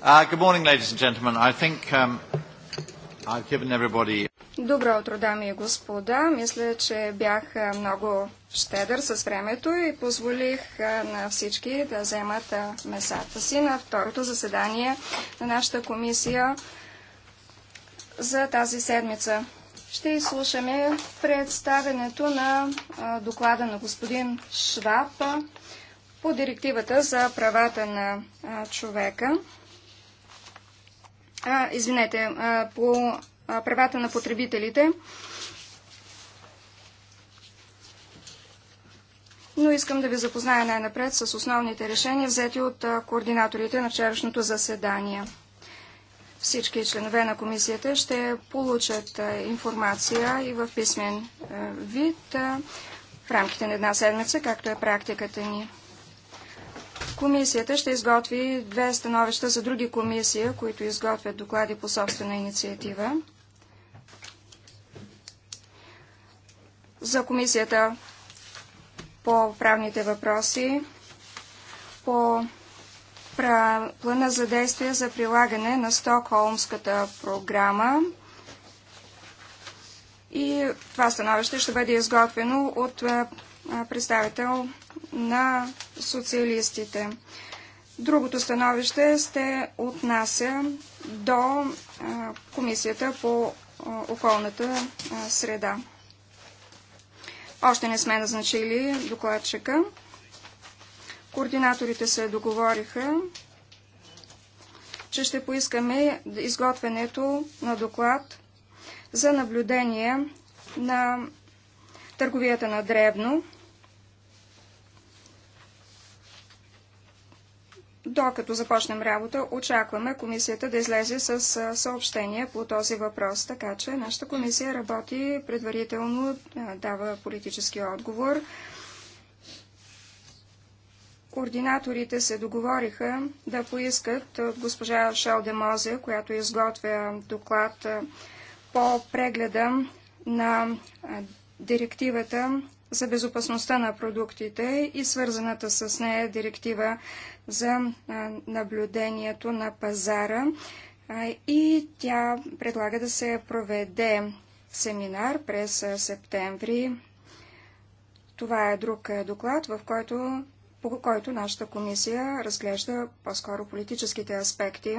Uh, good morning, ladies and gentlemen. I think um, I've given everybody... Добро утро, дами и господа. Мисля, че бях много щедър с времето и позволих на всички да вземат месата си на второто заседание на нашата комисия за тази седмица. Ще изслушаме представенето на доклада на господин Шваб по директивата за правата на човека а, извинете, а, по а, правата на потребителите. Но искам да ви запозная най-напред с основните решения, взети от а, координаторите на вчерашното заседание. Всички членове на комисията ще получат а, информация и в писмен а, вид в рамките на една седмица, както е практиката ни. Комисията ще изготви две становища за други комисии, които изготвят доклади по собствена инициатива. За комисията по правните въпроси, по плана за действие за прилагане на Стокхолмската програма. И това становище ще бъде изготвено от представител на социалистите. Другото становище сте отнася до Комисията по околната среда. Още не сме назначили докладчика. Координаторите се договориха, че ще поискаме изготвянето на доклад за наблюдение на търговията на дребно Докато започнем работа, очакваме комисията да излезе с съобщение по този въпрос. Така че нашата комисия работи предварително, дава политически отговор. Координаторите се договориха да поискат от госпожа Шелде Мозе, която изготвя доклад по прегледа на директивата за безопасността на продуктите и свързаната с нея директива за наблюдението на пазара и тя предлага да се проведе семинар през септември. Това е друг доклад, в който, по който нашата комисия разглежда по-скоро политическите аспекти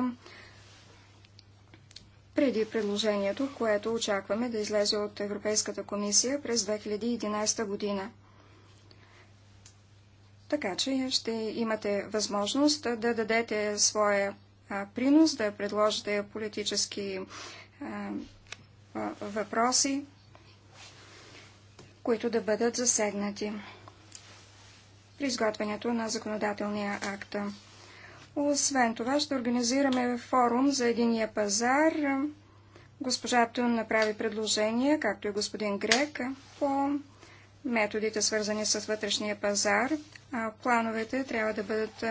преди предложението, което очакваме да излезе от Европейската комисия през 2011 година. Така че ще имате възможност да дадете своя принос, да предложите политически въпроси, които да бъдат засегнати при изготвянето на законодателния акт. Освен това ще организираме форум за единия пазар. Госпожа направи предложение, както и господин Грек, по методите, свързани с вътрешния пазар. Плановете трябва да бъдат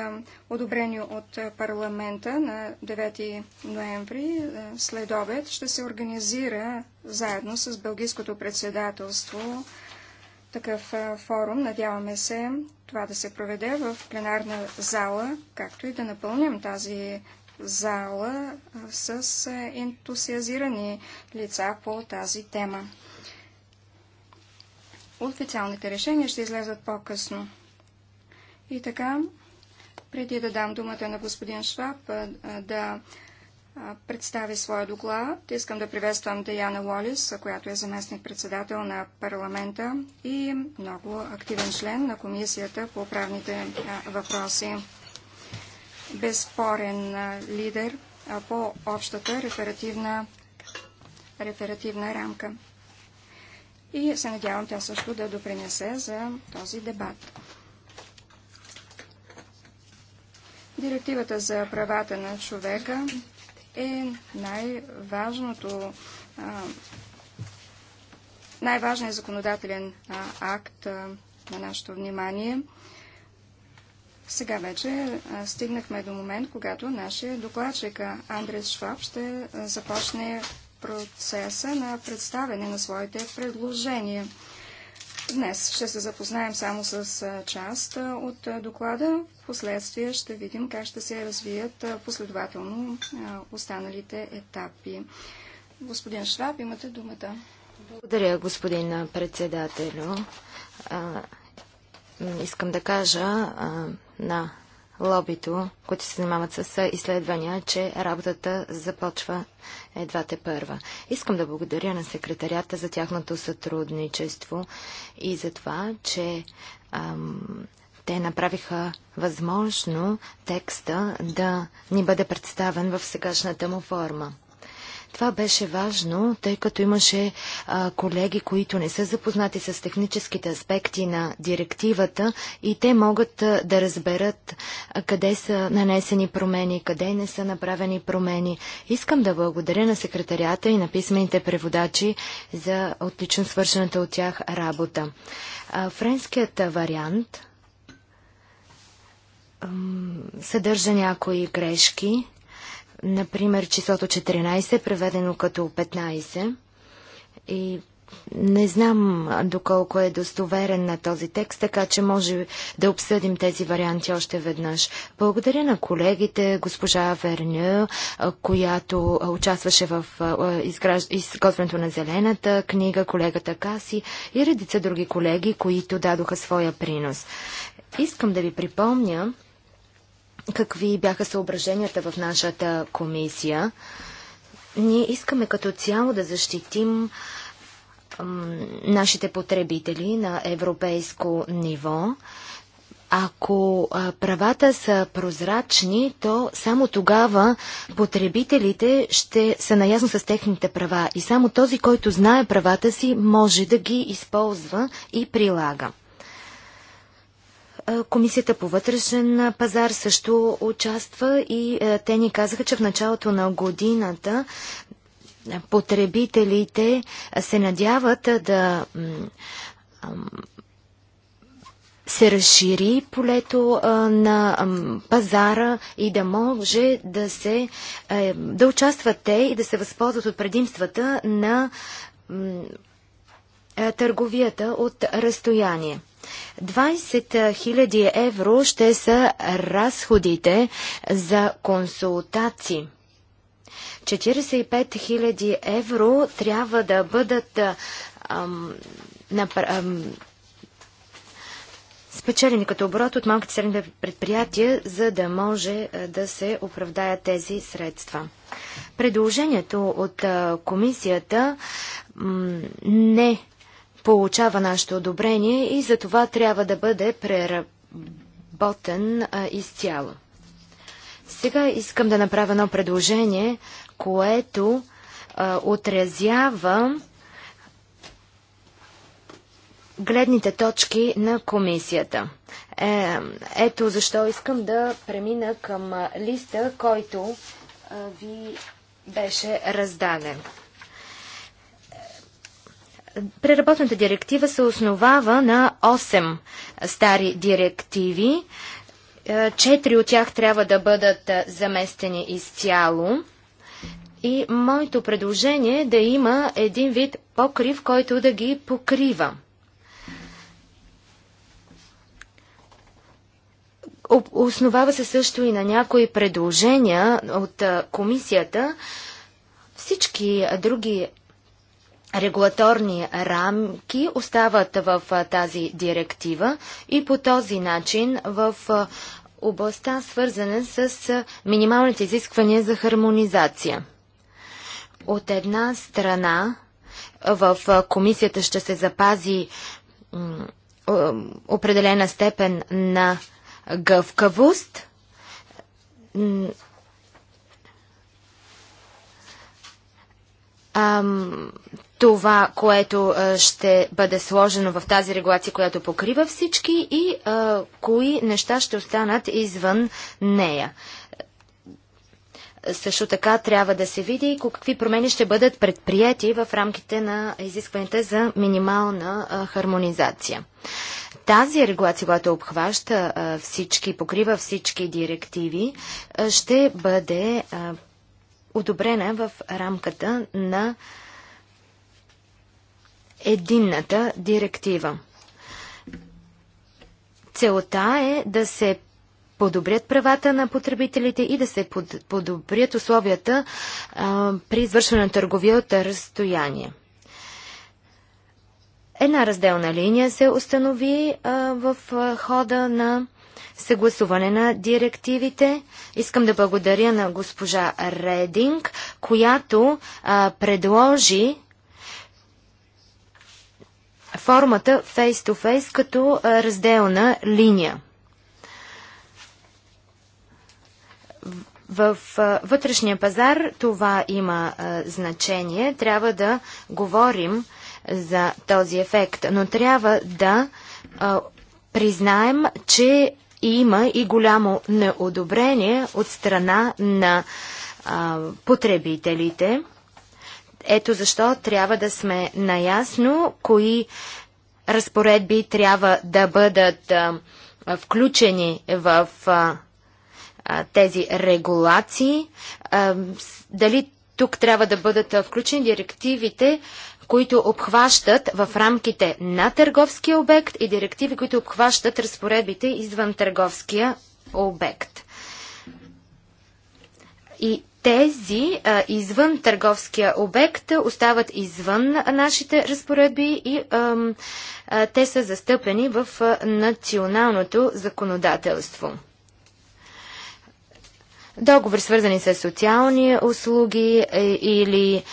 одобрени от парламента на 9 ноември. След обед ще се организира заедно с Белгийското председателство такъв форум. Надяваме се това да се проведе в пленарна зала, както и да напълним тази зала с ентусиазирани лица по тази тема. Официалните решения ще излезат по-късно. И така, преди да дам думата на господин Шваб да представи своя доклад, искам да приветствам Даяна Лолис, която е заместник-председател на парламента и много активен член на Комисията по правните въпроси. Безспорен лидер по общата реферативна, реферативна рамка и се надявам тя също да допринесе за този дебат. Директивата за правата на човека е най-важното най-важният законодателен акт на нашето внимание. Сега вече стигнахме до момент, когато нашия докладчик Андрес Шваб ще започне процеса на представяне на своите предложения. Днес ще се запознаем само с част от доклада. В последствие ще видим как ще се развият последователно останалите етапи. Господин Шраб, имате думата. Благодаря, господин председател. искам да кажа на лобито, които се занимават с изследвания, че работата започва едва те първа. Искам да благодаря на секретарята за тяхното сътрудничество и за това, че ам, те направиха възможно текста да ни бъде представен в сегашната му форма. Това беше важно, тъй като имаше а, колеги, които не са запознати с техническите аспекти на директивата и те могат а, да разберат а, къде са нанесени промени, къде не са направени промени. Искам да благодаря на секретарията и на писмените преводачи за отлично свършената от тях работа. А, френският вариант съдържа някои грешки, Например, числото 14 е преведено като 15 и не знам доколко е достоверен на този текст, така че може да обсъдим тези варианти още веднъж. Благодаря на колегите, госпожа Верню, която участваше в изграж... изготвянето на зелената книга, колегата Каси и редица други колеги, които дадоха своя принос. Искам да ви припомня, какви бяха съображенията в нашата комисия. Ние искаме като цяло да защитим нашите потребители на европейско ниво. Ако правата са прозрачни, то само тогава потребителите ще са наясно с техните права и само този, който знае правата си, може да ги използва и прилага. Комисията по вътрешен пазар също участва и е, те ни казаха, че в началото на годината е, потребителите е, се надяват да се разшири полето на пазара и да може да се да участват те и да се възползват от предимствата на търговията от разстояние. 20 000 евро ще са разходите за консултации. 45 000 евро трябва да бъдат ам, напр... ам, спечелени като оборот от малките средни предприятия, за да може да се оправдаят тези средства. Предложението от комисията не получава нашето одобрение и за това трябва да бъде преработен а, изцяло. Сега искам да направя едно предложение, което а, отразява гледните точки на комисията. Е, ето защо искам да премина към листа, който а, ви беше раздаден. Преработната директива се основава на 8 стари директиви. Е, четири от тях трябва да бъдат е, заместени изцяло. И моето предложение е да има един вид покрив, който да ги покрива. Основава се също и на някои предложения от е, комисията. Всички други регулаторни рамки остават в тази директива и по този начин в областта свързана с минималните изисквания за хармонизация. От една страна в комисията ще се запази определена степен на гъвкавост – ам, това, което а, ще бъде сложено в тази регулация, която покрива всички и а, кои неща ще останат извън нея. Също така трябва да се види какви промени ще бъдат предприяти в рамките на изискваните за минимална а, хармонизация. Тази регулация, която обхваща а, всички, покрива всички директиви, а, ще бъде одобрена в рамката на единната директива. Целта е да се подобрят правата на потребителите и да се подобрят условията а, при извършване на търговия от разстояние. Една разделна линия се установи а, в хода на съгласуване на директивите. Искам да благодаря на госпожа Рединг, която а, предложи формата face-to-face като а, разделна линия. В вътрешния пазар това има а, значение. Трябва да говорим за този ефект, но трябва да а, признаем, че и има и голямо неодобрение от страна на а, потребителите. Ето защо трябва да сме наясно кои разпоредби трябва да бъдат а, включени в а, тези регулации. Дали тук трябва да бъдат включени директивите които обхващат в рамките на търговския обект и директиви, които обхващат разпоредбите извън търговския обект. И тези а, извън търговския обект остават извън нашите разпоредби и а, а, те са застъпени в а, националното законодателство. Договори свързани с социални услуги е, или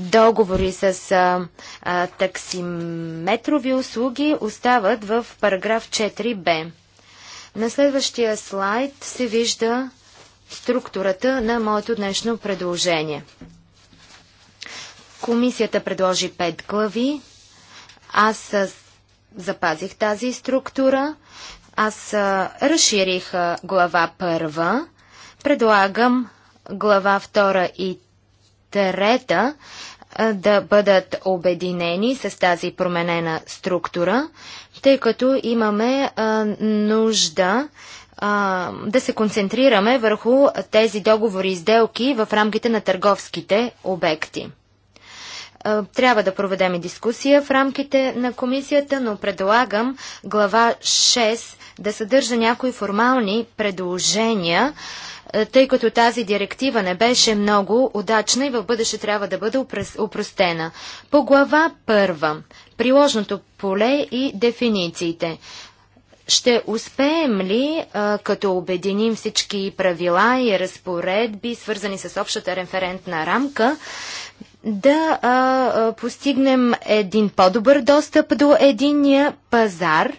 договори с а, а, таксиметрови услуги остават в параграф 4б. На следващия слайд се вижда структурата на моето днешно предложение. Комисията предложи 5 глави. Аз запазих тази структура. Аз разширих глава първа. Предлагам глава втора и трета да бъдат обединени с тази променена структура, тъй като имаме нужда да се концентрираме върху тези договори и сделки в рамките на търговските обекти. трябва да проведем и дискусия в рамките на комисията, но предлагам глава 6 да съдържа някои формални предложения, е, тъй като тази директива не беше много удачна и в бъдеще трябва да бъде упростена. По глава първа, приложното поле и дефинициите. Ще успеем ли, е, като обединим всички правила и разпоредби, свързани с общата референтна рамка, да а, е, а, постигнем един по-добър достъп до единния пазар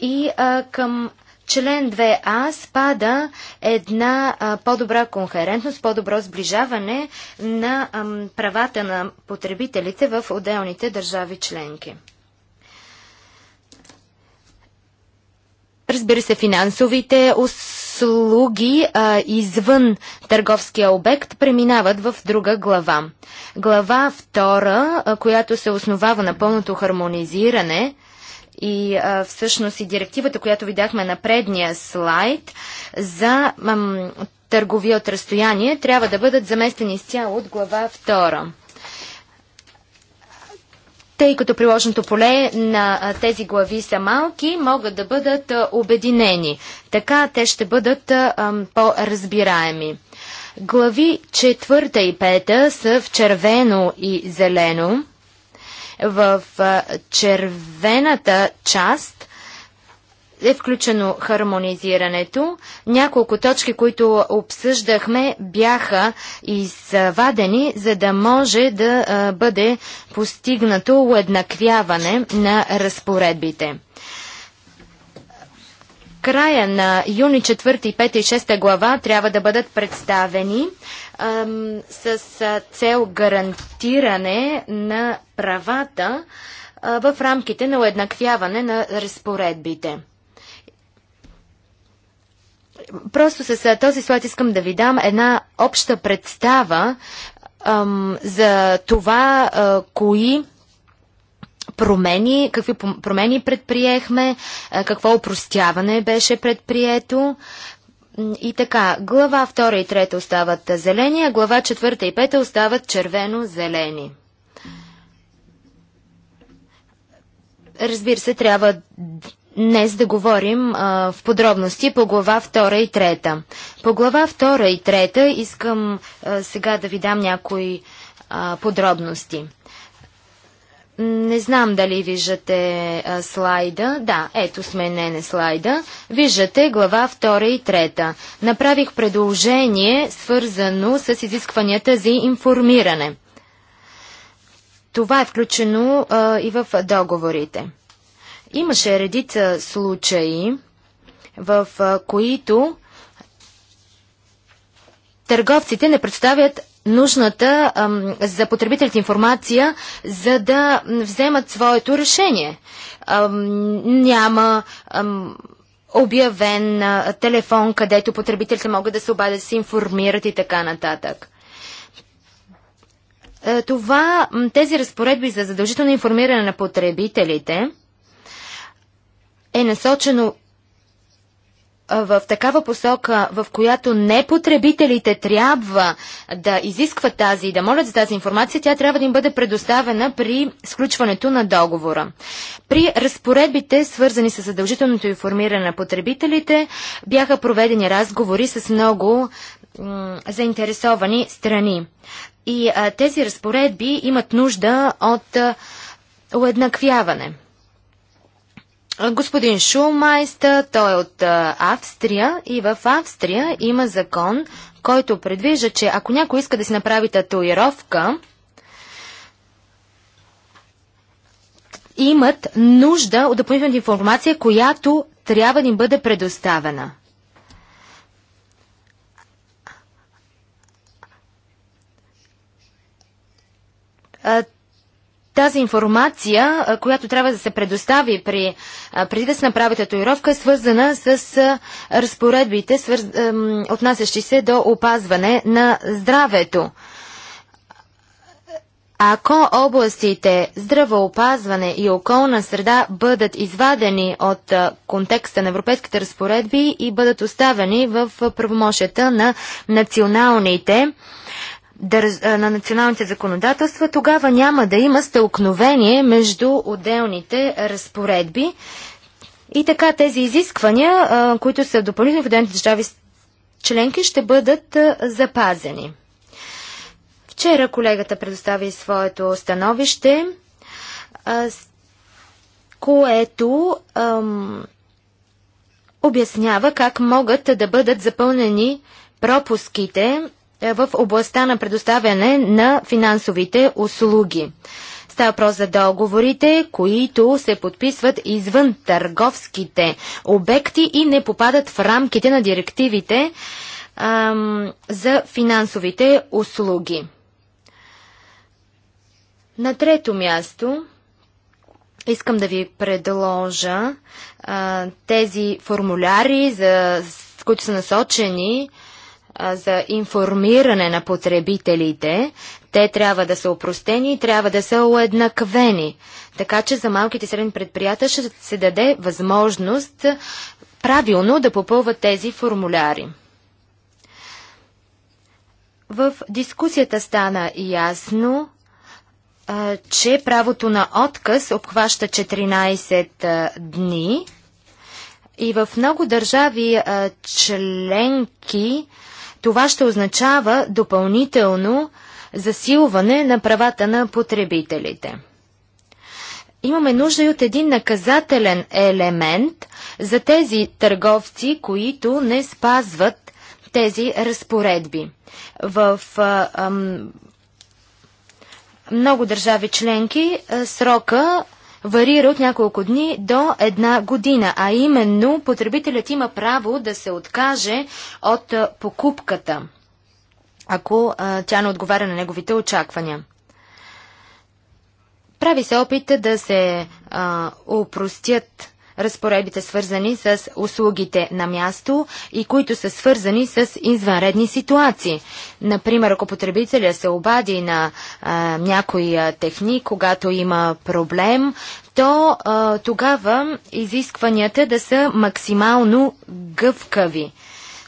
и а, към член 2А спада една по-добра конхерентност, по-добро сближаване на правата на потребителите в отделните държави членки. Разбира се, финансовите услуги а, извън търговския обект преминават в друга глава. Глава втора, а, която се основава на пълното хармонизиране – и а, всъщност и директивата, която видяхме на предния слайд за ам, търговия от разстояние, трябва да бъдат заместени изцяло от глава 2 тъй като приложното поле на тези глави са малки, могат да бъдат обединени. Така те ще бъдат по-разбираеми. Глави четвърта и пета са в червено и зелено. В червената част е включено хармонизирането. Няколко точки, които обсъждахме, бяха извадени, за да може да а, бъде постигнато уеднаквяване на разпоредбите края на юни 4, 5 и 6 глава трябва да бъдат представени ам, с цел гарантиране на правата а, в рамките на уеднаквяване на разпоредбите. Просто с този слайд искам да ви дам една обща представа ам, за това, а, кои промени, какви промени предприехме, какво упростяване беше предприето. И така, глава 2 и 3 остават зелени, а глава 4 и 5 остават червено-зелени. Разбира се, трябва днес да говорим а, в подробности по глава 2 и 3. По глава 2 и 3 искам а, сега да ви дам някои а, подробности. Не знам дали виждате а, слайда. Да, ето сме на слайда. Виждате глава 2 и 3. Направих предложение, свързано с изискванията за информиране. Това е включено а, и в договорите. Имаше редица случаи, в а, които търговците не представят нужната ам, за потребителите информация, за да вземат своето решение. Ам, няма ам, обявен а, телефон, където потребителите могат да се обадят, да се информират и така нататък. Е, това, тези разпоредби за задължително информиране на потребителите е насочено в такава посока, в която не потребителите трябва да изискват тази и да молят за тази информация, тя трябва да им бъде предоставена при сключването на договора. При разпоредбите, свързани с задължителното информиране на потребителите, бяха проведени разговори с много заинтересовани страни. И а, тези разпоредби имат нужда от а, уеднаквяване господин Шулмайста, той е от Австрия и в Австрия има закон, който предвижда, че ако някой иска да си направи татуировка, имат нужда от допълнителна информация, която трябва да им бъде предоставена. Тази информация, която трябва да се предостави при, преди да се направи татуировка, е свързана с разпоредбите, свърз... отнасящи се до опазване на здравето. Ако областите здравоопазване и околна среда бъдат извадени от контекста на европейските разпоредби и бъдат оставени в правомощията на националните на националните законодателства, тогава няма да има стълкновение между отделните разпоредби. И така тези изисквания, които са допълнителни в отделните държави членки, ще бъдат запазени. Вчера колегата предостави своето становище, което ам, обяснява как могат да бъдат запълнени пропуските е, в областта на предоставяне на финансовите услуги. Става въпрос за договорите, които се подписват извън търговските обекти и не попадат в рамките на директивите ам, за финансовите услуги. На трето място искам да ви предложа а, тези формуляри, за, които са насочени за информиране на потребителите. Те трябва да са опростени и трябва да са уеднаквени. Така че за малките и средни предприятия ще се даде възможност правилно да попълват тези формуляри. В дискусията стана ясно, че правото на отказ обхваща 14 дни и в много държави членки това ще означава допълнително засилване на правата на потребителите. Имаме нужда и от един наказателен елемент за тези търговци, които не спазват тези разпоредби. В а, а, много държави членки а, срока варира от няколко дни до една година, а именно потребителят има право да се откаже от покупката, ако тя не отговаря на неговите очаквания. Прави се опит да се а, упростят разпоредбите свързани с услугите на място и които са свързани с извънредни ситуации. Например, ако потребителя се обади на а, някой техник, когато има проблем, то а, тогава изискванията да са максимално гъвкави.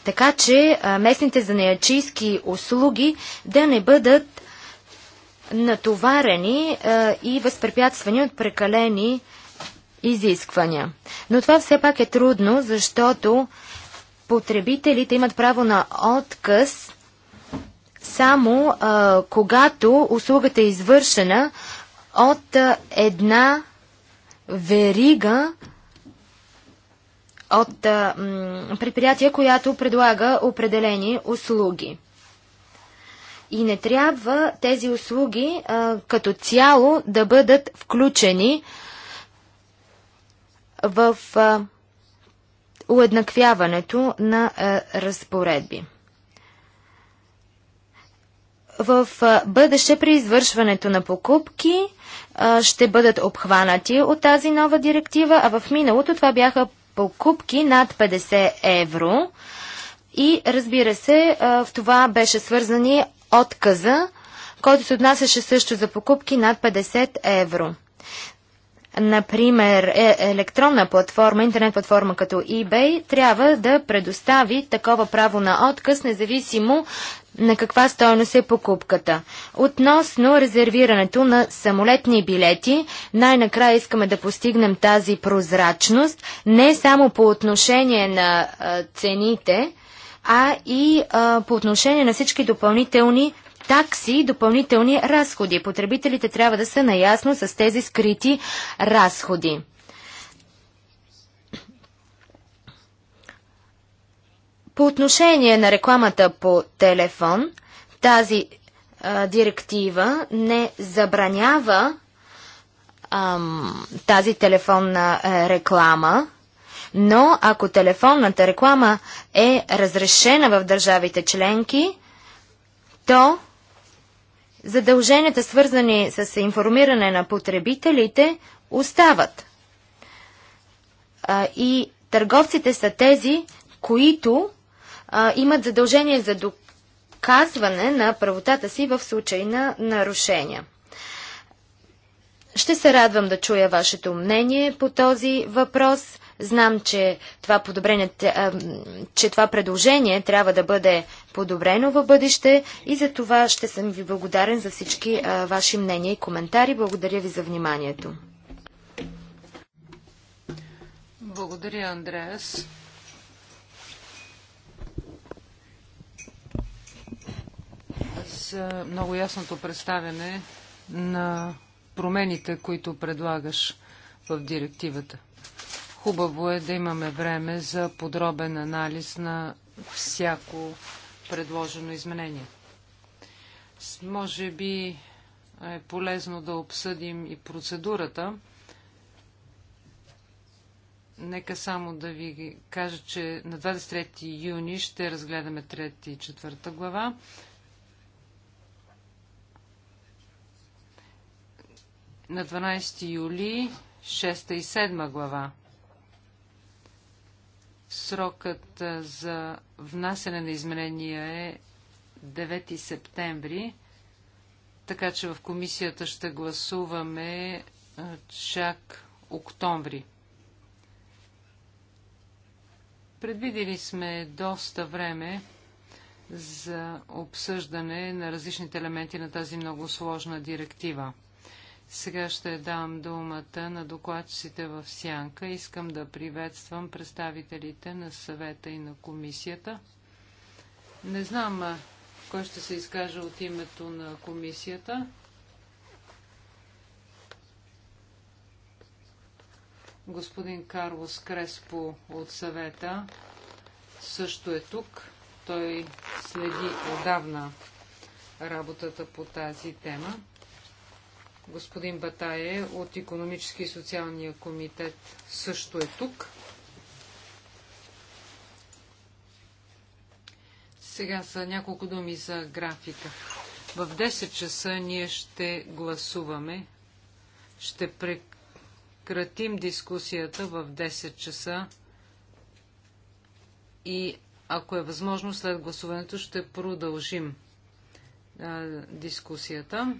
Така че а, местните занаячийски услуги да не бъдат натоварени а, и възпрепятствани от прекалени а, изисквания. Но това все пак е трудно, защото потребителите имат право на отказ само а, когато услугата е извършена от а, една верига от а, м, предприятие, която предлага определени услуги. И не трябва тези услуги а, като цяло да бъдат включени а, в уеднаквяването на разпоредби. В бъдеще при извършването на покупки ще бъдат обхванати от тази нова директива, а в миналото това бяха покупки над 50 евро. И разбира се, в това беше свързани отказа, който се отнасяше също за покупки над 50 евро например, е, електронна платформа, интернет платформа като eBay, трябва да предостави такова право на отказ, независимо на каква стоеност е покупката. Относно резервирането на самолетни билети, най-накрая искаме да постигнем тази прозрачност, не само по отношение на а, цените, а и а, по отношение на всички допълнителни такси и допълнителни разходи. Потребителите трябва да са наясно с тези скрити разходи. По отношение на рекламата по телефон, тази а, директива не забранява ам, тази телефонна а, е, реклама, но ако телефонната реклама е разрешена в държавите членки, то задълженията, свързани с информиране на потребителите, остават. и търговците са тези, които имат задължение за доказване на правотата си в случай на нарушения. Ще се радвам да чуя вашето мнение по този въпрос. Знам, че това, подобрение, че това предложение трябва да бъде подобрено в бъдеще и за това ще съм ви благодарен за всички ваши мнения и коментари. Благодаря ви за вниманието. Благодаря, Андреас. За много ясното представяне на промените, които предлагаш в директивата. Хубаво е да имаме време за подробен анализ на всяко предложено изменение. Може би е полезно да обсъдим и процедурата. Нека само да ви кажа, че на 23 юни ще разгледаме 3 и 4 глава. На 12 юли 6 и 7 глава. Срокът за внасяне на изменения е 9 септември, така че в комисията ще гласуваме чак октомври. Предвидели сме доста време за обсъждане на различните елементи на тази много сложна директива. Сега ще дам думата на докладчиците в Сянка. Искам да приветствам представителите на съвета и на комисията. Не знам кой ще се изкаже от името на комисията. Господин Карлос Креспо от съвета също е тук. Той следи отдавна работата по тази тема. Господин Батае от Економически и социалния комитет също е тук. Сега са няколко думи за графика. В 10 часа ние ще гласуваме. Ще прекратим дискусията в 10 часа и ако е възможно след гласуването ще продължим а, дискусията.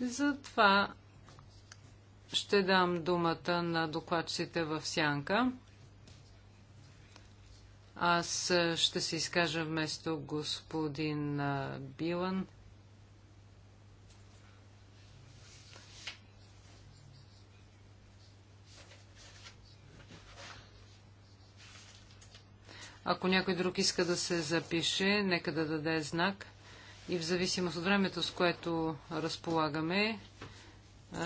Затова ще дам думата на докладчите в сянка. Аз ще се изкажа вместо господин Билан. Ако някой друг иска да се запише, нека да даде знак и в зависимост от времето, с което разполагаме,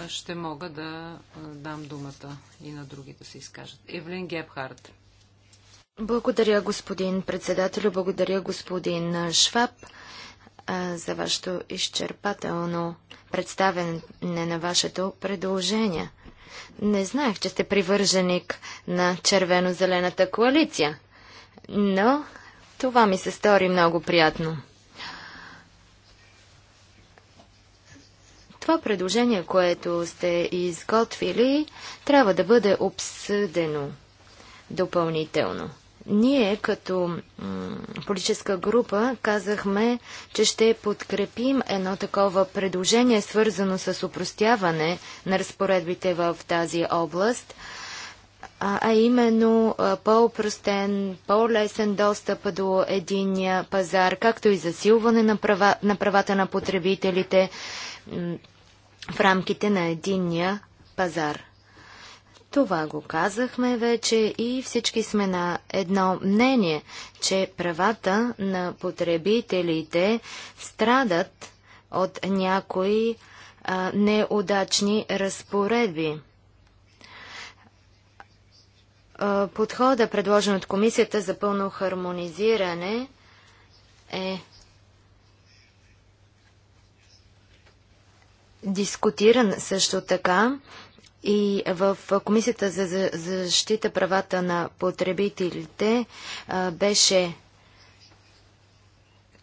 ще мога да дам думата и на другите да се изкажат. Евлин Гебхарт. Благодаря, господин председател, благодаря, господин Шваб, за вашето изчерпателно представене на вашето предложение. Не знаех, че сте привърженик на червено-зелената коалиция, но това ми се стори много приятно. Това предложение, което сте изготвили, трябва да бъде обсъдено допълнително. Ние като политическа група казахме, че ще подкрепим едно такова предложение, свързано с упростяване на разпоредбите в тази област, а, именно по-упростен, по-лесен достъп до единния пазар, както и засилване на, права, на правата на потребителите, в рамките на единния пазар. Това го казахме вече и всички сме на едно мнение, че правата на потребителите страдат от някои а, неудачни разпоредби. подхода, предложен от Комисията за пълно хармонизиране, е дискутиран също така и в Комисията за защита правата на потребителите беше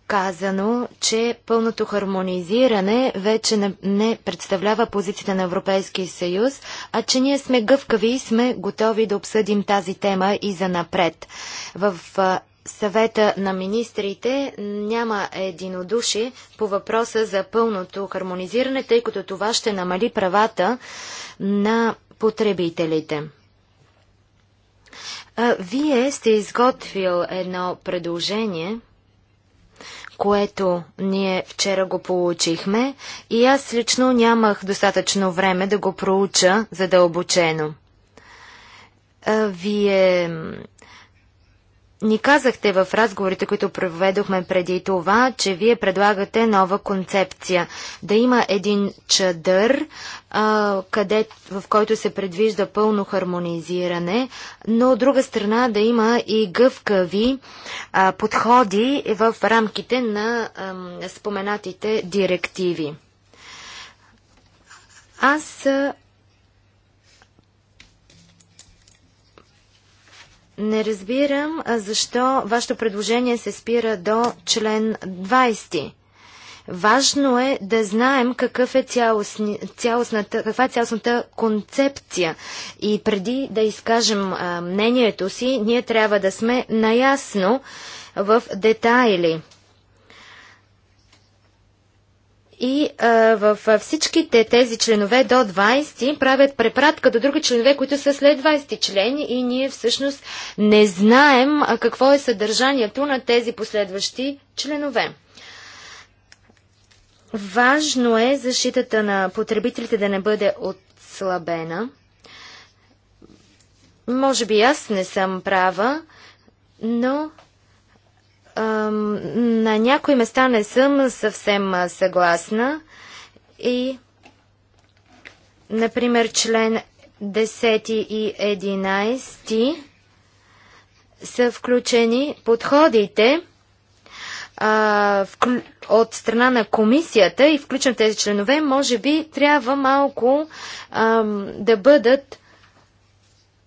казано, че пълното хармонизиране вече не, представлява позицията на Европейския съюз, а че ние сме гъвкави и сме готови да обсъдим тази тема и за напред. В съвета на министрите няма единодушие по въпроса за пълното хармонизиране, тъй като това ще намали правата на потребителите. Вие сте изготвил едно предложение, което ние вчера го получихме и аз лично нямах достатъчно време да го проуча задълбочено. Вие ни казахте в разговорите, които проведохме преди това, че вие предлагате нова концепция. Да има един чадър, а, къде, в който се предвижда пълно хармонизиране, но от друга страна да има и гъвкави а, подходи в рамките на а, споменатите директиви. Аз Не разбирам защо вашето предложение се спира до член 20. Важно е да знаем какъв е цялостни, цялостната, каква е цялостната концепция. И преди да изкажем а, мнението си, ние трябва да сме наясно в детайли. И а, в всичките тези членове до 20 правят препратка до други членове, които са след 20 члени и ние всъщност не знаем а, какво е съдържанието на тези последващи членове. Важно е защитата на потребителите да не бъде отслабена. Може би аз не съм права, но на някои места не съм съвсем съгласна и, например, член 10 и 11 са включени подходите а, вклю... от страна на комисията и включвам тези членове, може би трябва малко а, да бъдат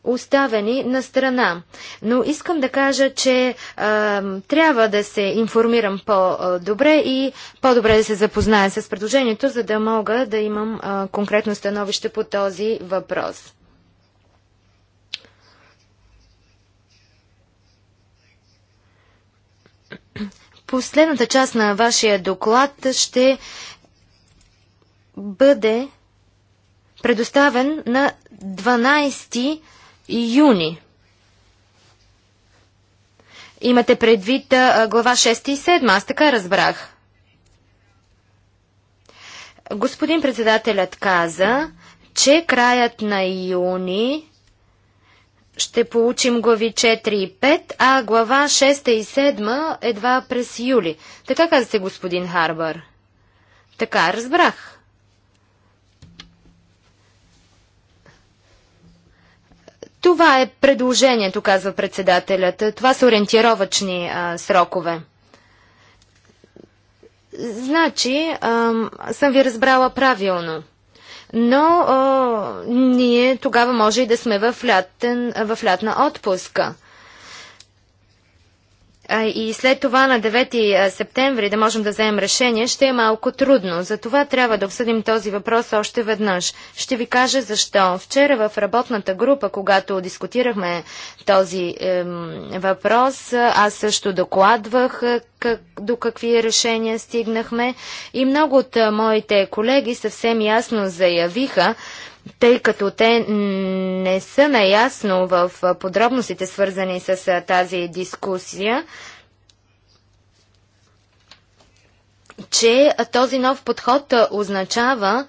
оставени на страна. Но искам да кажа, че а, трябва да се информирам по-добре и по-добре да се запозная с предложението, за да мога да имам а, конкретно становище по този въпрос. Последната част на вашия доклад ще бъде предоставен на 12 юни. Имате предвид а, глава 6 и 7, аз така разбрах. Господин председателят каза, че краят на юни ще получим глави 4 и 5, а глава 6 и 7 едва през юли. Така каза се господин Харбър. Така разбрах. Това е предложението, казва председателят. Това са ориентировачни а, срокове. Значи, а, съм ви разбрала правилно. Но а, ние тогава може и да сме в, лятен, в лятна отпуска и след това на 9 септември да можем да вземем решение, ще е малко трудно. Затова трябва да обсъдим този въпрос още веднъж. Ще ви кажа защо. Вчера в работната група, когато дискутирахме този ем, въпрос, аз също докладвах как, до какви решения стигнахме и много от моите колеги съвсем ясно заявиха, тъй като те не са наясно в подробностите, свързани с тази дискусия, че този нов подход означава,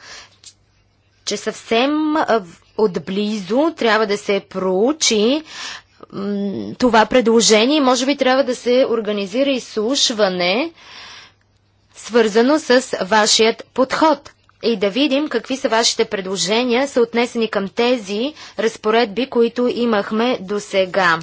че съвсем отблизо трябва да се проучи това предложение. и Може би трябва да се организира изслушване, свързано с вашият подход и да видим какви са вашите предложения, са отнесени към тези разпоредби, които имахме до сега.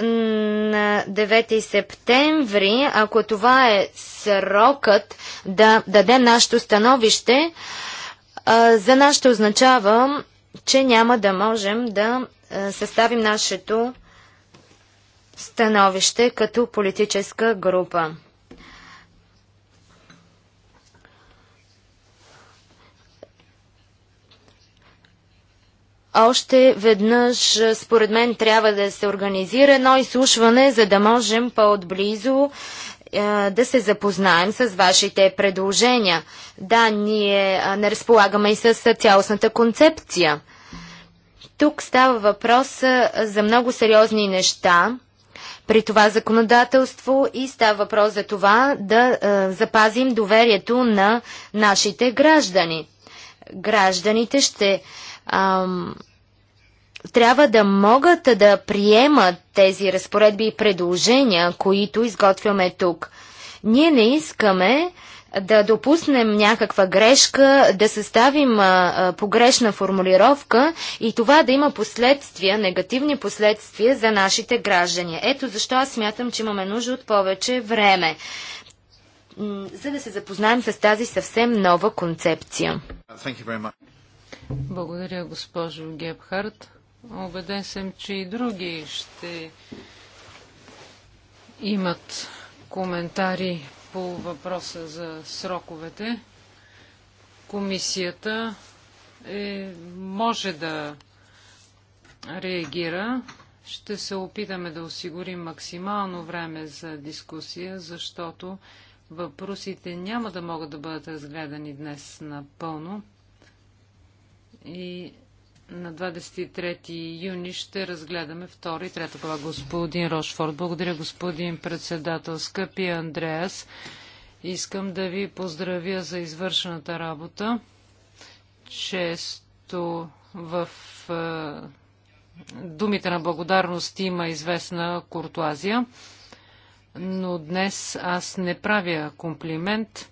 На 9 септември, ако това е срокът да даде нашето становище, за нас ще означава, че няма да можем да съставим нашето становище като политическа група. Още веднъж, според мен, трябва да се организира едно изслушване, за да можем по-отблизо да се запознаем с вашите предложения. Да, ние не разполагаме и с цялостната концепция. Тук става въпрос за много сериозни неща при това законодателство и става въпрос за това да запазим доверието на нашите граждани. Гражданите ще ам, трябва да могат да приемат тези разпоредби и предложения, които изготвяме тук. Ние не искаме да допуснем някаква грешка, да съставим а, а, погрешна формулировка и това да има последствия, негативни последствия за нашите граждани. Ето защо аз смятам, че имаме нужда от повече време, за да се запознаем с тази съвсем нова концепция. Благодаря, госпожо Гебхарт. Обеден съм, че и други ще имат коментари по въпроса за сроковете. Комисията е, може да реагира. Ще се опитаме да осигурим максимално време за дискусия, защото въпросите няма да могат да бъдат разгледани днес напълно и на 23 юни ще разгледаме втора и трета глава. Господин Рошфорд, благодаря господин председател. Скъпи Андреас, искам да ви поздравя за извършената работа. Често в е, думите на благодарност има известна куртуазия, но днес аз не правя комплимент.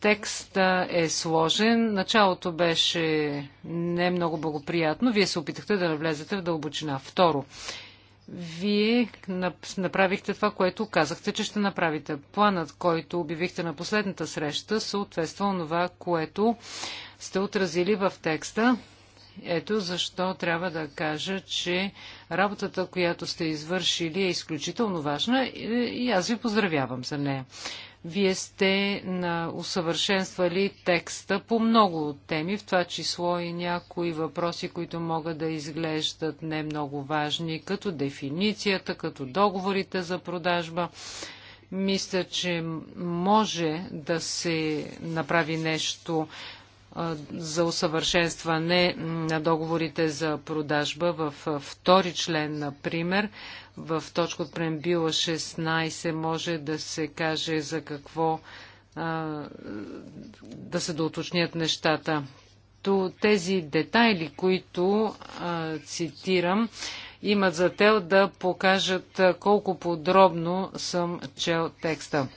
Текста е сложен. Началото беше не много благоприятно. Вие се опитахте да навлезете в дълбочина. Второ, вие направихте това, което казахте, че ще направите. Планът, който обявихте на последната среща, съответства на това, което сте отразили в текста. Ето защо трябва да кажа, че работата, която сте извършили е изключително важна и аз ви поздравявам за нея. Вие сте на усъвършенствали текста по много теми, в това число и някои въпроси, които могат да изглеждат не много важни, като дефиницията, като договорите за продажба. Мисля, че може да се направи нещо за усъвършенстване на договорите за продажба в втори член, например. В точка от прембила 16 може да се каже за какво да се доуточнят нещата. тези детайли, които цитирам, имат за тел да покажат колко подробно съм чел текста.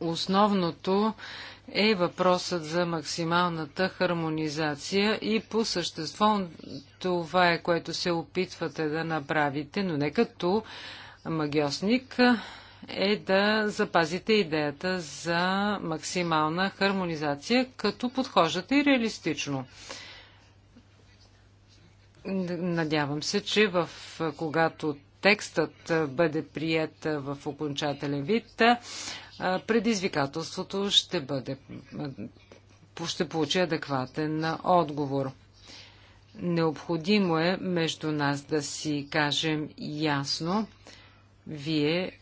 Основното е въпросът за максималната хармонизация и по същество това е, което се опитвате да направите, но не като магиосник, е да запазите идеята за максимална хармонизация, като подхождате и реалистично. Надявам се, че в, когато текстът бъде прият в окончателен вид, предизвикателството ще бъде ще получи адекватен отговор. Необходимо е между нас да си кажем ясно, вие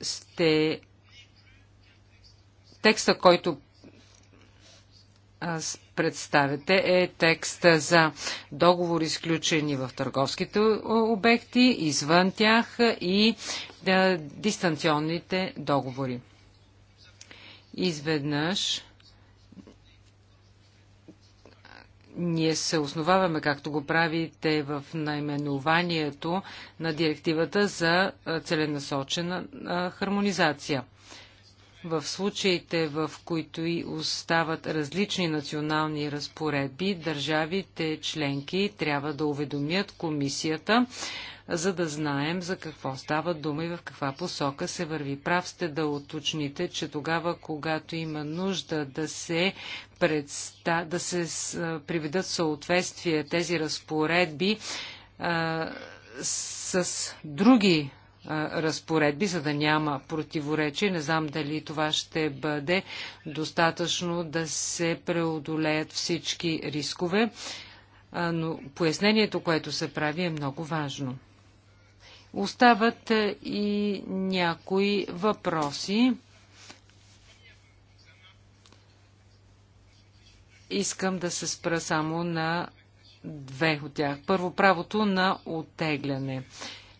сте текста, който представяте е текста за договори, изключени в търговските обекти, извън тях и да, дистанционните договори. Изведнъж ние се основаваме, както го правите в наименованието на директивата за целенасочена хармонизация в случаите, в които и остават различни национални разпоредби, държавите членки трябва да уведомят комисията, за да знаем за какво става дума и в каква посока се върви. Прав сте да уточните, че тогава, когато има нужда да се, предста... да се приведат съответствие тези разпоредби а, с други разпоредби, за да няма противоречие. Не знам дали това ще бъде достатъчно да се преодолеят всички рискове, но пояснението, което се прави, е много важно. Остават и някои въпроси. Искам да се спра само на две от тях. Първо, правото на оттегляне.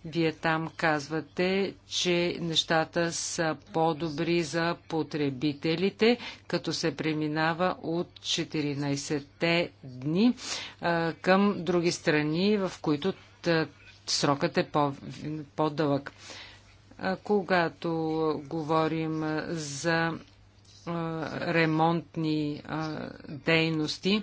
Вие там казвате, че нещата са по-добри за потребителите, като се преминава от 14-те дни а, към други страни, в които срокът е по, по-дълъг. когато говорим за а, ремонтни а, дейности,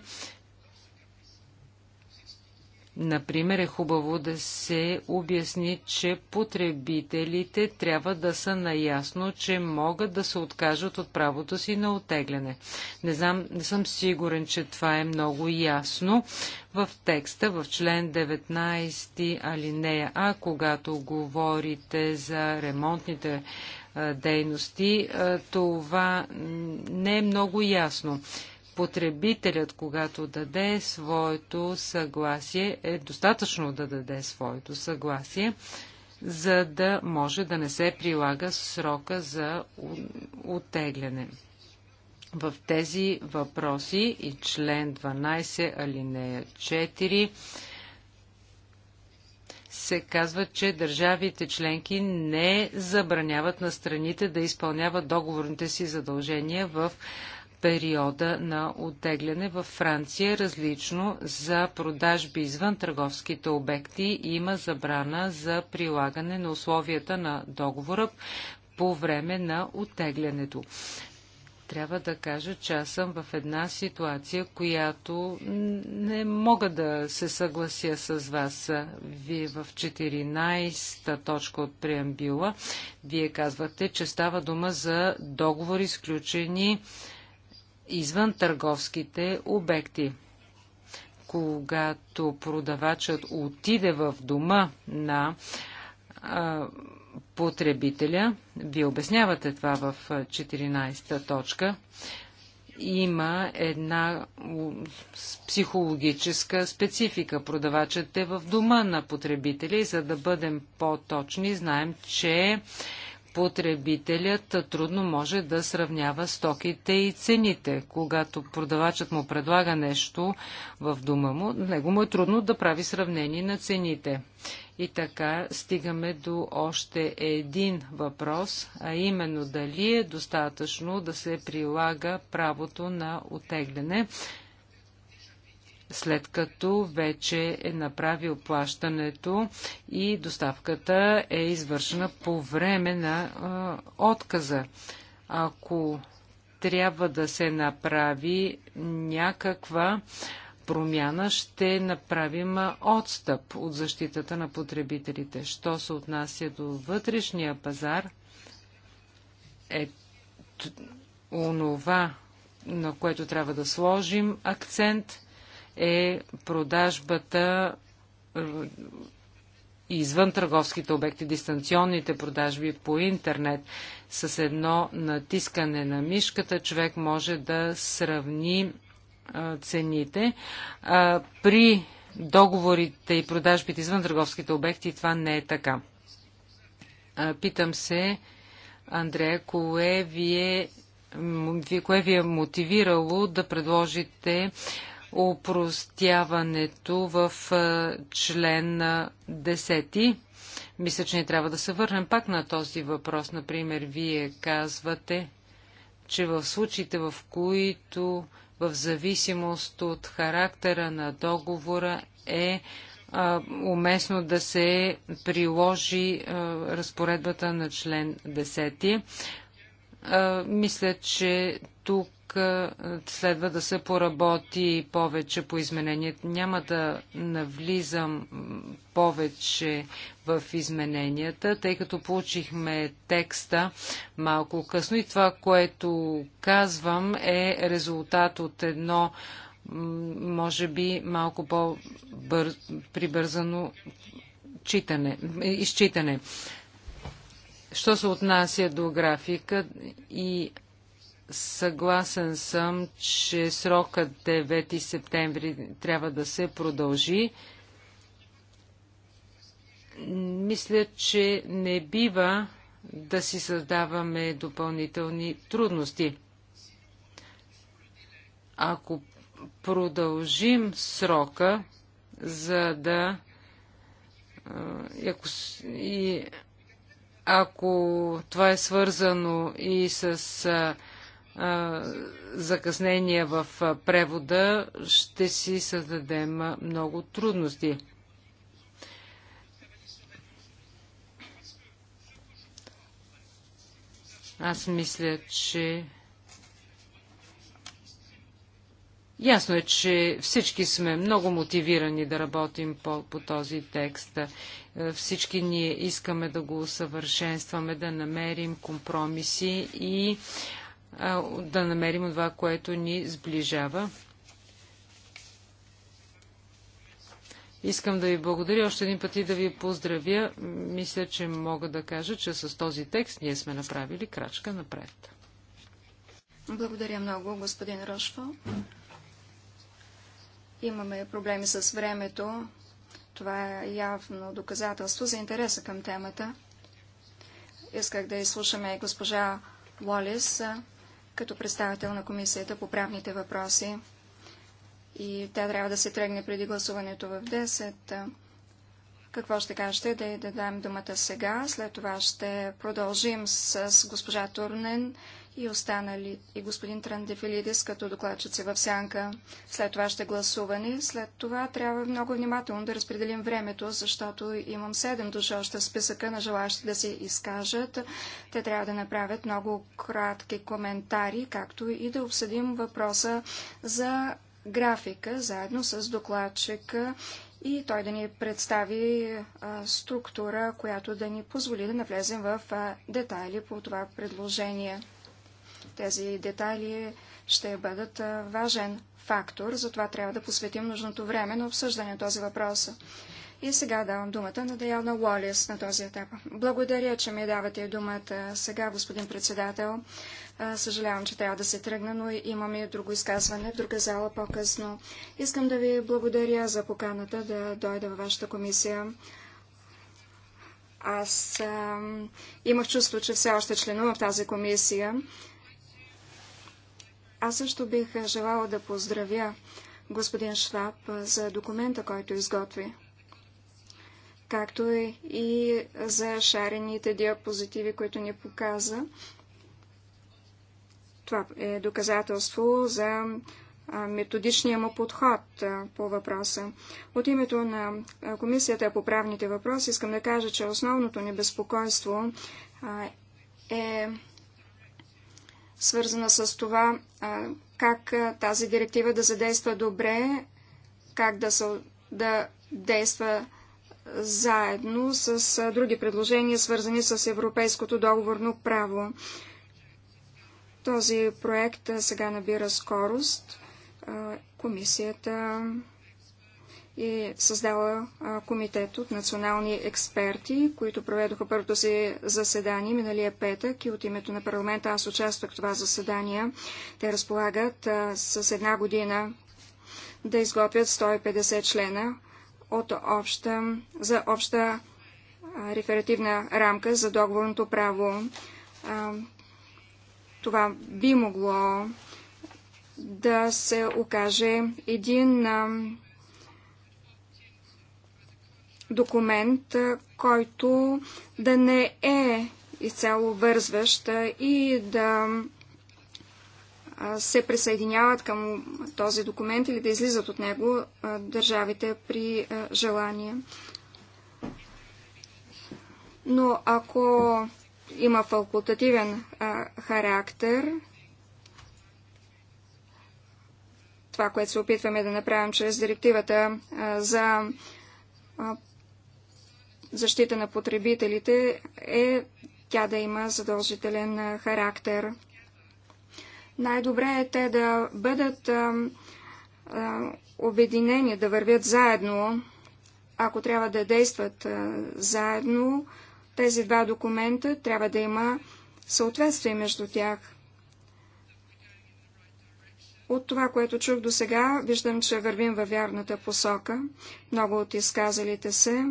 Например, е хубаво да се обясни, че потребителите трябва да са наясно, че могат да се откажат от правото си на отегляне. Не, знам, не съм сигурен, че това е много ясно в текста, в член 19 алинея А, когато говорите за ремонтните дейности, това не е много ясно потребителят, когато даде своето съгласие, е достатъчно да даде своето съгласие, за да може да не се прилага срока за оттегляне. В тези въпроси и член 12 алинея 4 се казва, че държавите членки не забраняват на страните да изпълняват договорните си задължения в периода на оттегляне във Франция различно за продажби извън търговските обекти. Има забрана за прилагане на условията на договора по време на оттеглянето. Трябва да кажа, че аз съм в една ситуация, която не мога да се съглася с вас. Вие в 14-та точка от преамбила, вие казвате, че става дума за договори, изключени извън търговските обекти. Когато продавачът отиде в дома на а, потребителя, вие обяснявате това в 14 та точка, има една психологическа специфика. Продавачът е в дома на потребителя и за да бъдем по-точни, знаем, че потребителят трудно може да сравнява стоките и цените. Когато продавачът му предлага нещо в дома му, него му е трудно да прави сравнение на цените. И така стигаме до още един въпрос, а именно дали е достатъчно да се прилага правото на отегляне след като вече е направил плащането и доставката е извършена по време на а, отказа. Ако трябва да се направи някаква промяна, ще направим отстъп от защитата на потребителите. Що се отнася до вътрешния пазар, е онова, на което трябва да сложим акцент – е продажбата е, извън търговските обекти, дистанционните продажби по интернет. С едно натискане на мишката човек може да сравни е, цените. Е, при договорите и продажбите извън търговските обекти това не е така. Питам се, Андрея, кое ви е, кое ви е мотивирало да предложите упростяването в член 10. Мисля, че не трябва да се върнем пак на този въпрос. Например, вие казвате, че в случаите, в които в зависимост от характера на договора е а, уместно да се приложи а, разпоредбата на член 10. А, мисля, че тук следва да се поработи повече по измененията. Няма да навлизам повече в измененията, тъй като получихме текста малко късно и това, което казвам е резултат от едно може би малко по-прибързано читане, изчитане. Що се отнася до графика и Съгласен съм, че срокът 9 септември трябва да се продължи. Мисля, че не бива да си създаваме допълнителни трудности. Ако продължим срока, за да. Ако, и, ако това е свързано и с закъснения в превода, ще си създадем много трудности. Аз мисля, че Ясно е, че всички сме много мотивирани да работим по, по този текст. Всички ние искаме да го усъвършенстваме, да намерим компромиси и да намерим това, което ни сближава. Искам да ви благодаря още един път и да ви поздравя. Мисля, че мога да кажа, че с този текст ние сме направили крачка напред. Благодаря много, господин Рошфо. Имаме проблеми с времето. Това е явно доказателство за интереса към темата. Исках да изслушаме госпожа Уолис като представител на Комисията по правните въпроси. И тя трябва да се тръгне преди гласуването в 10. Какво ще кажете да й дадам думата сега, след това ще продължим с госпожа Турнен и останали и господин Трандефилидис като докладчици в сянка. След това ще гласуване. След това трябва много внимателно да разпределим времето, защото имам седем души още в списъка на желащи да се изкажат. Те трябва да направят много кратки коментари, както и да обсъдим въпроса за графика, заедно с докладчика и той да ни представи структура, която да ни позволи да навлезем в детайли по това предложение. Тези детайли ще бъдат важен фактор, затова трябва да посветим нужното време на обсъждане на този въпрос. И сега давам думата на Даяна Уолис на този етап. Благодаря, че ми давате думата сега, господин председател. Съжалявам, че трябва да се тръгна, но имаме друго изказване в друга зала по-късно. Искам да ви благодаря за поканата да дойда във вашата комисия. Аз а, имах чувство, че все още членувам в тази комисия. Аз също бих желала да поздравя господин Шваб за документа, който изготви както е и за шарените диапозитиви, които ни показа. Това е доказателство за методичния му подход по въпроса. От името на Комисията по правните въпроси искам да кажа, че основното ни безпокойство е свързана с това как тази директива да задейства добре, как да, се, да действа заедно с други предложения, свързани с европейското договорно право. Този проект сега набира скорост. Комисията е създала комитет от национални експерти, които проведоха първото си заседание миналия петък и от името на парламента аз участвах в това заседание. Те разполагат с една година да изготвят 150 члена от обща, за обща реферативна рамка за договорното право. Това би могло да се окаже един документ, който да не е изцяло вързващ и да се присъединяват към този документ или да излизат от него държавите при желание. Но ако има факултативен характер, това, което се опитваме да направим чрез директивата за защита на потребителите, е тя да има задължителен характер най-добре е те да бъдат а, а, обединени, да вървят заедно, ако трябва да действат а, заедно. Тези два документа трябва да има съответствие между тях. От това, което чух до сега, виждам, че вървим във вярната посока. Много от изказалите се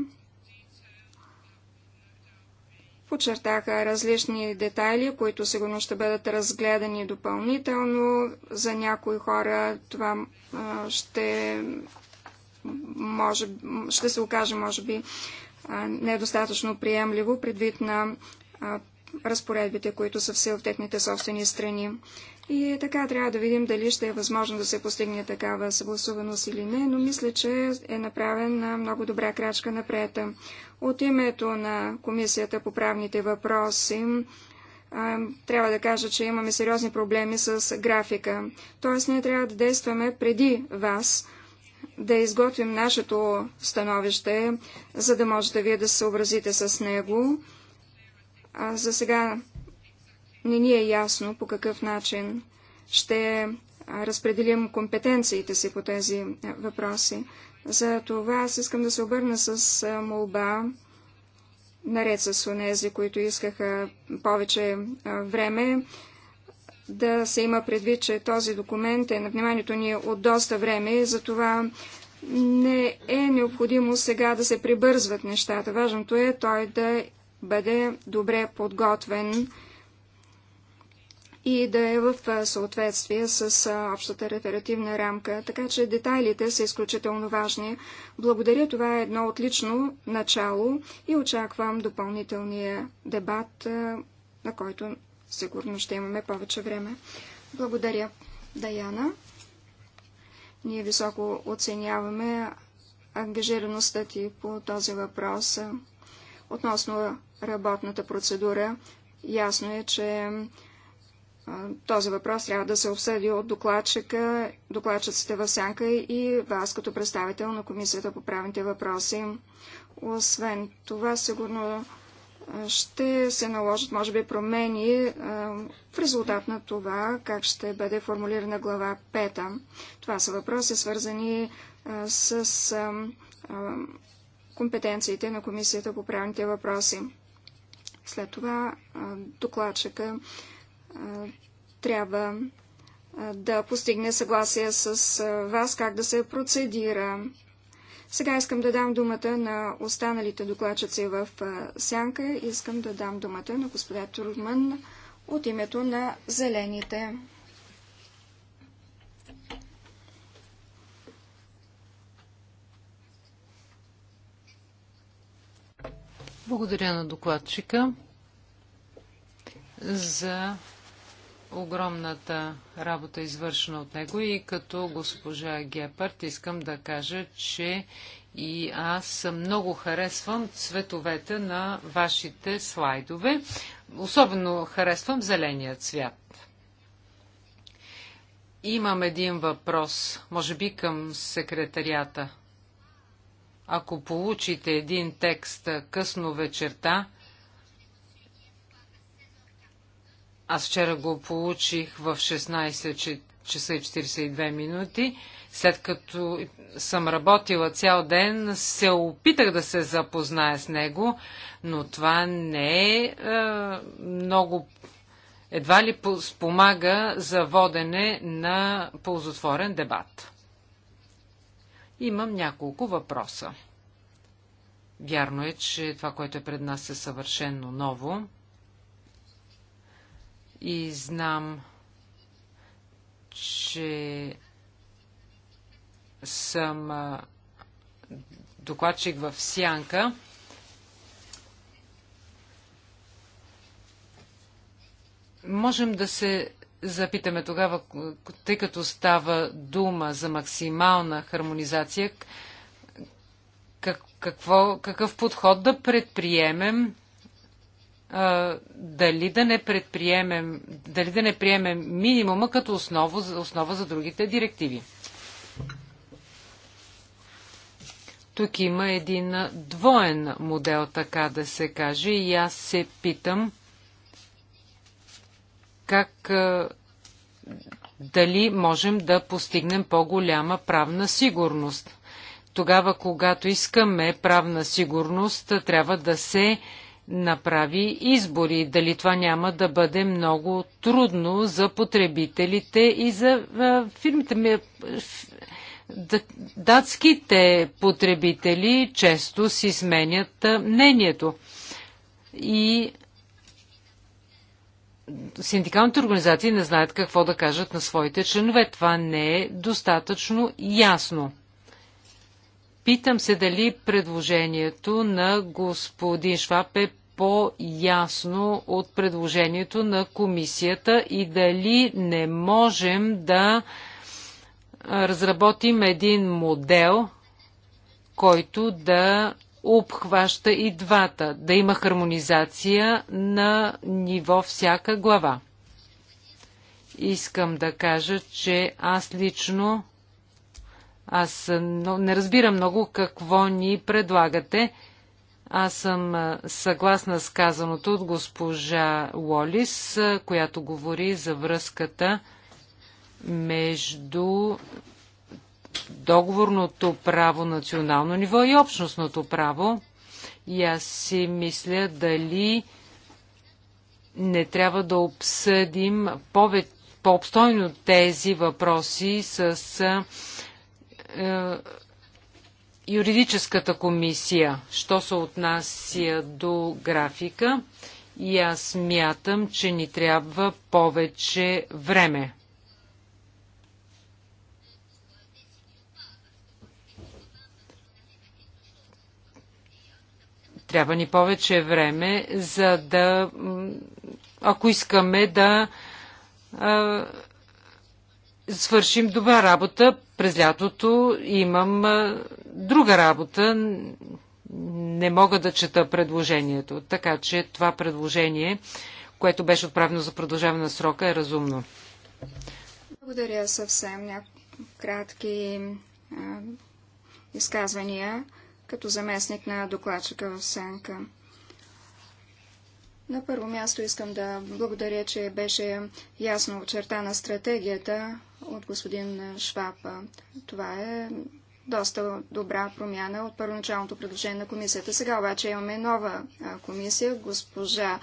Подчертаха различни детайли, които сигурно ще бъдат разгледани допълнително. За някои хора това ще, може, ще се окаже, може би, недостатъчно приемливо предвид на разпоредбите, които са все в техните собствени страни. И така трябва да видим дали ще е възможно да се постигне такава съгласуваност или не, но мисля, че е направена много добра крачка напред. От името на Комисията по правните въпроси трябва да кажа, че имаме сериозни проблеми с графика. Тоест ние трябва да действаме преди вас, да изготвим нашето становище, за да можете вие да се съобразите с него. А за сега не ни е ясно по какъв начин ще разпределим компетенциите си по тези въпроси. За това аз искам да се обърна с молба, наред с онези, които искаха повече време, да се има предвид, че този документ е на вниманието ни е от доста време и затова не е необходимо сега да се прибързват нещата. Важното е той да бъде добре подготвен и да е в съответствие с общата реферативна рамка. Така че детайлите са изключително важни. Благодаря, това е едно отлично начало и очаквам допълнителния дебат, на който сигурно ще имаме повече време. Благодаря, Даяна. Ние високо оценяваме ангажираността ти по този въпрос. Относно работната процедура, ясно е, че този въпрос трябва да се обсъди от докладчика, докладчиците в сянка и вас като представител на Комисията по правните въпроси. Освен това, сигурно ще се наложат, може би, промени в резултат на това, как ще бъде формулирана глава 5. Това са въпроси, свързани с компетенциите на Комисията по правните въпроси. След това докладчика трябва да постигне съгласие с вас как да се процедира. Сега искам да дам думата на останалите докладчици в сянка. Искам да дам думата на господа Турман от името на Зелените. Благодаря на докладчика за огромната работа, извършена от него и като госпожа Гепард искам да кажа, че и аз много харесвам цветовете на вашите слайдове. Особено харесвам зеления цвят. Имам един въпрос, може би към секретарията. Ако получите един текст късно вечерта, Аз вчера го получих в 16 часа и 42 минути. След като съм работила цял ден, се опитах да се запозная с него, но това не е, е много. Едва ли спомага за водене на ползотворен дебат? Имам няколко въпроса. Вярно е, че това, което е пред нас е съвършенно ново и знам, че съм докладчик в Сянка. Можем да се запитаме тогава, тъй като става дума за максимална хармонизация, какво, какъв подход да предприемем дали да не предприемем, дали да не приемем минимума като основа, основа за другите директиви. Тук има един двоен модел, така да се каже, и аз се питам как дали можем да постигнем по-голяма правна сигурност. Тогава, когато искаме правна сигурност, трябва да се направи избори. Дали това няма да бъде много трудно за потребителите и за фирмите. Датските потребители често си сменят мнението. И синдикалните организации не знаят какво да кажат на своите членове. Това не е достатъчно ясно. Питам се дали предложението на господин Шваб е по-ясно от предложението на комисията и дали не можем да разработим един модел, който да обхваща и двата, да има хармонизация на ниво всяка глава. Искам да кажа, че аз лично аз не разбирам много какво ни предлагате. Аз съм съгласна с казаното от госпожа Уолис, която говори за връзката между договорното право национално ниво и общностното право. И аз си мисля дали не трябва да обсъдим повече по-обстойно тези въпроси с е, юридическата комисия, що се отнася до графика, и аз мятам, че ни трябва повече време. Трябва ни повече време, за да, ако искаме да свършим добра работа. През лятото имам друга работа. Не мога да чета предложението. Така че това предложение, което беше отправено за продължаване на срока, е разумно. Благодаря съвсем някакви кратки а, изказвания като заместник на докладчика в Сенка. На първо място искам да благодаря, че беше ясно очертана стратегията от господин Шваб. Това е доста добра промяна от първоначалното предложение на комисията. Сега обаче имаме нова комисия. Госпожа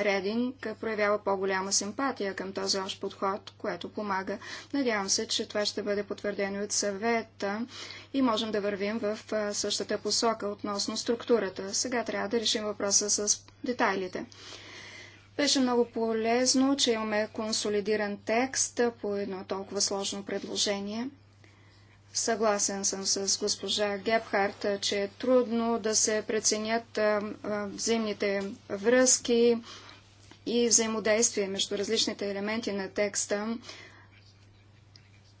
Редин проявява по-голяма симпатия към този общ подход, което помага. Надявам се, че това ще бъде потвърдено от съвета и можем да вървим в същата посока относно структурата. Сега трябва да решим въпроса с детайлите. Беше много полезно, че имаме консолидиран текст по едно толкова сложно предложение. Съгласен съм с госпожа Гебхарт, че е трудно да се преценят взаимните връзки и взаимодействие между различните елементи на текста.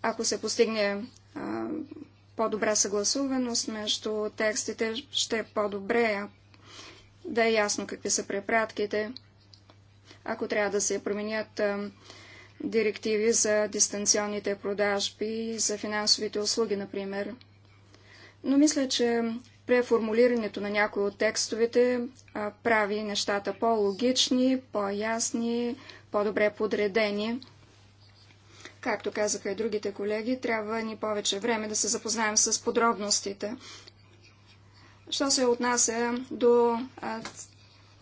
Ако се постигне по-добра съгласуваност между текстите, ще е по-добре да е ясно какви са препратките. Ако трябва да се променят директиви за дистанционните продажби, за финансовите услуги, например. Но мисля, че преформулирането на някои от текстовете а, прави нещата по-логични, по-ясни, по-добре подредени. Както казаха и другите колеги, трябва ни повече време да се запознаем с подробностите. Що се отнася до а,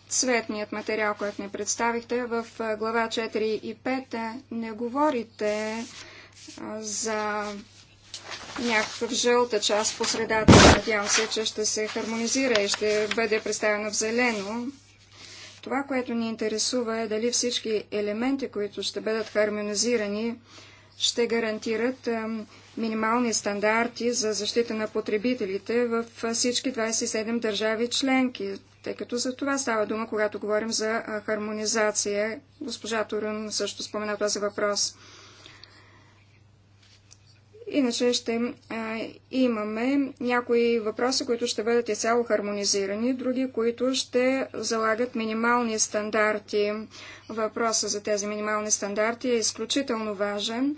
цветният материал, който ни представихте в глава 4 и 5, не говорите за някакъв жълта част по средата. Надявам се, че ще се хармонизира и ще бъде представена в зелено. Това, което ни интересува е дали всички елементи, които ще бъдат хармонизирани, ще гарантират минимални стандарти за защита на потребителите в всички 27 държави членки тъй като за това става дума, когато говорим за хармонизация. Госпожа Турун също спомена този въпрос. Иначе ще а, имаме някои въпроси, които ще бъдат изцяло хармонизирани, други, които ще залагат минимални стандарти. Въпросът за тези минимални стандарти е изключително важен.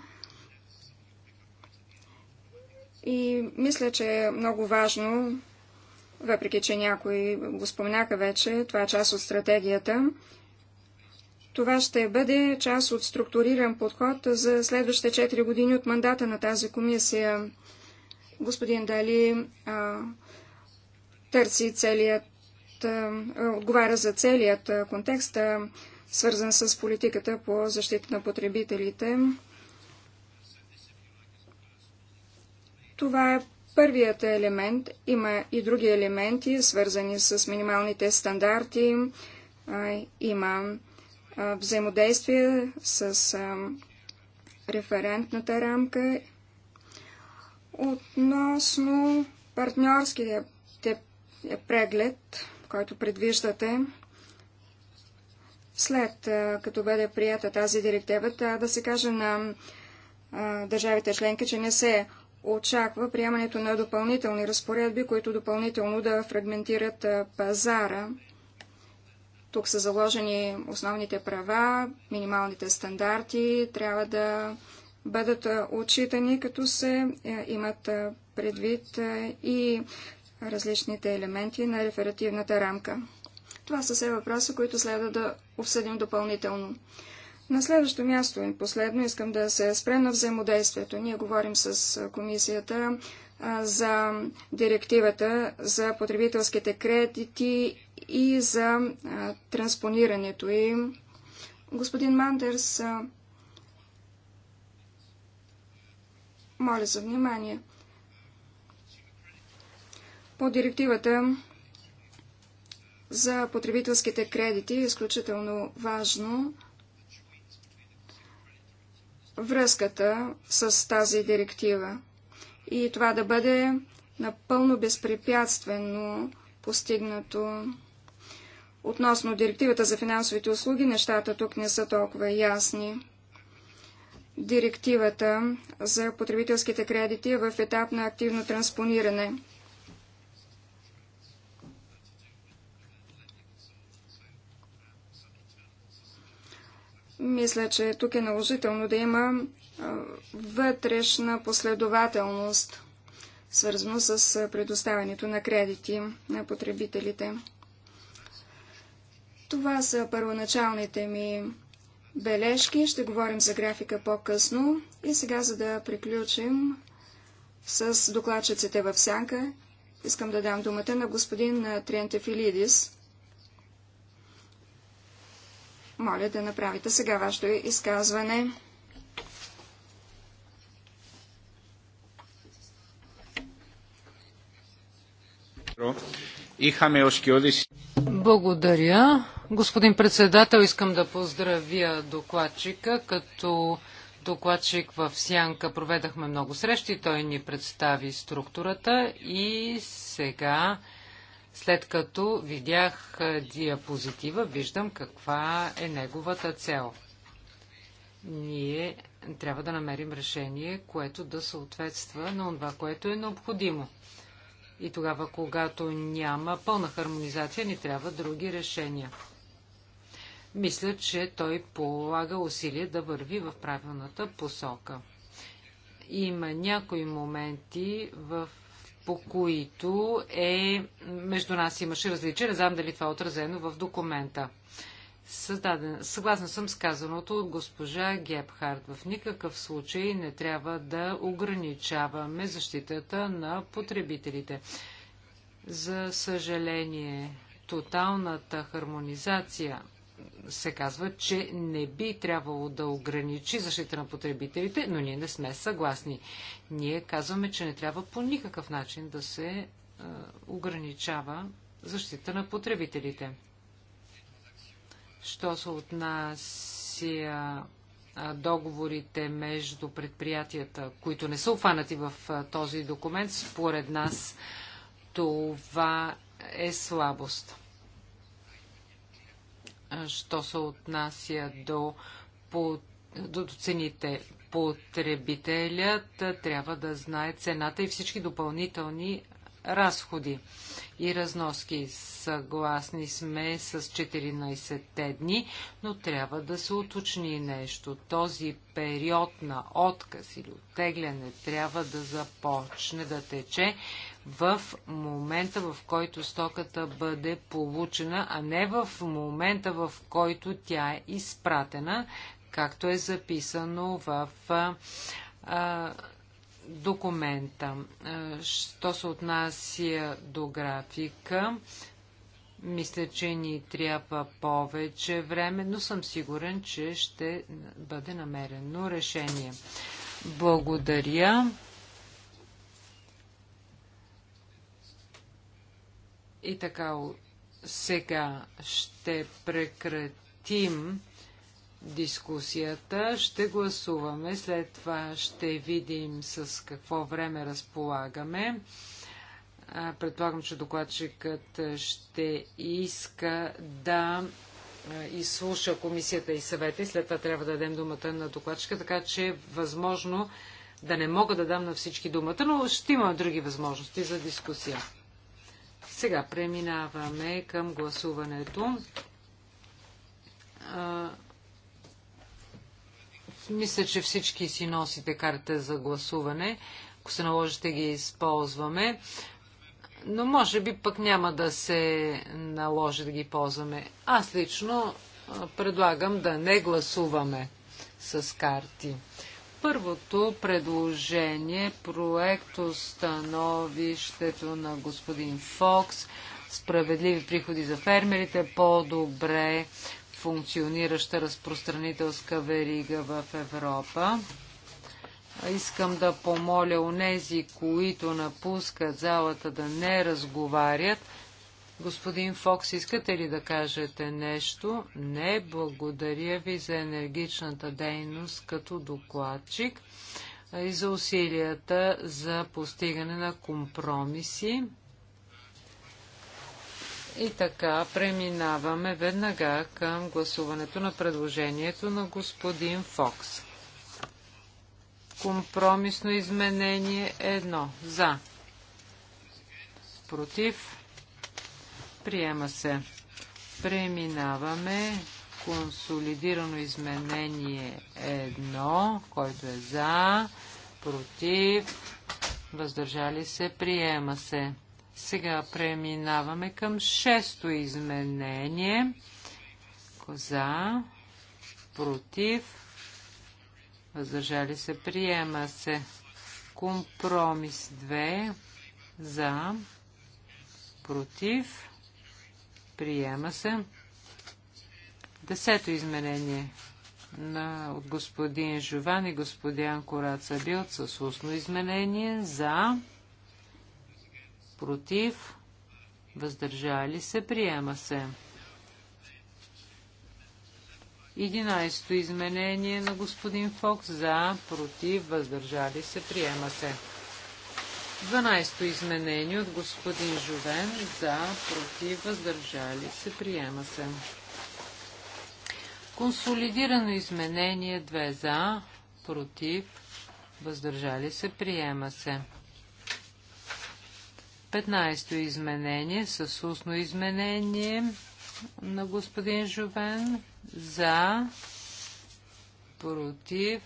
И мисля, че е много важно въпреки че някои го споменаха вече, това е част от стратегията. Това ще бъде част от структуриран подход за следващите 4 години от мандата на тази комисия. Господин Дали а, търси целият, а, отговаря за целият контекст, а, свързан с политиката по защита на потребителите. Това е Първият елемент има и други елементи, свързани с минималните стандарти. Има взаимодействие с референтната рамка относно партньорския е, преглед, който предвиждате. След като бъде прията тази директива, да се каже на държавите членки, че не се очаква приемането на допълнителни разпоредби, които допълнително да фрагментират пазара. Тук са заложени основните права, минималните стандарти, трябва да бъдат отчитани, като се имат предвид и различните елементи на реферативната рамка. Това са все въпроси, които следва да обсъдим допълнително. На следващо място и последно искам да се спре на взаимодействието. Ние говорим с комисията за директивата за потребителските кредити и за транспонирането им. Господин Мандерс, моля за внимание. По директивата за потребителските кредити е изключително важно – връзката с тази директива и това да бъде напълно безпрепятствено постигнато. Относно директивата за финансовите услуги, нещата тук не са толкова ясни. Директивата за потребителските кредити е в етап на активно транспониране – Мисля, че тук е наложително да има вътрешна последователност, свързано с предоставянето на кредити на потребителите. Това са първоначалните ми бележки. Ще говорим за графика по-късно. И сега, за да приключим с докладчиците в сянка, искам да дам думата на господин Трентефилидис, моля да направите сега вашето изказване. Благодаря. Господин председател, искам да поздравя докладчика. Като докладчик в Сянка проведахме много срещи. Той ни представи структурата и сега след като видях диапозитива, виждам каква е неговата цел. Ние трябва да намерим решение, което да съответства на това, което е необходимо. И тогава, когато няма пълна хармонизация, ни трябва други решения. Мисля, че той полага усилия да върви в правилната посока. Има някои моменти, в по които е, между нас имаше различия. Не знам дали това е отразено в документа. Създаден, съгласна съм с казаното от госпожа Гепхард. В никакъв случай не трябва да ограничаваме защитата на потребителите. За съжаление, тоталната хармонизация се казва, че не би трябвало да ограничи защита на потребителите, но ние не сме съгласни. Ние казваме, че не трябва по никакъв начин да се е, ограничава защита на потребителите. Що се отнася договорите между предприятията, които не са обхванати в този документ, според нас това е слабост що се отнася до, по, до цените. Потребителят трябва да знае цената и всички допълнителни разходи и разноски. Съгласни сме с 14 дни, но трябва да се уточни нещо. Този период на отказ или оттегляне трябва да започне да тече в момента, в който стоката бъде получена, а не в момента, в който тя е изпратена, както е записано в а, документа. Що се отнася до графика, мисля, че ни трябва повече време, но съм сигурен, че ще бъде намерено решение. Благодаря. И така, сега ще прекратим дискусията, ще гласуваме, след това ще видим с какво време разполагаме. Предполагам, че докладчикът ще иска да изслуша комисията и съвета и след това трябва да дадем думата на докладчика, така че е възможно да не мога да дам на всички думата, но ще има други възможности за дискусия. Сега преминаваме към гласуването. А, мисля, че всички си носите карта за гласуване. Ако се наложите, ги използваме. Но може би пък няма да се наложи да ги ползваме. Аз лично предлагам да не гласуваме с карти. Първото предложение, проекто становището на господин Фокс, справедливи приходи за фермерите, по-добре функционираща разпространителска верига в Европа. Искам да помоля нези, които напускат залата да не разговарят, Господин Фокс, искате ли да кажете нещо? Не, благодаря ви за енергичната дейност като докладчик и за усилията за постигане на компромиси. И така преминаваме веднага към гласуването на предложението на господин Фокс. Компромисно изменение 1. За. Против. Приема се. Преминаваме консолидирано изменение 1, който е за, против, въздържали се, приема се. Сега преминаваме към шесто изменение. За, против, въздържали се, приема се. Компромис 2, за, против, Приема се. Десето изменение на, от господин Жован и господин Кораца Билт с устно изменение за, против, въздържали се, приема се. Единайсто изменение на господин Фокс за, против, въздържали се, приема се. 12-то изменение от господин Жовен. За, против, въздържали се, приема се. Консолидирано изменение 2 за, против, въздържали се, приема се. 15-то изменение с устно изменение на господин Жовен. За, против,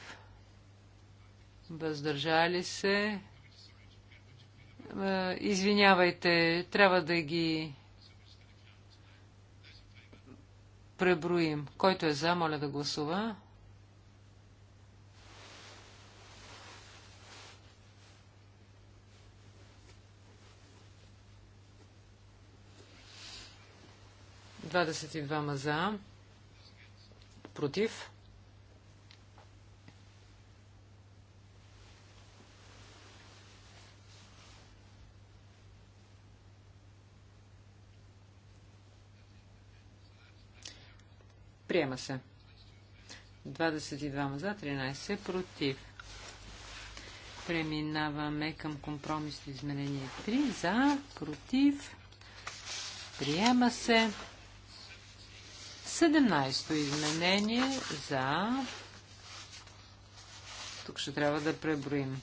въздържали се, е, извинявайте, трябва да ги преброим. Който е за, моля да гласува. Двадесет и двама за. Против. Приема се. 22 за, 13 против. Преминаваме към компромисно изменение 3 за, против. Приема се. 17 изменение за. Тук ще трябва да преброим.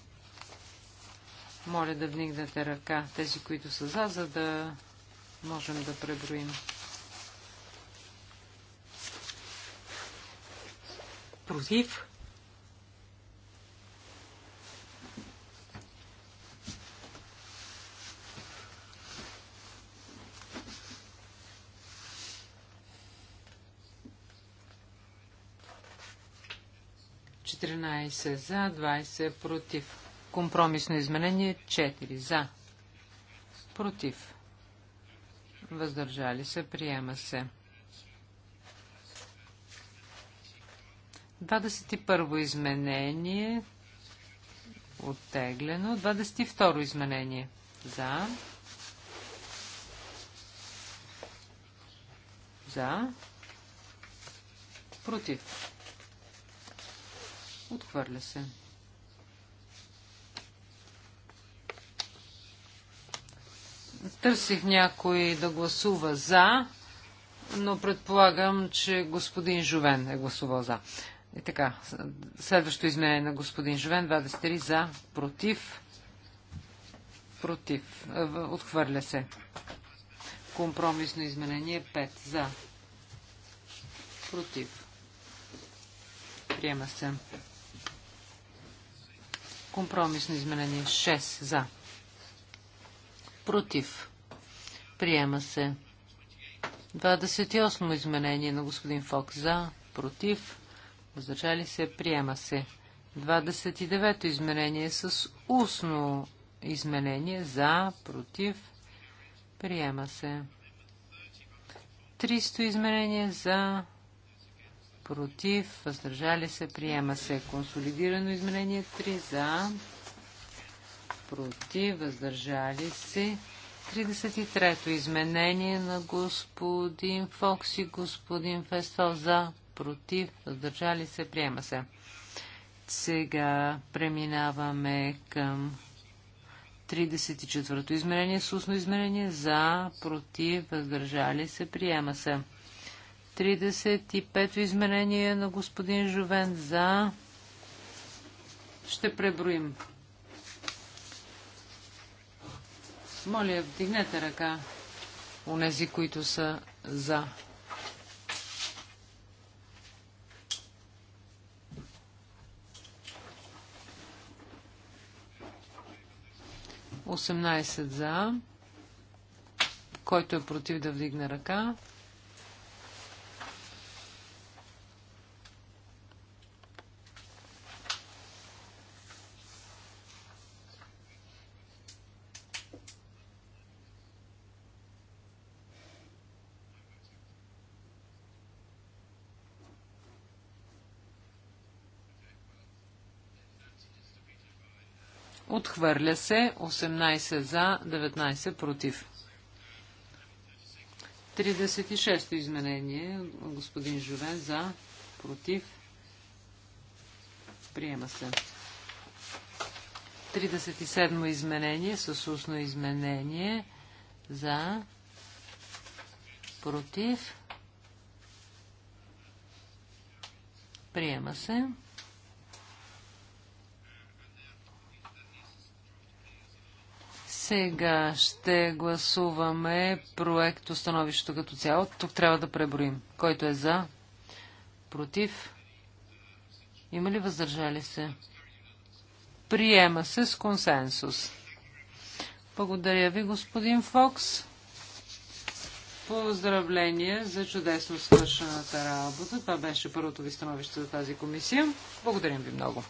Моля да вникнете ръка, тези, които са за, за да можем да преброим. против. за, 20 против. Компромисно изменение 4 за. Против. Въздържали се. Приема се. 21 изменение оттеглено. 22 изменение за. За. Против. Отхвърля се. Търсих някой да гласува за, но предполагам, че господин Жовен е гласувал за. И е така, следващото изменение на господин Жовен, 23 за, против, против, е, отхвърля се. Компромисно изменение 5 за, против, приема се. Компромисно изменение 6 за, против, приема се. 28 изменение на господин Фокс за, против, въздържали се, приема се. 29-то изменение с устно изменение за, против, приема се. 300 измерение за, против, въздържали се, приема се. Консолидирано изменение 3 за, против, въздържали се. 33-то изменение на господин Фокс и господин Фестал за, против, въздържали се, приема се. Сега преминаваме към 34-то измерение, сусно измерение, за, против, въздържали се, приема се. 35-то измерение на господин Жовен, за, ще преброим. Моля, вдигнете ръка. у нези, които са за. 18 за. Който е против да вдигне ръка. Отхвърля се 18 за, 19 против. 36-то изменение. Господин Жовен за, против. Приема се. 37-мо изменение с устно изменение за, против. Приема се. Сега ще гласуваме проект становището като цяло. Тук трябва да преброим. Който е за? Против? Има ли въздържали се? Приема се с консенсус. Благодаря ви, господин Фокс. Поздравления за чудесно свършената работа. Това беше първото ви становище за тази комисия. Благодарим ви много.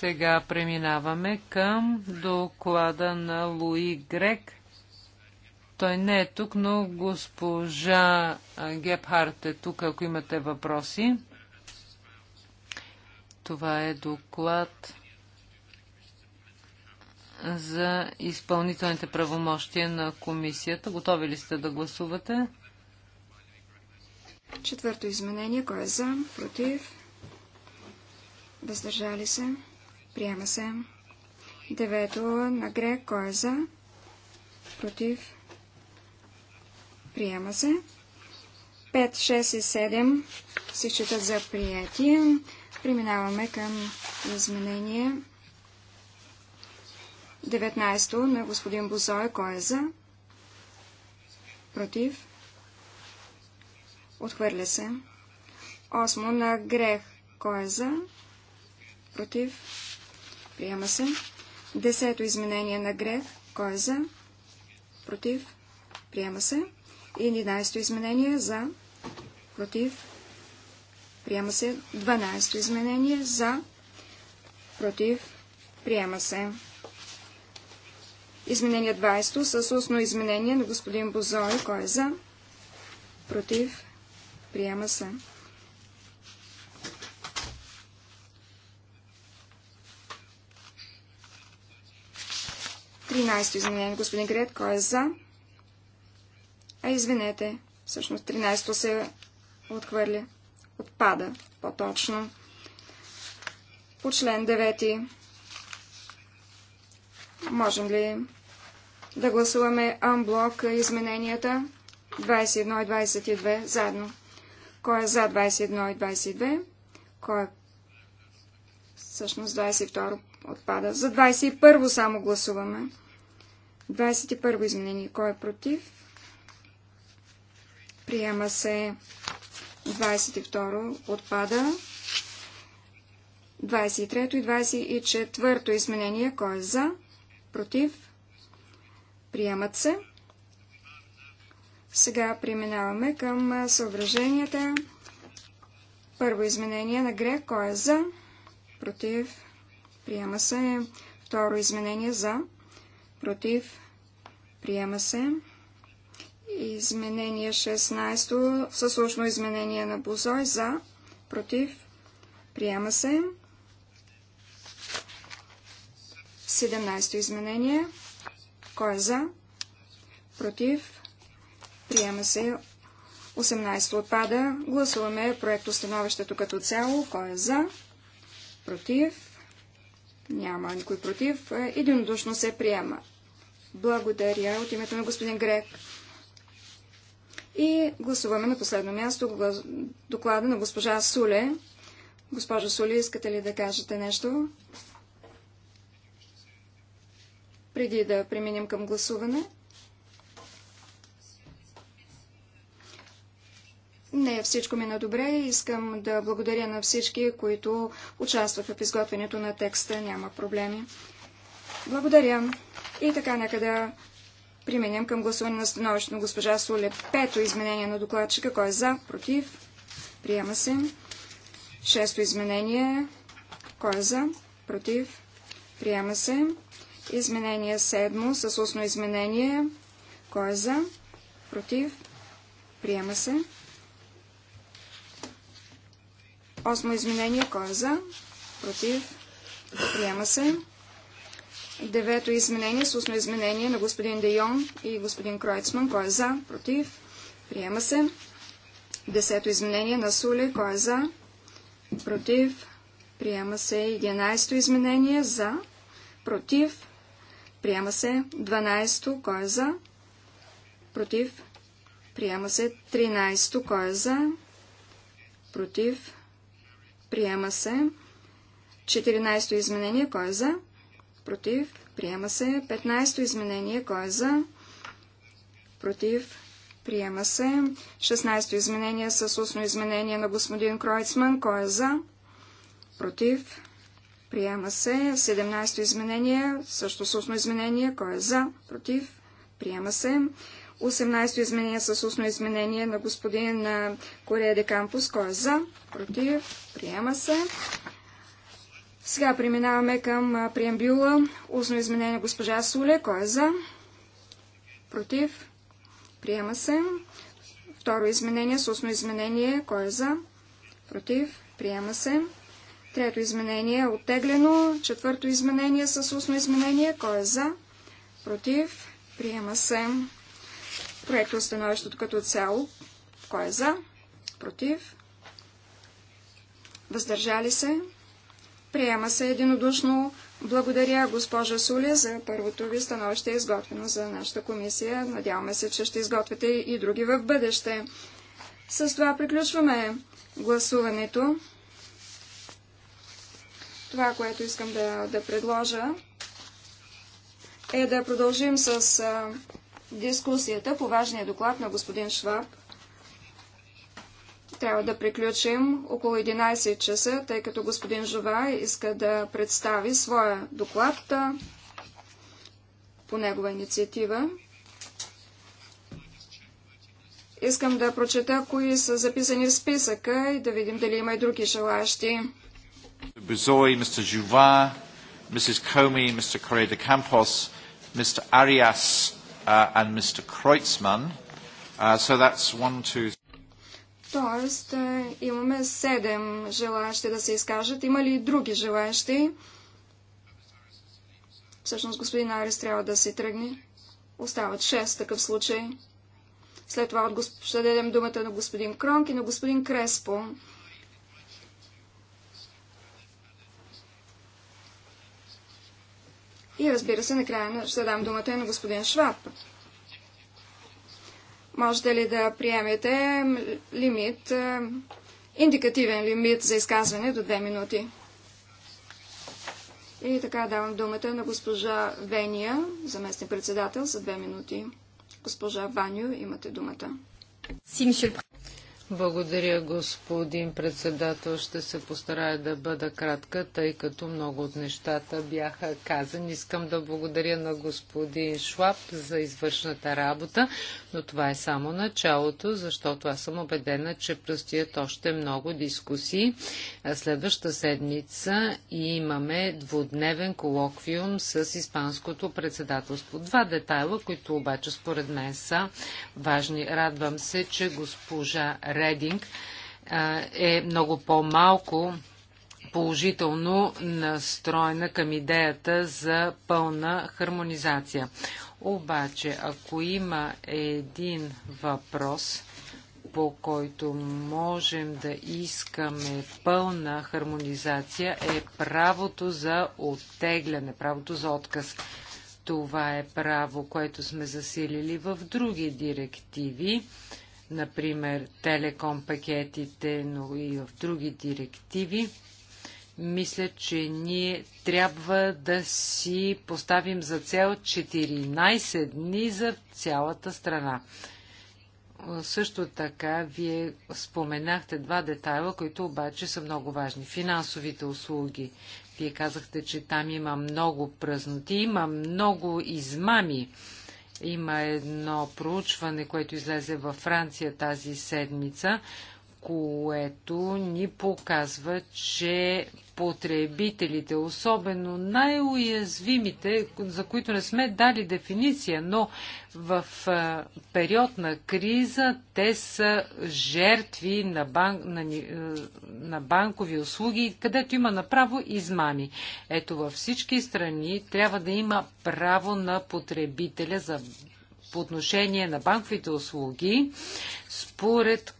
Сега преминаваме към доклада на Луи Грек. Той не е тук, но госпожа Гепхарт е тук, ако имате въпроси. Това е доклад за изпълнителните правомощия на комисията. Готови ли сте да гласувате? Четвърто изменение. Кой е за? Против? Въздържали се? Приема се. Девето на грек. Кой е за? Против. Приема се. 5, 6 и 7 се считат за приятие. Преминаваме към изменение 19 на господин Бозой. Кой е за? Против. Отхвърля се. 8 на грех. Кой е за? Против. Приема се. Десето изменение на Грех. Кой е за? Против. Приема се. И единайсто изменение за. Против. Приема се. Дванайсто изменение за. Против. Приема се. Изменение 20 с устно изменение на господин Бозой. Кой е за? Против. Приема се. 13-то изменение, господин Грет, кой е за? А извинете, всъщност 13-то се отхвърли. Отпада, по-точно. По член 9. Можем ли да гласуваме Анблок, измененията 21 и 22 заедно? Кой е за 21 и 22? Кой е всъщност 22 отпада. За 21 само гласуваме. 21 изменение. Кой е против? Приема се 22 отпада. 23 и 24 изменение. Кой е за? Против? Приемат се. Сега преминаваме към съображенията. Първо изменение на грех. Кой е за? Против? Приема се. Второ изменение за? против, приема се. Изменение 16 съслушно изменение на бузой. за, против, приема се. 17 изменение. Кой е за? Против. Приема се. 18 отпада. Гласуваме проекто становището като цяло. Кой е за? Против. Няма никой против. Единодушно се приема. Благодаря от името на господин Грек. И гласуваме на последно място доклада на госпожа Суле. Госпожо Суле, искате ли да кажете нещо? Преди да преминем към гласуване. Не, всичко мина е добре. Искам да благодаря на всички, които участваха в изготвянето на текста. Няма проблеми. Благодаря. И така, нека да применим към гласуване на становището на госпожа Суле. Пето изменение на докладчика. Кой е за? Против? Приема се. Шесто изменение. Кой е за? Против? Приема се. Изменение седмо с устно изменение. Кой е за? Против? Приема се. Осмо изменение. Кой е за? Против? Приема се. Девето изменение с устно изменение на господин Де Йон и господин Кройцман. Кой е за? Против? Приема се. Десето изменение на Сули. Кой е за? Против? Приема се. Единайсто изменение за? Против? Приема се. Дванайсто. Кой е за? Против? Приема се. Тринайсто. Кой е за? Против? Приема се. 14 изменение. Кой е за? против, приема се. 15-то изменение, кой е за, против, приема се. 16-то изменение с устно изменение на господин Кройцман, кой е за, против, приема се. 17-то изменение, също с устно изменение, кой е за, против, приема се. 18-то изменение с устно изменение на господин Корея де Кампус, кой е за, против, приема се. Сега преминаваме към преамбюла. Устно изменение госпожа Суле. Кой е за? Против? Приема се. Второ изменение с устно изменение. Кой е за? Против? Приема се. Трето изменение е оттеглено. Четвърто изменение с устно изменение. Кой е за? Против? Приема се. Проекто становището като цяло. Кой е за? Против? Въздържали се? Приема се единодушно. Благодаря, госпожа Суля, за първото ви становище, изготвено за нашата комисия. Надяваме се, че ще изготвите и други в бъдеще. С това приключваме гласуването. Това, което искам да, да предложа, е да продължим с а, дискусията по важния доклад на господин Шваб трябва да приключим около 11 часа, тъй като господин Жова иска да представи своя доклад по негова инициатива. Искам да прочета кои са записани в списъка и да видим дали има и други желащи. Бузой, мистер Жува, мисис Коми, мистер Кореда Кампос, мистер Ариас и мистер Кройцман. Uh, so that's one, two, Тоест, е, имаме седем желаящи да се изкажат. Има ли други желаящи? Всъщност, господин Арис трябва да се тръгне. Остават шест такъв случай. След това от госп... ще дадем думата на господин Кронк и на господин Креспо. И разбира се, накрая ще дам думата и на господин Шваб. Можете ли да приемете лимит, е, индикативен лимит за изказване до две минути? И така давам думата на госпожа Вения, заместник председател, за две минути. Госпожа Ваню, имате думата. Благодаря, господин председател. Ще се постарая да бъда кратка, тъй като много от нещата бяха казани. Искам да благодаря на господин Шваб за извършната работа, но това е само началото, защото аз съм убедена, че пръстият още много дискусии. Следваща седмица имаме двудневен колоквиум с Испанското председателство. Два детайла, които обаче според мен са важни. Радвам се, че госпожа Рединг е много по-малко положително настроена към идеята за пълна хармонизация. Обаче, ако има един въпрос, по който можем да искаме пълна хармонизация, е правото за оттегляне, правото за отказ. Това е право, което сме засилили в други директиви например, телеком пакетите, но и в други директиви, мисля, че ние трябва да си поставим за цел 14 дни за цялата страна. Също така, вие споменахте два детайла, които обаче са много важни. Финансовите услуги. Вие казахте, че там има много празноти, има много измами има едно проучване, което излезе във Франция тази седмица което ни показва, че потребителите, особено най-уязвимите, за които не сме дали дефиниция, но в период на криза те са жертви на, банк, на... на банкови услуги, където има направо измами. Ето във всички страни трябва да има право на потребителя за по отношение на банковите услуги, според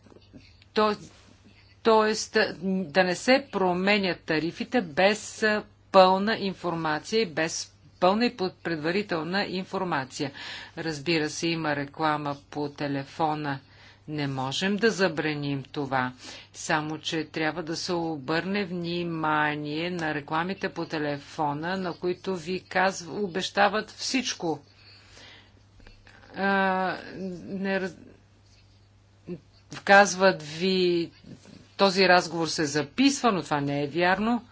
Тоест да не се променят тарифите без пълна информация и без пълна и предварителна информация. Разбира се, има реклама по телефона. Не можем да забраним това, само че трябва да се обърне внимание на рекламите по телефона, на които ви казв... обещават всичко. А, не, Казват ви, този разговор се записва, но това не е вярно.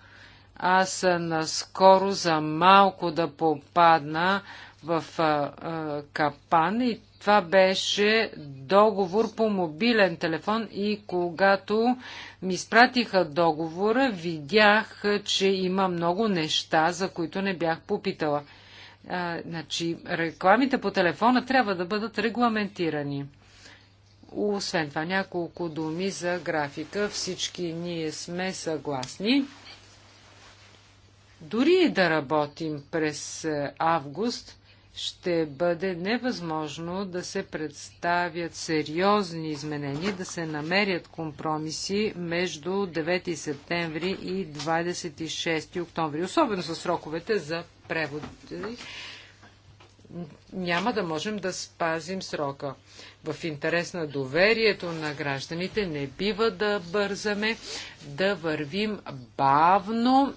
Аз наскоро за малко да попадна в а, а, капан и това беше договор по мобилен телефон и когато ми спратиха договора, видях, че има много неща, за които не бях попитала. А, значи, рекламите по телефона трябва да бъдат регламентирани. Освен това, няколко думи за графика. Всички ние сме съгласни. Дори да работим през е, август, ще бъде невъзможно да се представят сериозни изменения, да се намерят компромиси между 9 септември и 26 октомври, особено с сроковете за преводите няма да можем да спазим срока. В интерес на доверието на гражданите не бива да бързаме, да вървим бавно,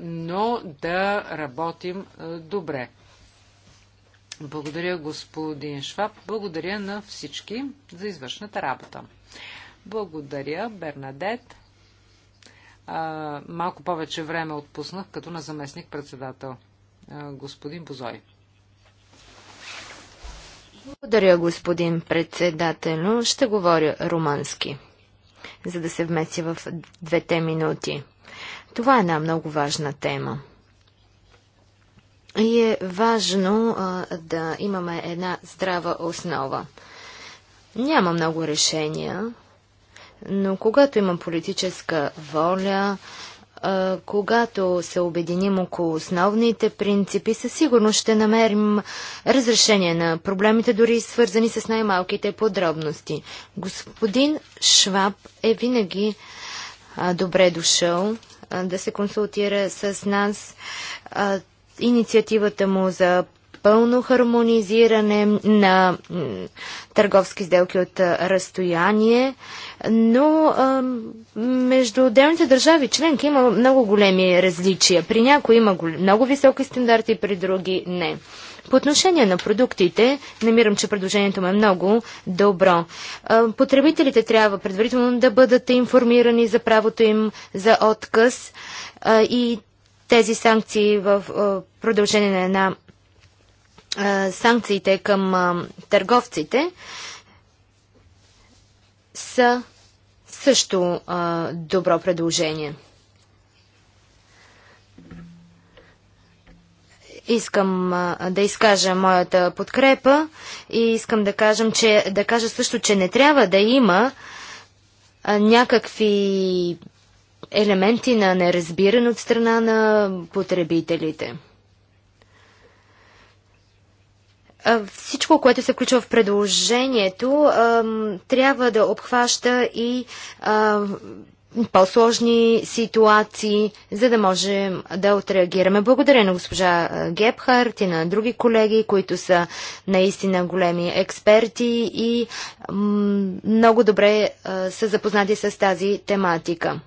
но да работим добре. Благодаря, господин Шваб. Благодаря на всички за извършната работа. Благодаря, Бернадет. малко повече време отпуснах като на заместник председател, господин Бозой. Благодаря, господин председател. Ще говоря румански, за да се вмеся в двете минути. Това е една много важна тема. И е важно а, да имаме една здрава основа. Няма много решения, но когато има политическа воля, когато се обединим около основните принципи, със сигурност ще намерим разрешение на проблемите, дори свързани с най-малките подробности. Господин Шваб е винаги добре дошъл да се консултира с нас. инициативата му за пълно хармонизиране на търговски сделки от разстояние но а, между отделните държави членки има много големи различия. При някои има много високи стандарти, при други не. По отношение на продуктите, намирам, че предложението му е много добро. Потребителите трябва предварително да бъдат информирани за правото им за отказ и тези санкции в продължение на една санкциите към търговците са също а, добро предложение. Искам а, да изкажа моята подкрепа и искам да, кажем, че, да кажа също, че не трябва да има а, някакви елементи на неразбиране от страна на потребителите. Всичко, което се включва в предложението, трябва да обхваща и по-сложни ситуации, за да можем да отреагираме. Благодаря на госпожа Гепхарт и на други колеги, които са наистина големи експерти и много добре са запознати с тази тематика.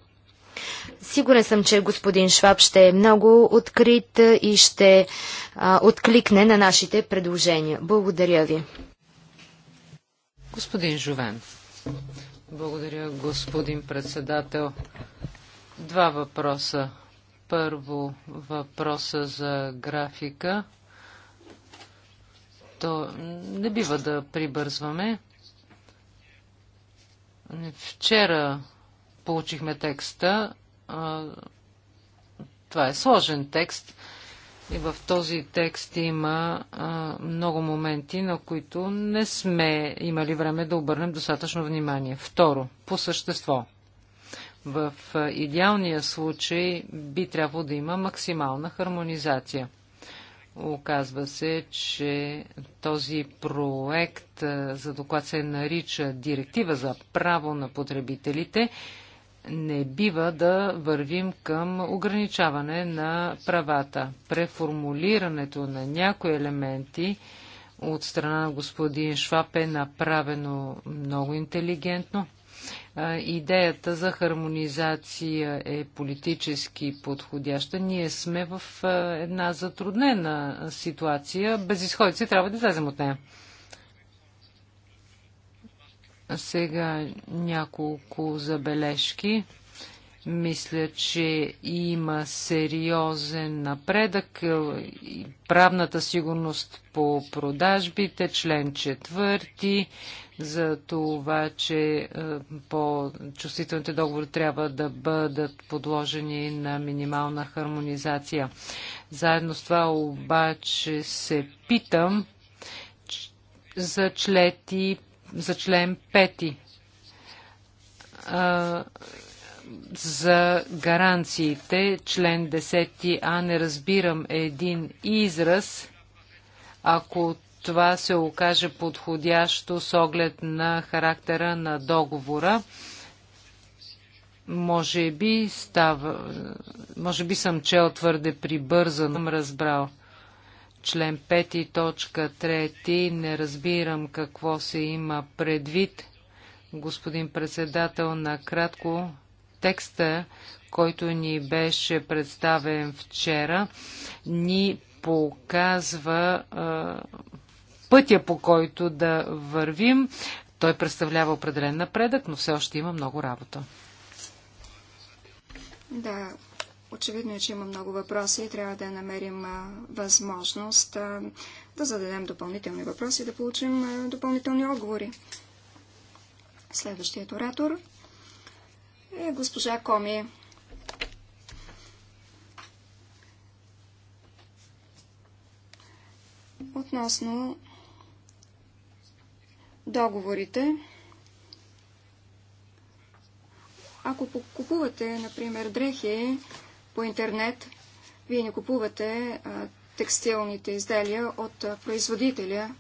Сигурен съм, че господин Шваб ще е много открит и ще а, откликне на нашите предложения. Благодаря ви. Господин Жовен. Благодаря, господин председател. Два въпроса. Първо въпроса за графика. То не бива да прибързваме. Вчера получихме текста. Това е сложен текст. И в този текст има много моменти, на които не сме имали време да обърнем достатъчно внимание. Второ, по същество. В идеалния случай би трябвало да има максимална хармонизация. Оказва се, че този проект за доклад се нарича Директива за право на потребителите не бива да вървим към ограничаване на правата. Преформулирането на някои елементи от страна на господин Шваб е направено много интелигентно. Идеята за хармонизация е политически подходяща. Ние сме в една затруднена ситуация. Безисходици трябва да излезем от нея. Сега няколко забележки. Мисля, че има сериозен напредък. Правната сигурност по продажбите, член четвърти, за това, че е, по-чувствителните договори трябва да бъдат подложени на минимална хармонизация. Заедно с това обаче се питам за члети за член 5 а, за гаранциите, член 10а, не разбирам един израз, ако това се окаже подходящо с оглед на характера на договора. Може би става, може би съм чел твърде прибързан, съм разбрал член 5, точка 3. Не разбирам какво се има предвид. Господин председател, накратко текста, който ни беше представен вчера, ни показва а, пътя по който да вървим. Той представлява определен напредък, но все още има много работа. Да, Очевидно е, че има много въпроси и трябва да намерим възможност да зададем допълнителни въпроси и да получим допълнителни отговори. Следващият оратор е госпожа Коми. Относно договорите, ако купувате, например, дрехи по интернет, вие не купувате а, текстилните изделия от а, производителя.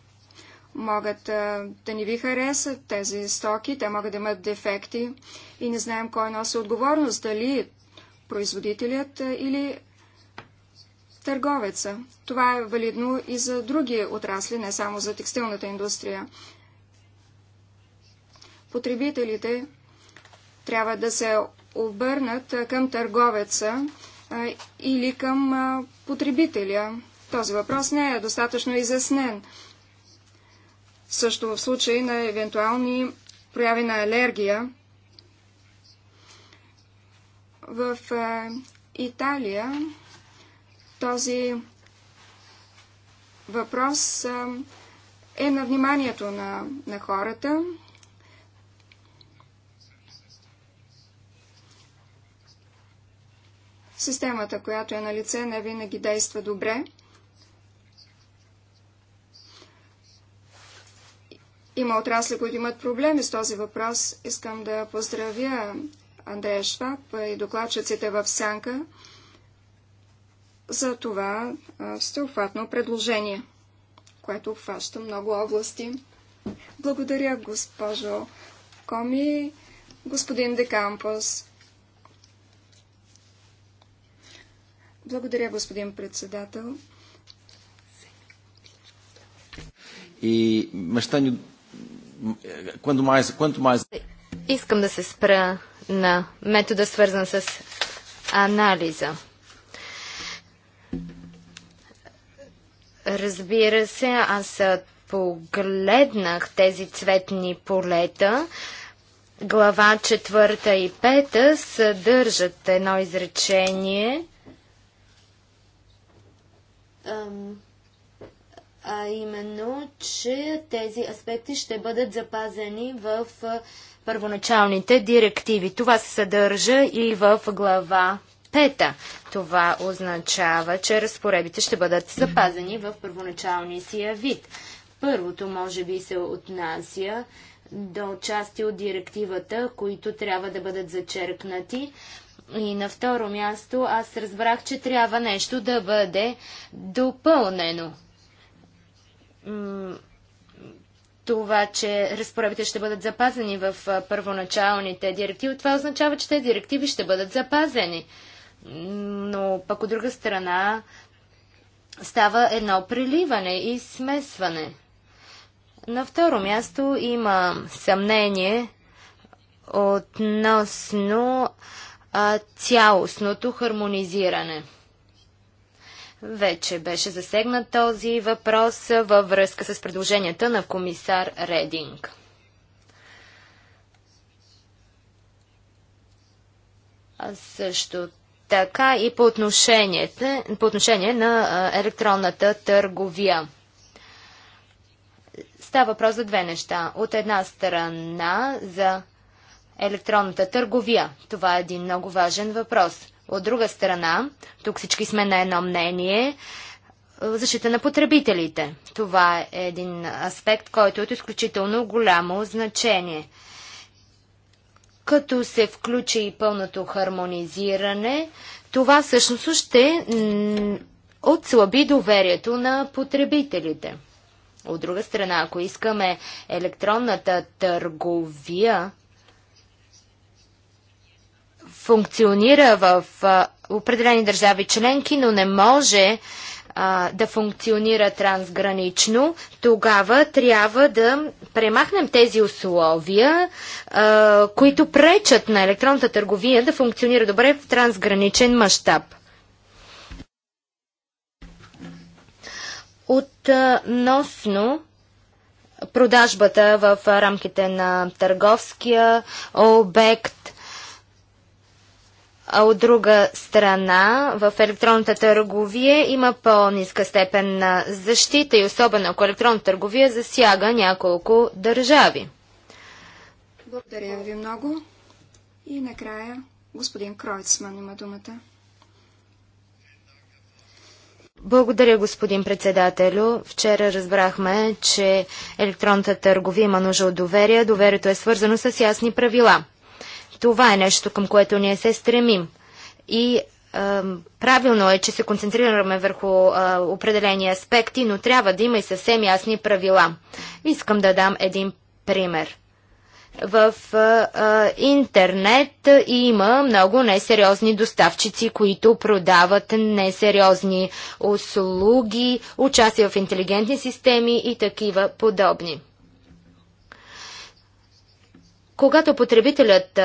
Могат а, да не ви харесат тези стоки, те могат да имат дефекти и не знаем кой носи отговорност, дали производителят а, или търговеца. Това е валидно и за други отрасли, не само за текстилната индустрия. Потребителите трябва да се обърнат към търговеца или към потребителя. Този въпрос не е достатъчно изяснен. Също в случай на евентуални прояви на алергия. В Италия този въпрос е на вниманието на, на хората. Системата, която е на лице, не винаги действа добре. Има отрасли, които имат проблеми с този въпрос. Искам да поздравя Андрея Шваб и докладчиците в Сянка за това всеобхватно предложение, което обхваща много области. Благодаря, госпожо Коми, господин Декампос. Благодаря, господин председател. И, мащаню, quanto mais, quanto mais... Искам да се спра на метода, свързан с анализа. Разбира се, аз погледнах тези цветни полета. Глава четвърта и пета съдържат едно изречение, а именно, че тези аспекти ще бъдат запазени в първоначалните директиви. Това се съдържа и в глава пета. Това означава, че разпоредбите ще бъдат запазени в първоначалния си вид. Първото може би се отнася до части от директивата, които трябва да бъдат зачеркнати. И на второ място аз разбрах, че трябва нещо да бъде допълнено. Това, че разпоредите ще бъдат запазени в първоначалните директиви, това означава, че тези директиви ще бъдат запазени. Но пък от друга страна става едно приливане и смесване. На второ място има съмнение относно а, цялостното хармонизиране. Вече беше засегнат този въпрос във връзка с предложенията на комисар Рединг. А също така и по отношение, по отношение на електронната търговия. Става въпрос за две неща. От една страна за електронната търговия. Това е един много важен въпрос. От друга страна, тук всички сме на едно мнение, защита на потребителите. Това е един аспект, който е от изключително голямо значение. Като се включи и пълното хармонизиране, това всъщност ще отслаби доверието на потребителите. От друга страна, ако искаме електронната търговия функционира в определени държави членки, но не може а, да функционира трансгранично, тогава трябва да премахнем тези условия, а, които пречат на електронната търговия да функционира добре в трансграничен мащаб. Относно продажбата в рамките на търговския обект, а от друга страна в електронната търговия има по низка степен на защита и особено ако електронната търговия засяга няколко държави. Благодаря ви много. И накрая господин Кройцман има думата. Благодаря, господин председателю. Вчера разбрахме, че електронната търговия има нужда от доверие. Доверието е свързано с ясни правила. Това е нещо, към което ние се стремим. И правилно е, че се концентрираме върху е, определени аспекти, но трябва да има и съвсем ясни правила. Искам да дам един пример. В е, интернет има много несериозни доставчици, които продават несериозни услуги, участие в интелигентни системи и такива подобни. Когато потребителят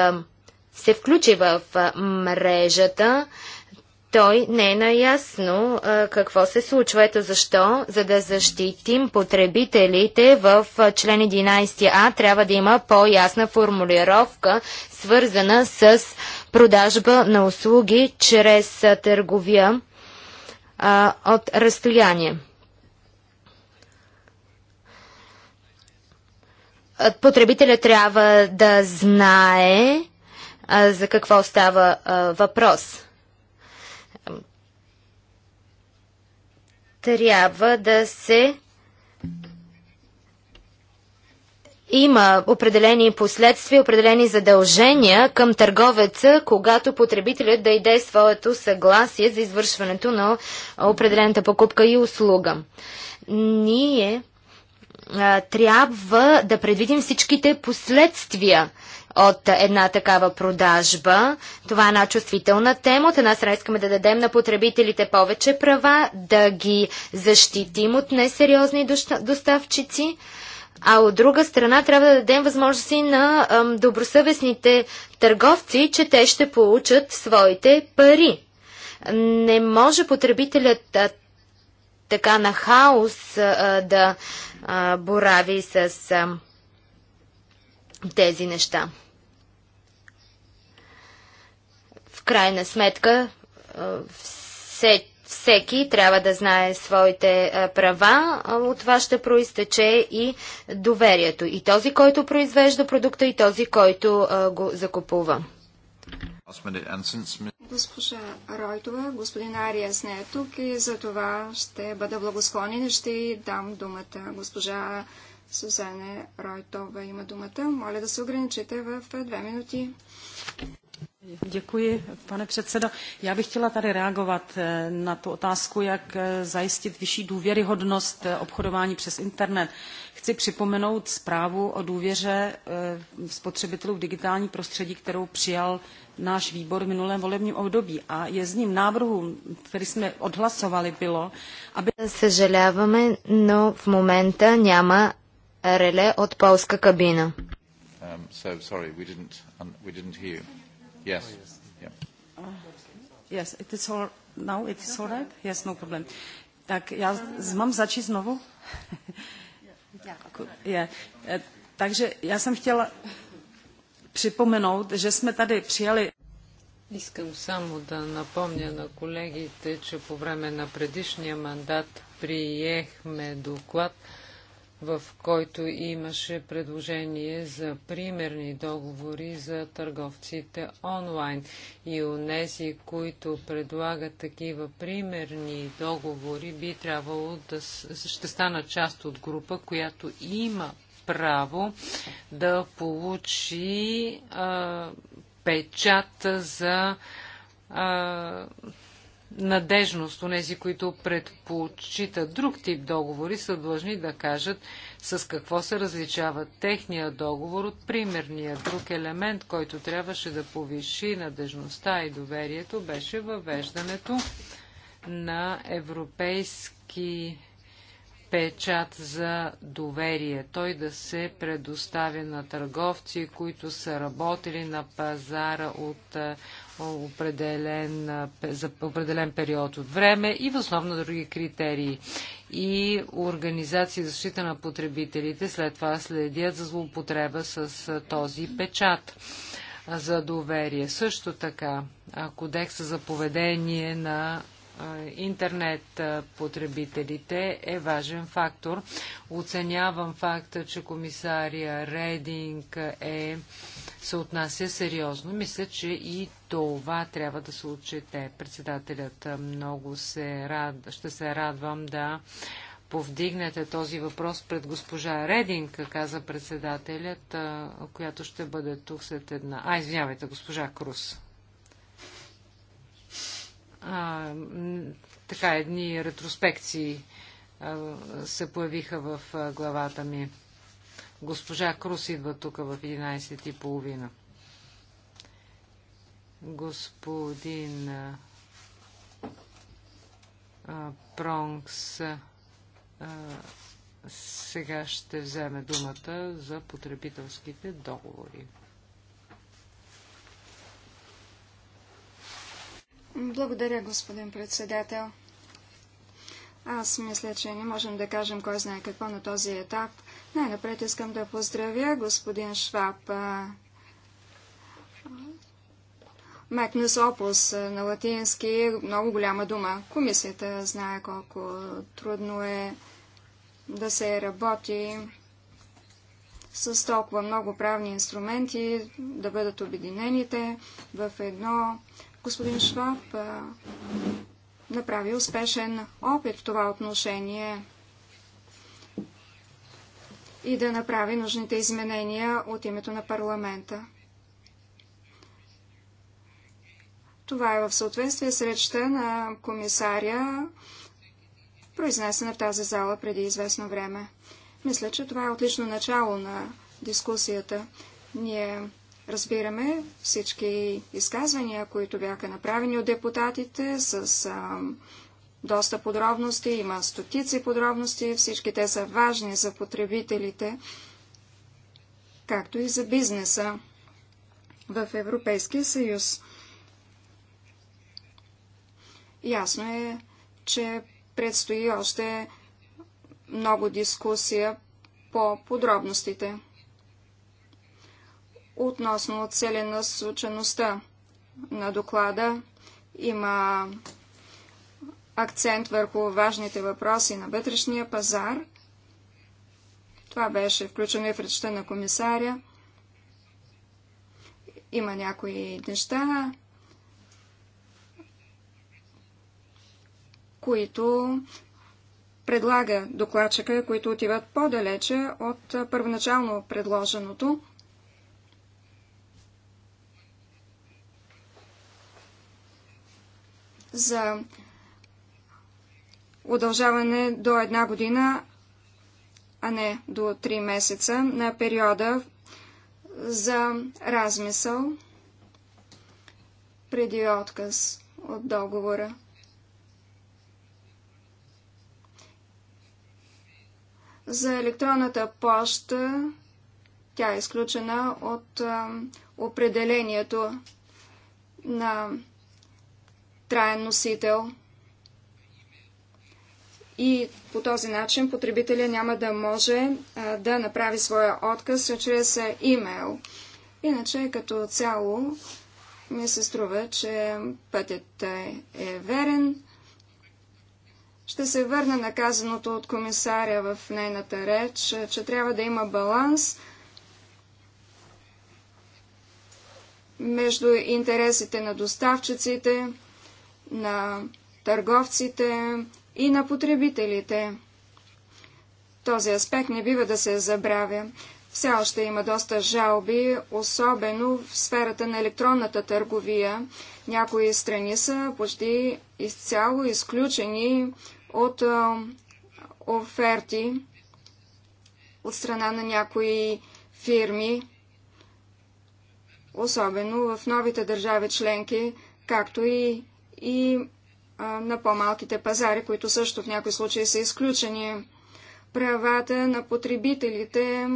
се включи в мрежата, той не е наясно а, какво се случва. Ето защо, за да защитим потребителите в член 11а, трябва да има по-ясна формулировка, свързана с продажба на услуги чрез търговия а, от разстояние. Е, потребителя трябва да знае а, е, за какво става а, е, въпрос. Трябва да се има определени последствия, определени задължения към търговеца, когато потребителят да иде своето съгласие за извършването на определената покупка и услуга. Ние трябва да предвидим всичките последствия от една такава продажба. Това е една чувствителна тема. От една страна искаме да дадем на потребителите повече права, да ги защитим от несериозни доставчици, а от друга страна трябва да дадем възможности на добросъвестните търговци, че те ще получат своите пари. Не може потребителят така на хаос а, да а, борави с а, тези неща. В крайна сметка, а, все, всеки трябва да знае своите а, права, а от това ще проистече и доверието. И този, който произвежда продукта, и този, който а, го закупува. Госпожа Ройтова, господин Ариас не е тук и за това ще бъда благосклонен и ще дам думата. Госпожа Сузане Ройтова има думата. Моля да се ограничите в две минути. Děkuji, pane předsedo. Já bych chtěla tady reagovat na tu otázku, jak zajistit vyšší důvěryhodnost obchodování přes internet. Chci připomenout zprávu o důvěře spotřebitelů v digitální prostředí, kterou přijal náš výbor v minulém volebním období. A jedním návrhů, který jsme odhlasovali, bylo, aby... Съжаляваме, но в момента няма реле от полска кабина. Um, so sorry, we didn't, we didn't hear you. Yes. Yes, it is all, now it is all right? Yes, no problem. Tak, já mám začít znovu? Takže já jsem chtěla připomenout, že jsme tady přijali... Искам само да напомня на колегите, че по време на предишния мандат приехме доклад в който имаше предложение за примерни договори за търговците онлайн. И онези, които предлагат такива примерни договори, би трябвало да ще стана част от група, която има право да получи а, печата за а, надежност. Онези, които предпочитат друг тип договори, са длъжни да кажат с какво се различава техния договор от примерния. Друг елемент, който трябваше да повиши надежността и доверието, беше въвеждането на европейски печат за доверие. Той да се предостави на търговци, които са работили на пазара от определен, за определен период от време и в на други критерии. И организации за защита на потребителите след това следят за злоупотреба с този печат за доверие. Също така, кодекса за поведение на интернет потребителите е важен фактор. Оценявам факта, че комисария Рединг е, се отнася сериозно. Мисля, че и това трябва да се отчете. Председателят много се рад... ще се радвам да повдигнете този въпрос пред госпожа Рединг, каза председателят, която ще бъде тук след една. А, извинявайте, госпожа Крус а, така едни ретроспекции а, се появиха в а, главата ми. Госпожа Крус идва тук в 11.30. Господин а, Пронкс а, сега ще вземе думата за потребителските договори. Благодаря, господин председател. Аз мисля, че не можем да кажем кой знае какво на този етап. Най-напред искам да поздравя господин Шваб. Мекнес опус на латински е много голяма дума. Комисията знае колко трудно е да се работи с толкова много правни инструменти, да бъдат обединените в едно Господин Шваб направи успешен опит в това отношение и да направи нужните изменения от името на парламента. Това е в съответствие с речта на комисаря, произнесена в тази зала преди известно време. Мисля, че това е отлично начало на дискусията. Ние Разбираме всички изказвания, които бяха направени от депутатите с а, доста подробности, има стотици подробности, всички те са важни за потребителите, както и за бизнеса в Европейския съюз. Ясно е, че предстои още много дискусия по подробностите. Относно целенасочеността на доклада има акцент върху важните въпроси на вътрешния пазар. Това беше включено и в речта на комисаря. Има някои неща, които предлага докладчика, които отиват по-далече от първоначално предложеното. за удължаване до една година, а не до три месеца на периода за размисъл преди отказ от договора. За електронната поща тя е изключена от а, определението на траен носител. И по този начин потребителя няма да може да направи своя отказ чрез имейл. Иначе като цяло ми се струва, че пътят е верен. Ще се върна на казаното от комисаря в нейната реч, че трябва да има баланс между интересите на доставчиците, на търговците и на потребителите. Този аспект не бива да се забравя. Все още има доста жалби, особено в сферата на електронната търговия. Някои страни са почти изцяло изключени от оферти от страна на някои фирми, особено в новите държави членки, както и и на по-малките пазари, които също в някои случаи са изключени. Правата на потребителите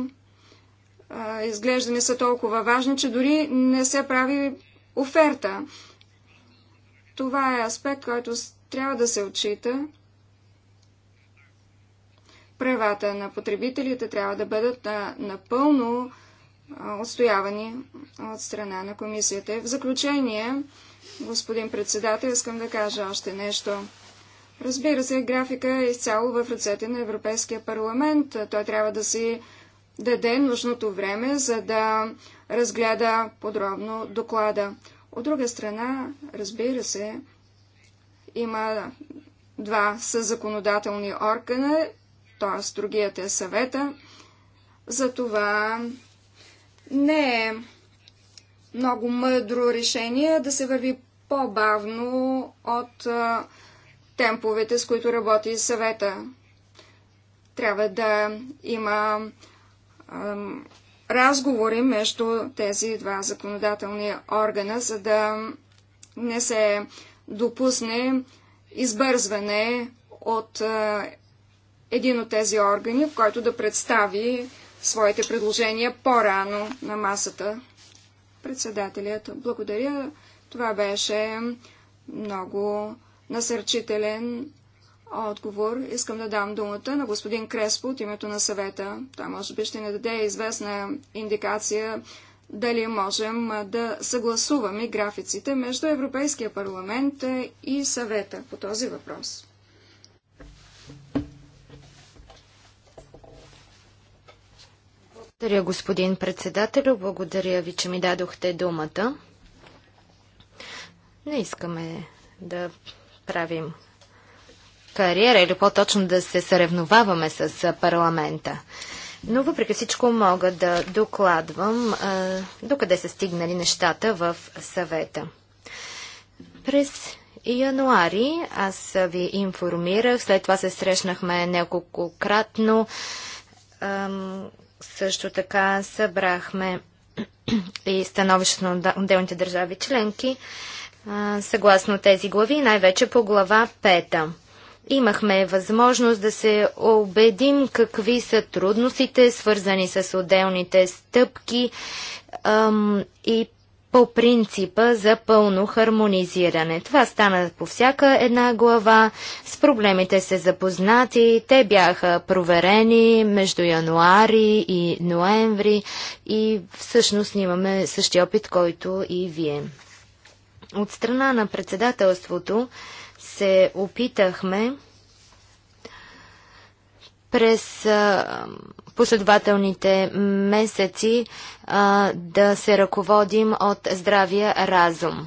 изглежда не са толкова важни, че дори не се прави оферта. Това е аспект, който трябва да се отчита. Правата на потребителите трябва да бъдат напълно на отстоявани от страна на комисията. В заключение, господин председател, искам да кажа още нещо. Разбира се, графика е изцяло в ръцете на Европейския парламент. Той трябва да си даде нужното време, за да разгледа подробно доклада. От друга страна, разбира се, има два са законодателни органа, т.е. другият е съвета. за това не е много мъдро решение да се върви по-бавно от а, темповете, с които работи съвета. Трябва да има а, разговори между тези два законодателни органа, за да не се допусне избързване от а, един от тези органи, в който да представи своите предложения по-рано на масата. Председателят, благодаря. Това беше много насърчителен отговор. Искам да дам думата на господин Креспо от името на съвета. Той може би ще ни даде известна индикация дали можем да съгласуваме графиците между Европейския парламент и съвета по този въпрос. Благодаря, господин председател, Благодаря ви, че ми дадохте думата. Не искаме да правим кариера или по-точно да се съревноваваме с парламента. Но въпреки всичко мога да докладвам докъде са стигнали нещата в съвета. През януари аз ви информирах, след това се срещнахме неколкократно. кратно. Също така събрахме и становището на отделните държави членки съгласно тези глави, най-вече по глава 5. Имахме възможност да се убедим какви са трудностите, свързани с отделните стъпки и по принципа за пълно хармонизиране. Това стана по всяка една глава, с проблемите се запознати, те бяха проверени между януари и ноември и всъщност имаме същия опит, който и вие. От страна на председателството се опитахме през последователните месеци а, да се ръководим от здравия разум.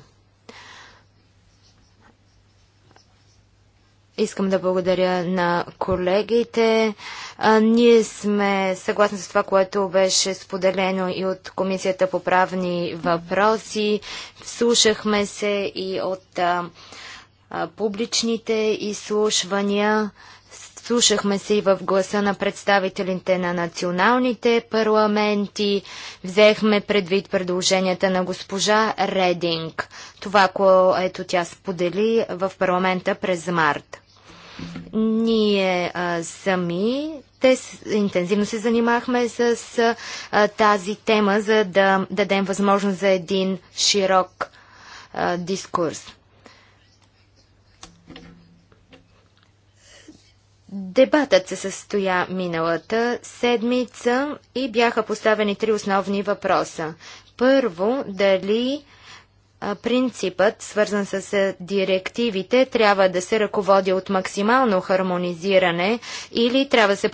Искам да благодаря на колегите. А, ние сме съгласни с това, което беше споделено и от Комисията по правни въпроси. Слушахме се и от а, публичните изслушвания. Слушахме се и в гласа на представителите на националните парламенти. Взехме предвид предложенията на госпожа Рединг. Това, което тя сподели в парламента през март. Ние а, сами те интензивно се занимахме с а, тази тема, за да дадем възможност за един широк а, дискурс. Дебатът се състоя миналата седмица и бяха поставени три основни въпроса. Първо, дали принципът, свързан с директивите, трябва да се ръководи от максимално хармонизиране или трябва да се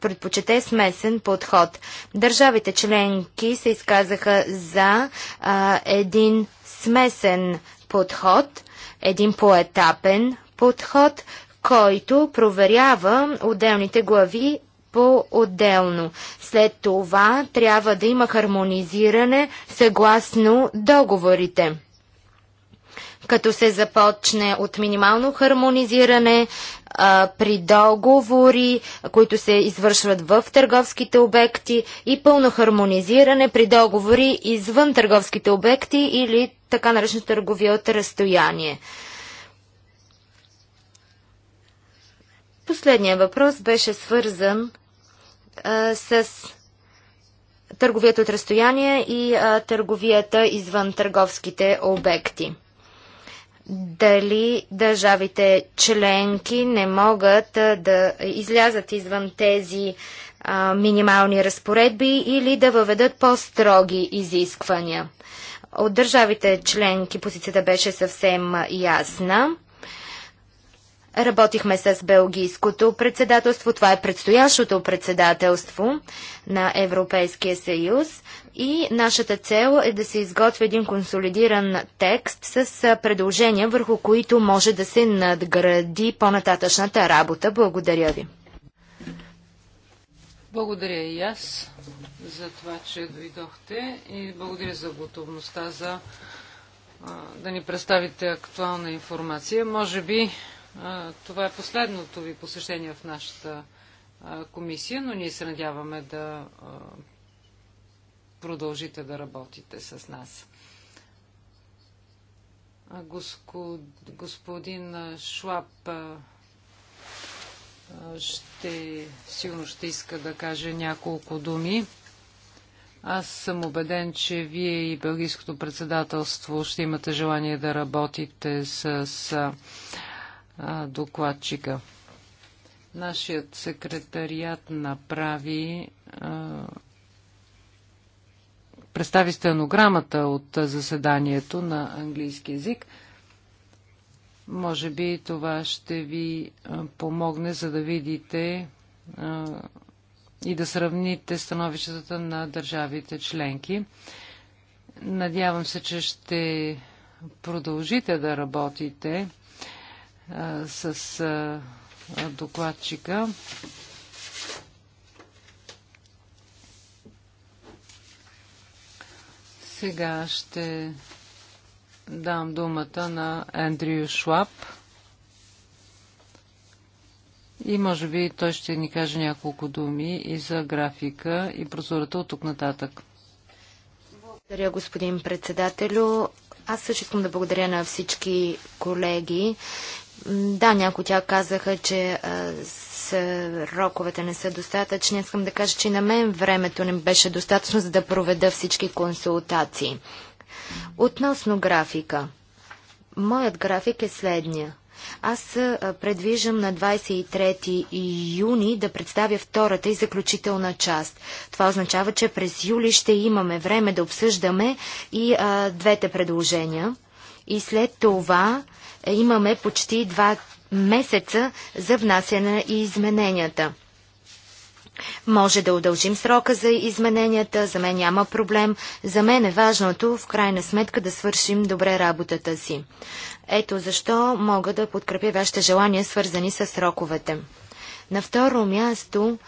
предпочете смесен подход. Държавите членки се изказаха за а, един смесен подход, един поетапен подход, който проверява отделните глави по-отделно. След това трябва да има хармонизиране съгласно договорите като се започне от минимално хармонизиране а, при договори, които се извършват в търговските обекти и пълно хармонизиране при договори извън търговските обекти или така наречена търговия от разстояние. Последния въпрос беше свързан а, с търговията от разстояние и а, търговията извън търговските обекти. Дали държавите членки не могат а, да излязат извън тези а, минимални разпоредби или да въведат по-строги изисквания? От държавите членки позицията беше съвсем ясна. Работихме с Белгийското председателство. Това е предстоящото председателство на Европейския съюз. И нашата цел е да се изготви един консолидиран текст с предложения, върху които може да се надгради по-нататъчната работа. Благодаря ви. Благодаря и аз за това, че дойдохте и благодаря за готовността за да ни представите актуална информация. Може би това е последното ви посещение в нашата комисия, но ние се надяваме да продължите да работите с нас. Господин Шлап ще, сигурно ще иска да каже няколко думи. Аз съм убеден, че вие и Белгийското председателство ще имате желание да работите с докладчика. Нашият секретариат направи представи стенограмата от заседанието на английски язик. Може би това ще ви помогне, за да видите и да сравните становищата на държавите членки. Надявам се, че ще продължите да работите с докладчика. Сега ще дам думата на Ендрю Шлап. И може би той ще ни каже няколко думи и за графика и прозората от тук нататък. Благодаря, господин председателю. Аз също искам да благодаря на всички колеги да, някои тя казаха, че а, не са достатъчни. Искам да кажа, че на мен времето не беше достатъчно, за да проведа всички консултации. Относно графика. Моят график е следния. Аз предвиждам на 23 юни да представя втората и заключителна част. Това означава, че през юли ще имаме време да обсъждаме и а, двете предложения и след това е, имаме почти два месеца за внасяне и измененията. Може да удължим срока за измененията, за мен няма проблем. За мен е важното, в крайна сметка, да свършим добре работата си. Ето защо мога да подкрепя вашите желания, свързани с сроковете. На второ място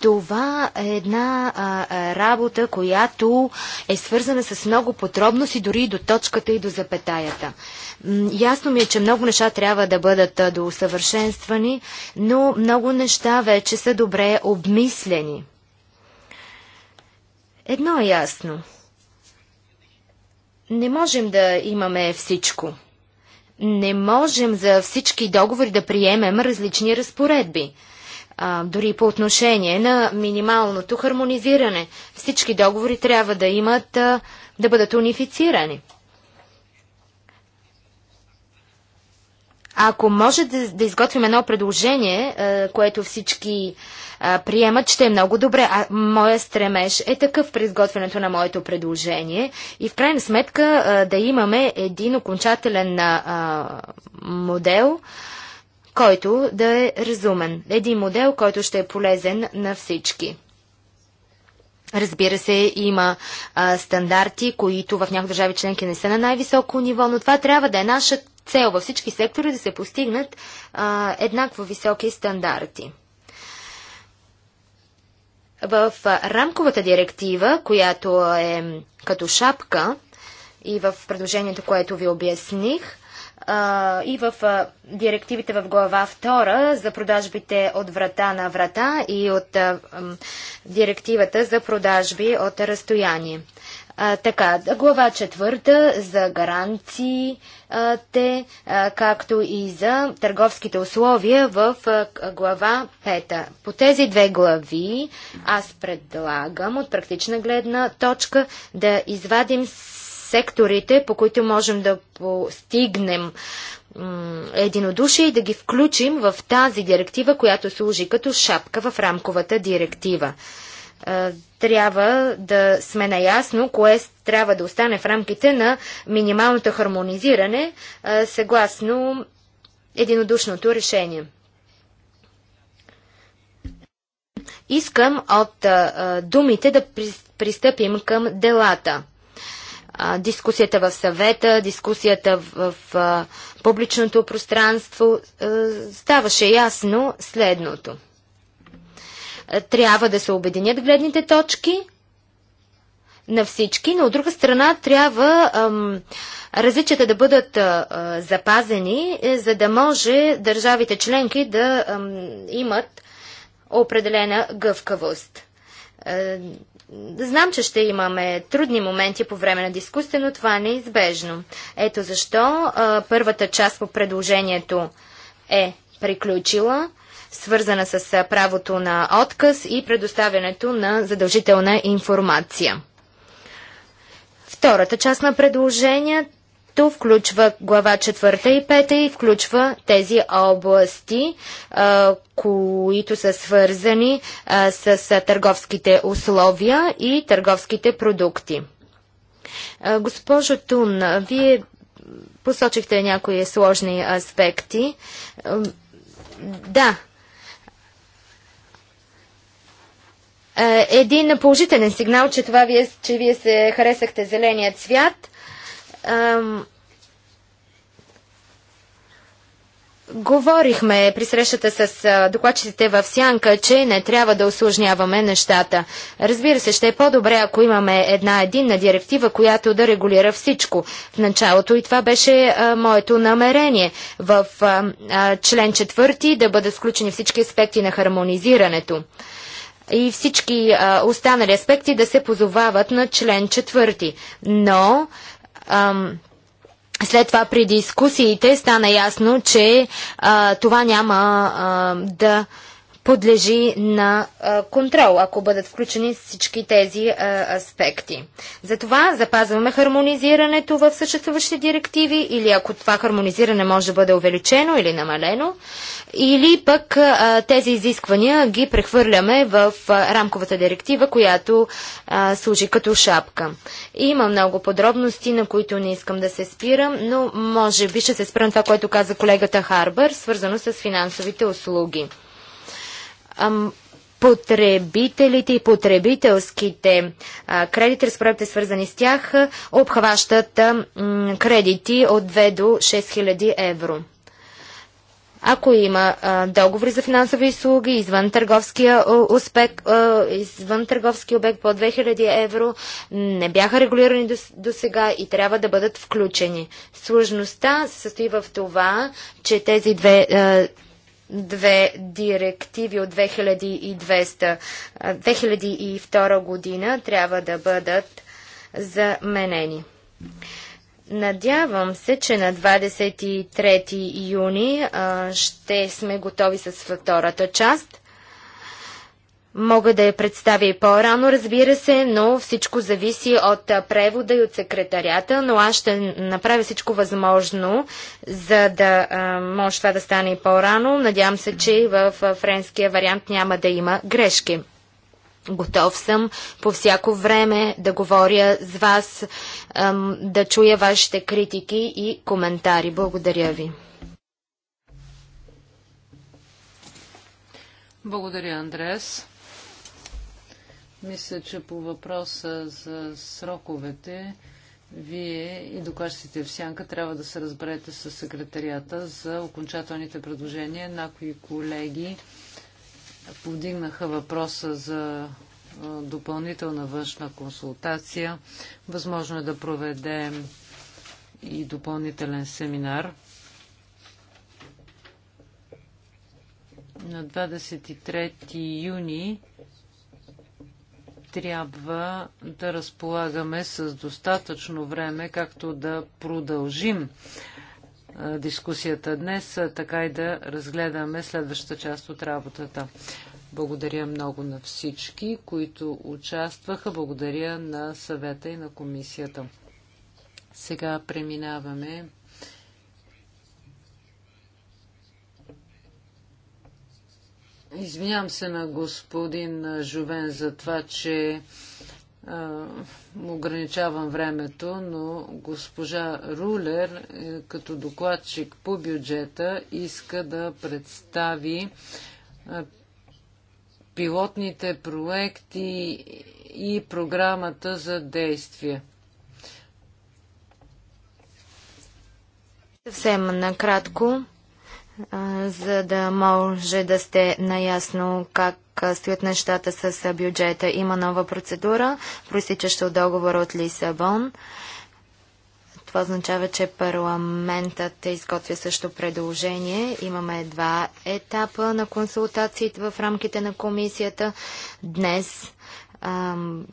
това е една а, работа, която е свързана с много подробности, дори и до точката и до запетаята. Ясно ми е, че много неща трябва да бъдат доусъвършенствани, но много неща вече са добре обмислени. Едно е ясно. Не можем да имаме всичко. Не можем за всички договори да приемем различни разпоредби а, дори по отношение на минималното хармонизиране. Всички договори трябва да имат, а, да бъдат унифицирани. Ако може да, да изготвим едно предложение, а, което всички а, приемат, ще е много добре. А моя стремеж е такъв при изготвянето на моето предложение. И в крайна сметка а, да имаме един окончателен а, модел, а, който да е разумен. Един модел, който ще е полезен на всички. Разбира се, има а, стандарти, които в някои държави членки не са на най-високо ниво, но това трябва да е наша цел във всички сектори да се постигнат а, еднакво високи стандарти. В а, рамковата директива, която е като шапка и в предложението, което ви обясних, а, и в а, директивите в глава 2 за продажбите от врата на врата и от а, директивата за продажби от разстояние. А, така, глава 4, за гаранциите, както и за търговските условия в а, глава 5. По тези две глави аз предлагам от практична гледна точка да извадим секторите, по които можем да постигнем единодушие и да ги включим в тази директива, която служи като шапка в рамковата директива. Е, трябва да сме наясно, кое трябва да остане в рамките на минималното хармонизиране е, съгласно единодушното решение. Искам от е, думите да пристъпим към делата дискусията в съвета, дискусията в, в а, публичното пространство, а, ставаше ясно следното. Трябва да се обединят гледните точки на всички, но от друга страна трябва ам, различията да бъдат а, запазени, е, за да може държавите членки да ам, имат определена гъвкавост Знам, че ще имаме трудни моменти по време на дискусия, но това е неизбежно. Ето защо а, първата част по предложението е приключила, свързана с правото на отказ и предоставянето на задължителна информация. Втората част на предложението който включва глава 4 и 5 и включва тези области, които са свързани с търговските условия и търговските продукти. Госпожо Тун, вие посочихте някои сложни аспекти. Да, е, един положителен сигнал, че, това вие, че вие се харесахте зеления цвят. Ам... Говорихме при срещата с докладчиците в Сянка, че не трябва да осложняваме нещата. Разбира се, ще е по-добре, ако имаме една единна директива, която да регулира всичко. В началото и това беше а, моето намерение. В а, а, член четвърти да бъдат включени всички аспекти на хармонизирането и всички а, останали аспекти да се позовават на член четвърти. Но Ам, след това при дискусиите стана ясно, че а, това няма а, да подлежи на контрол, ако бъдат включени всички тези аспекти. Затова запазваме хармонизирането в съществуващите директиви или ако това хармонизиране може да бъде увеличено или намалено, или пък тези изисквания ги прехвърляме в рамковата директива, която служи като шапка. Има много подробности, на които не искам да се спирам, но може би ще се спрям това, което каза колегата Харбър, свързано с финансовите услуги потребителите и потребителските кредити, разпоредбите свързани с тях, обхващат кредити от 2 до 6 хиляди евро. Ако има а, договори за финансови услуги извън търговския, успек, а, извън търговски обект по 2000 евро, не бяха регулирани до, до сега и трябва да бъдат включени. Сложността се състои в това, че тези две а, две директиви от 2200, 2002 година трябва да бъдат заменени. Надявам се, че на 23 юни а, ще сме готови с втората част. Мога да я представя и по-рано, разбира се, но всичко зависи от превода и от секретарята, но аз ще направя всичко възможно, за да а, може това да стане и по-рано. Надявам се, че в френския вариант няма да има грешки. Готов съм по всяко време да говоря с вас, ам, да чуя вашите критики и коментари. Благодаря ви. Благодаря, Андрес. Мисля, че по въпроса за сроковете, вие и докладчиците в Сянка трябва да се разберете с секретарията за окончателните предложения. Някои колеги повдигнаха въпроса за допълнителна външна консултация. Възможно е да проведем и допълнителен семинар. На 23 юни трябва да разполагаме с достатъчно време, както да продължим дискусията днес, така и да разгледаме следващата част от работата. Благодаря много на всички, които участваха. Благодаря на съвета и на комисията. Сега преминаваме Извинявам се на господин Жовен за това, че му ограничавам времето, но госпожа Рулер, е, като докладчик по бюджета, иска да представи пилотните проекти и програмата за действие. Съвсем накратко за да може да сте наясно как стоят нещата с бюджета. Има нова процедура, проистичаща от договора от Лисабон. Това означава, че парламентът е изготвя също предложение. Имаме два етапа на консултации в рамките на комисията. Днес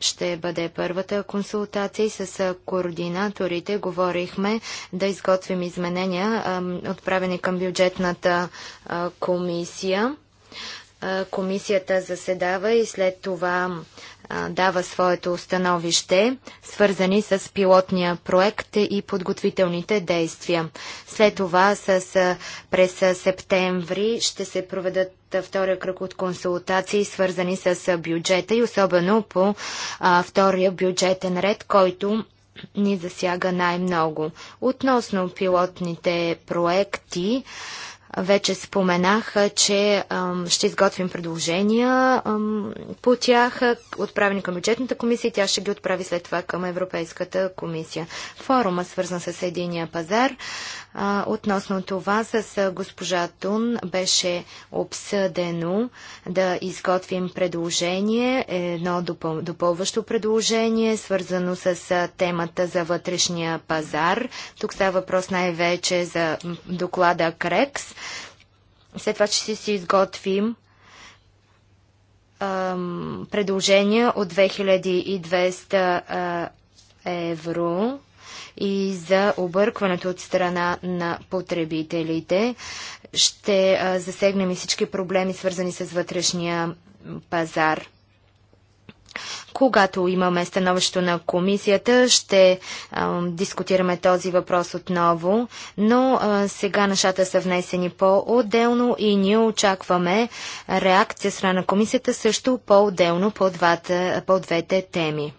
ще бъде първата консултация и с координаторите говорихме да изготвим изменения, отправени към бюджетната комисия. Комисията заседава и след това дава своето становище, свързани с пилотния проект и подготвителните действия. След това с, през септември ще се проведат втория кръг от консултации, свързани с бюджета и особено по а, втория бюджетен ред, който ни засяга най-много. Относно пилотните проекти, вече споменах, че ще изготвим предложения по тях, отправени към бюджетната комисия и тя ще ги отправи след това към Европейската комисия. Форума, свързан с единия пазар, а, относно това с госпожа Тун беше обсъдено да изготвим предложение, едно допъл... допълващо предложение, свързано с темата за вътрешния пазар. Тук става въпрос най-вече за доклада КРЕКС. След това, че си, си изготвим предложения от 2200 евро и за объркването от страна на потребителите. Ще засегнем и всички проблеми, свързани с вътрешния пазар. Когато имаме становището на комисията, ще а, дискутираме този въпрос отново, но а, сега нещата са внесени по-отделно и ние очакваме реакция страна на комисията също по-отделно по, по двете теми.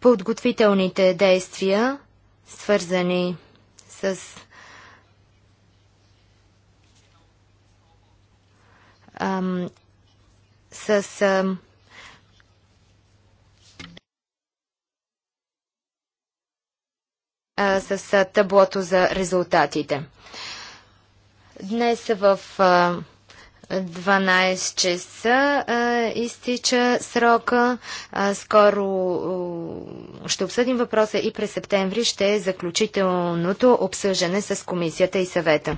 подготвителните действия, свързани с ам, с ам, с таблото за резултатите. Днес в 12 часа а, изтича срока. А, скоро а, ще обсъдим въпроса и през септември ще е заключителното обсъждане с комисията и съвета.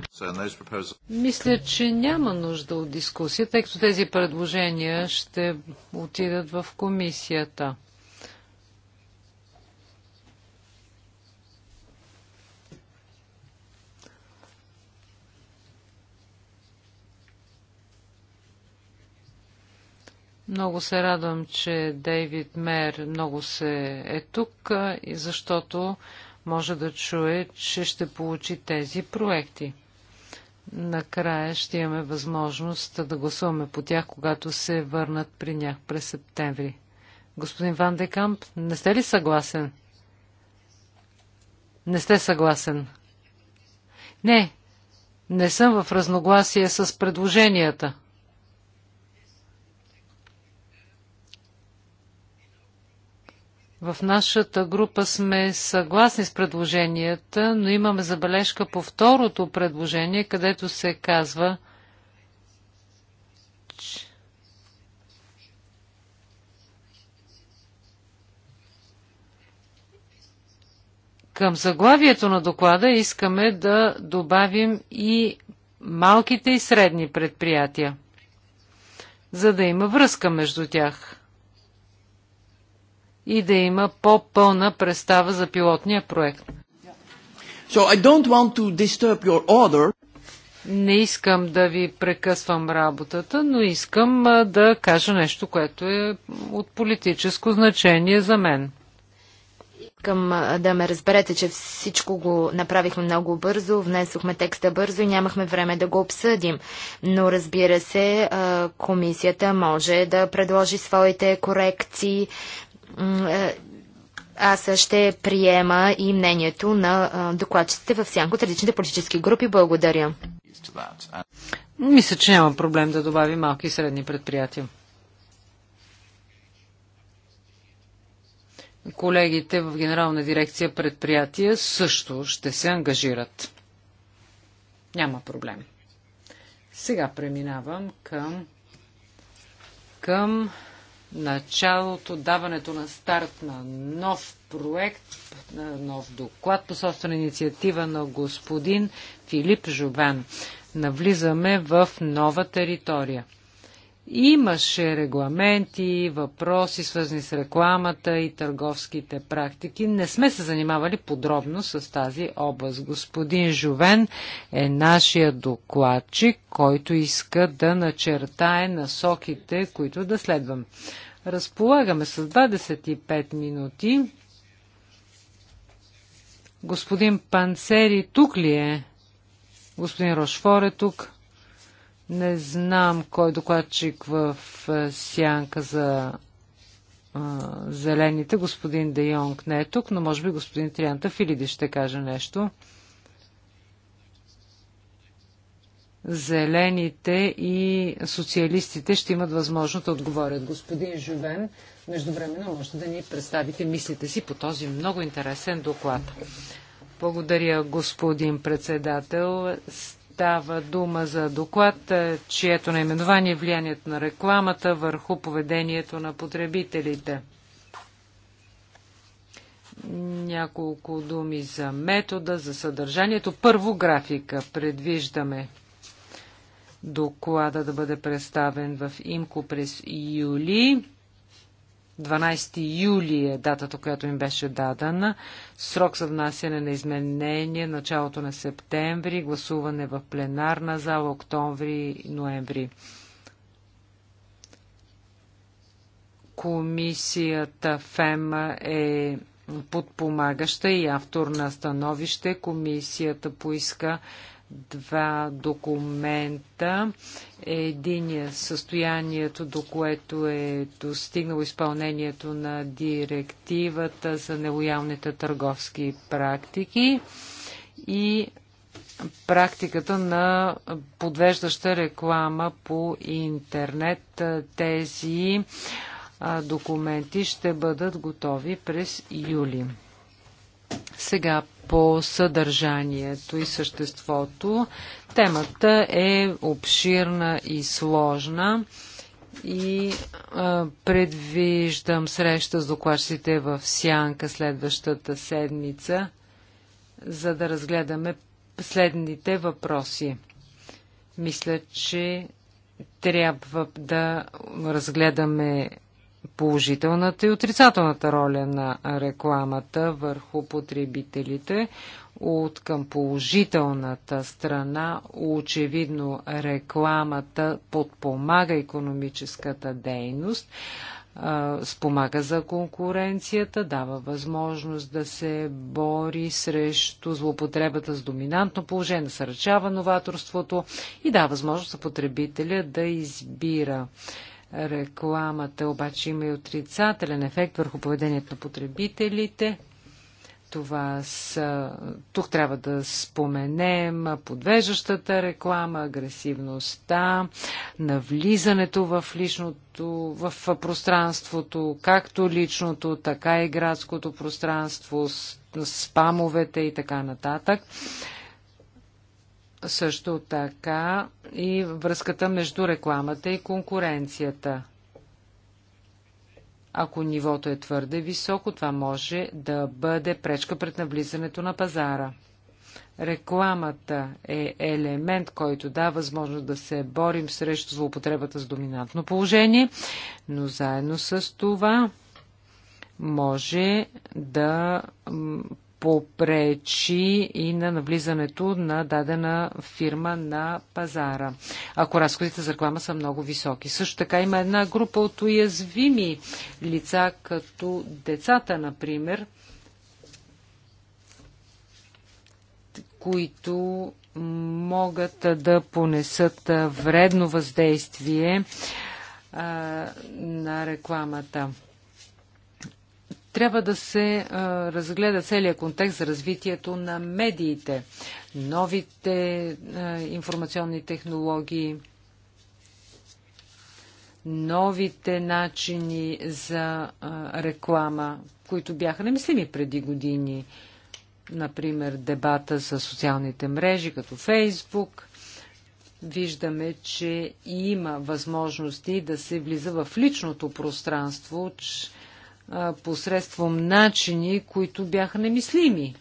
Мисля, че няма нужда от дискусия, тъй като тези предложения ще отидат в комисията. Много се радвам, че Дейвид Мер много се е тук, защото може да чуе, че ще получи тези проекти. Накрая ще имаме възможност да гласуваме по тях, когато се върнат при нях през септември. Господин Ван Декамп, не сте ли съгласен? Не сте съгласен. Не, не съм в разногласие с предложенията. В нашата група сме съгласни с предложенията, но имаме забележка по второто предложение, където се казва, Към заглавието на доклада искаме да добавим и малките и средни предприятия, за да има връзка между тях и да има по-пълна представа за пилотния проект. So I don't want to disturb your order. Не искам да ви прекъсвам работата, но искам да кажа нещо, което е от политическо значение за мен. Искам да ме разберете, че всичко го направихме много бързо, внесохме текста бързо и нямахме време да го обсъдим. Но разбира се, комисията може да предложи своите корекции, е, аз ще приема и мнението на докладчиците в сянко от различните политически групи. Благодаря. Мисля, че няма проблем да добави малки и средни предприятия. Колегите в Генерална дирекция предприятия също ще се ангажират. Няма проблем. Сега преминавам към, към началото, даването на старт на нов проект, на нов доклад по собствена инициатива на господин Филип Жобан. Навлизаме в нова територия. Имаше регламенти, въпроси, свързани с рекламата и търговските практики. Не сме се занимавали подробно с тази област. Господин Жовен е нашия докладчик, който иска да начертае насоките, които да следвам. Разполагаме с 25 минути. Господин Панцери тук ли е? Господин Рошфор е тук. Не знам кой докладчик в е, сянка за а, е, зелените. Господин Де Йонг не е тук, но може би господин Трианта Филиди ще каже нещо. Зелените и социалистите ще имат възможност да отговорят. Господин Жувен, междувременно можете да ни представите мислите си по този много интересен доклад. Благодаря, господин председател. Става дума за доклад, е, чието наименование е влиянието на рекламата върху поведението на потребителите. Няколко думи за метода, за съдържанието. Първо графика предвиждаме доклада да бъде представен в ИМКО през юли. 12 юли е датата, която им беше дадена. Срок за внасяне на изменение началото на септември, гласуване в пленарна зала октомври и ноември. Комисията ФЕМ е подпомагаща и автор на становище. Комисията поиска два документа. Единия е състоянието, до което е достигнало изпълнението на директивата за нелоялните търговски практики и практиката на подвеждаща реклама по интернет. Тези документи ще бъдат готови през юли. Сега по съдържанието и съществото. Темата е обширна и сложна и а, предвиждам среща с докладчиците в Сянка следващата седмица, за да разгледаме следните въпроси. Мисля, че трябва да разгледаме положителната и отрицателната роля на рекламата върху потребителите. От към положителната страна, очевидно рекламата подпомага економическата дейност, спомага за конкуренцията, дава възможност да се бори срещу злоупотребата с доминантно положение, насърчава новаторството и дава възможност за потребителя да избира Рекламата обаче има и отрицателен ефект върху поведението на потребителите. Това са, тук трябва да споменем подвеждащата реклама, агресивността, навлизането в личното, в пространството, както личното, така и градското пространство, спамовете и така нататък. Също така и връзката между рекламата и конкуренцията. Ако нивото е твърде високо, това може да бъде пречка пред навлизането на пазара. Рекламата е елемент, който дава възможност да се борим срещу злоупотребата с доминантно положение, но заедно с това може да попречи и на навлизането на дадена фирма на пазара, ако разходите за реклама са много високи. Също така има една група от уязвими лица, като децата, например, които могат да понесат вредно въздействие а, на рекламата. Трябва да се разгледа целият контекст за развитието на медиите, новите информационни технологии, новите начини за реклама, които бяха немислими преди години. Например, дебата за социалните мрежи, като Фейсбук. Виждаме, че има възможности да се влиза в личното пространство, че посредством начини, които бяха немислими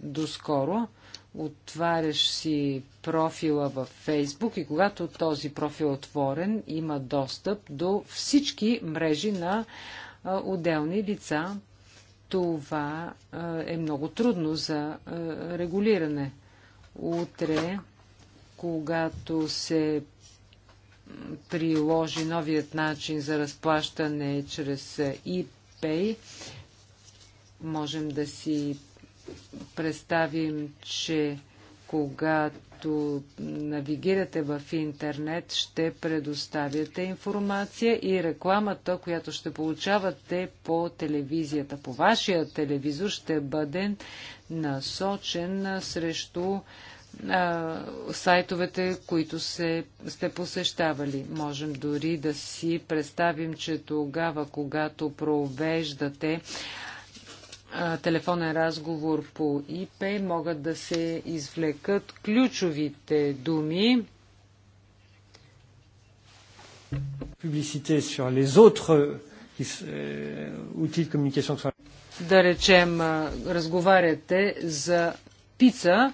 доскоро. Отваряш си профила във Фейсбук и когато този профил е отворен, има достъп до всички мрежи на отделни лица. Това е много трудно за регулиране. Утре, когато се приложи новият начин за разплащане чрез е, ePay, можем да си представим, че когато навигирате в интернет, ще предоставяте информация и рекламата, която ще получавате по телевизията, по вашия телевизор, ще бъде насочен срещу а, сайтовете, които се, сте посещавали. Можем дори да си представим, че тогава, когато провеждате а, телефонен разговор по ИП, могат да се извлекат ключовите думи. Публиците sur les autres euh, outils de communication. Да речем, разговаряте за пица,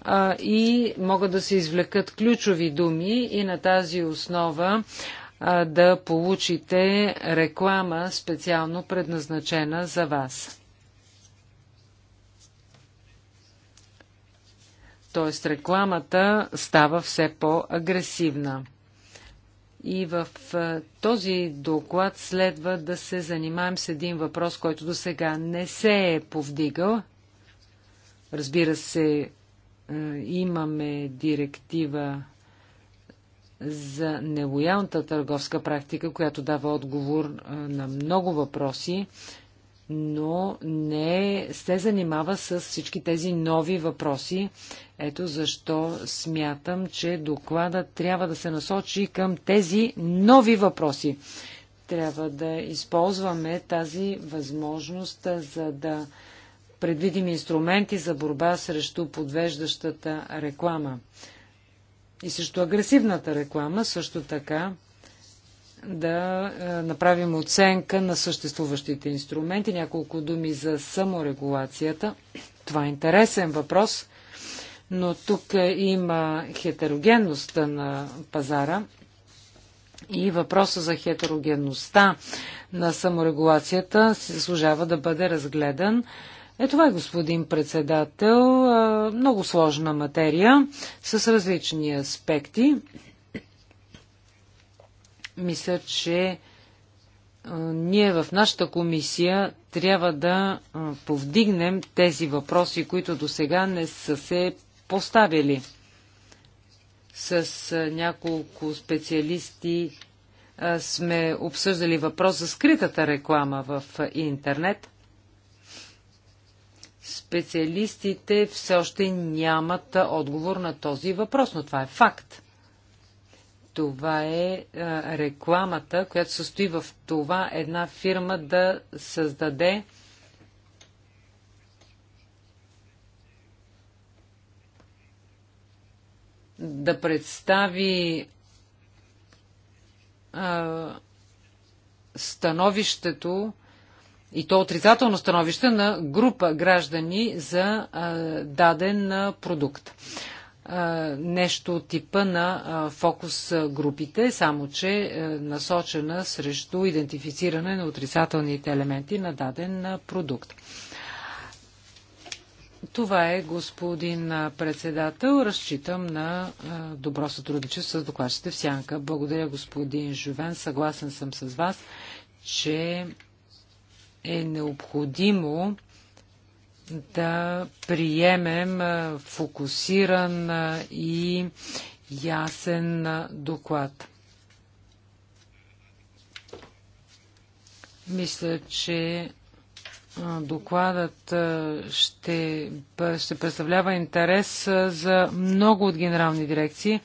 а, и могат да се извлекат ключови думи и на тази основа а, да получите реклама специално предназначена за вас. Тоест рекламата става все по-агресивна. И в този доклад следва да се занимаем с един въпрос, който до сега не се е повдигал. Разбира се, е, имаме директива за нелоялната търговска практика, която дава отговор е, на много въпроси, но не се занимава с всички тези нови въпроси. Ето защо смятам, че докладът трябва да се насочи към тези нови въпроси. Трябва да използваме тази възможност, за да предвидим инструменти за борба срещу подвеждащата реклама и срещу агресивната реклама, също така да е, направим оценка на съществуващите инструменти. Няколко думи за саморегулацията. Това е интересен въпрос, но тук е, има хетерогенността на пазара и въпроса за хетерогенността на саморегулацията се заслужава да бъде разгледан е това е, господин председател, много сложна материя с различни аспекти. Мисля, че ние в нашата комисия трябва да повдигнем тези въпроси, които до сега не са се поставили с няколко специалисти сме обсъждали въпрос за скритата реклама в интернет. Специалистите все още нямат отговор на този въпрос, но това е факт. Това е а, рекламата, която състои в това една фирма да създаде да представи а, становището и то отрицателно становище на група граждани за даден продукт. Нещо типа на фокус групите, само че насочена срещу идентифициране на отрицателните елементи на даден продукт. Това е, господин председател. Разчитам на добро сътрудничество с докладчите в Сянка. Благодаря, господин Жовен. Съгласен съм с вас, че е необходимо да приемем фокусиран и ясен доклад. Мисля, че докладът ще, ще представлява интерес за много от генерални дирекции.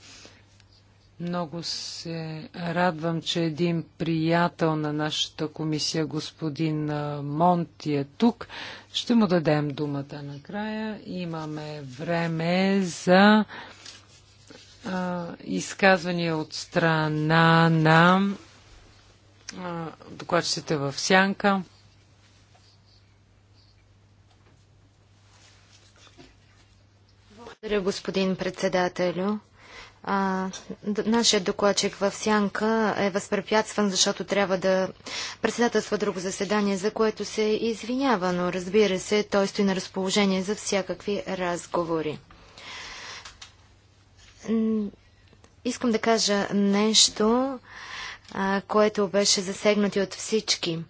Много се радвам, че един приятел на нашата комисия, господин Монти, е тук. Ще му дадем думата накрая. Имаме време за а, изказвания от страна на а, докладчиците в Сянка. Благодаря, господин председателю. А, нашия докладчик в Сянка е възпрепятстван, защото трябва да председателства друго заседание, за което се извинява, но разбира се, той стои на разположение за всякакви разговори. Искам да кажа нещо, а, което беше засегнати от всички –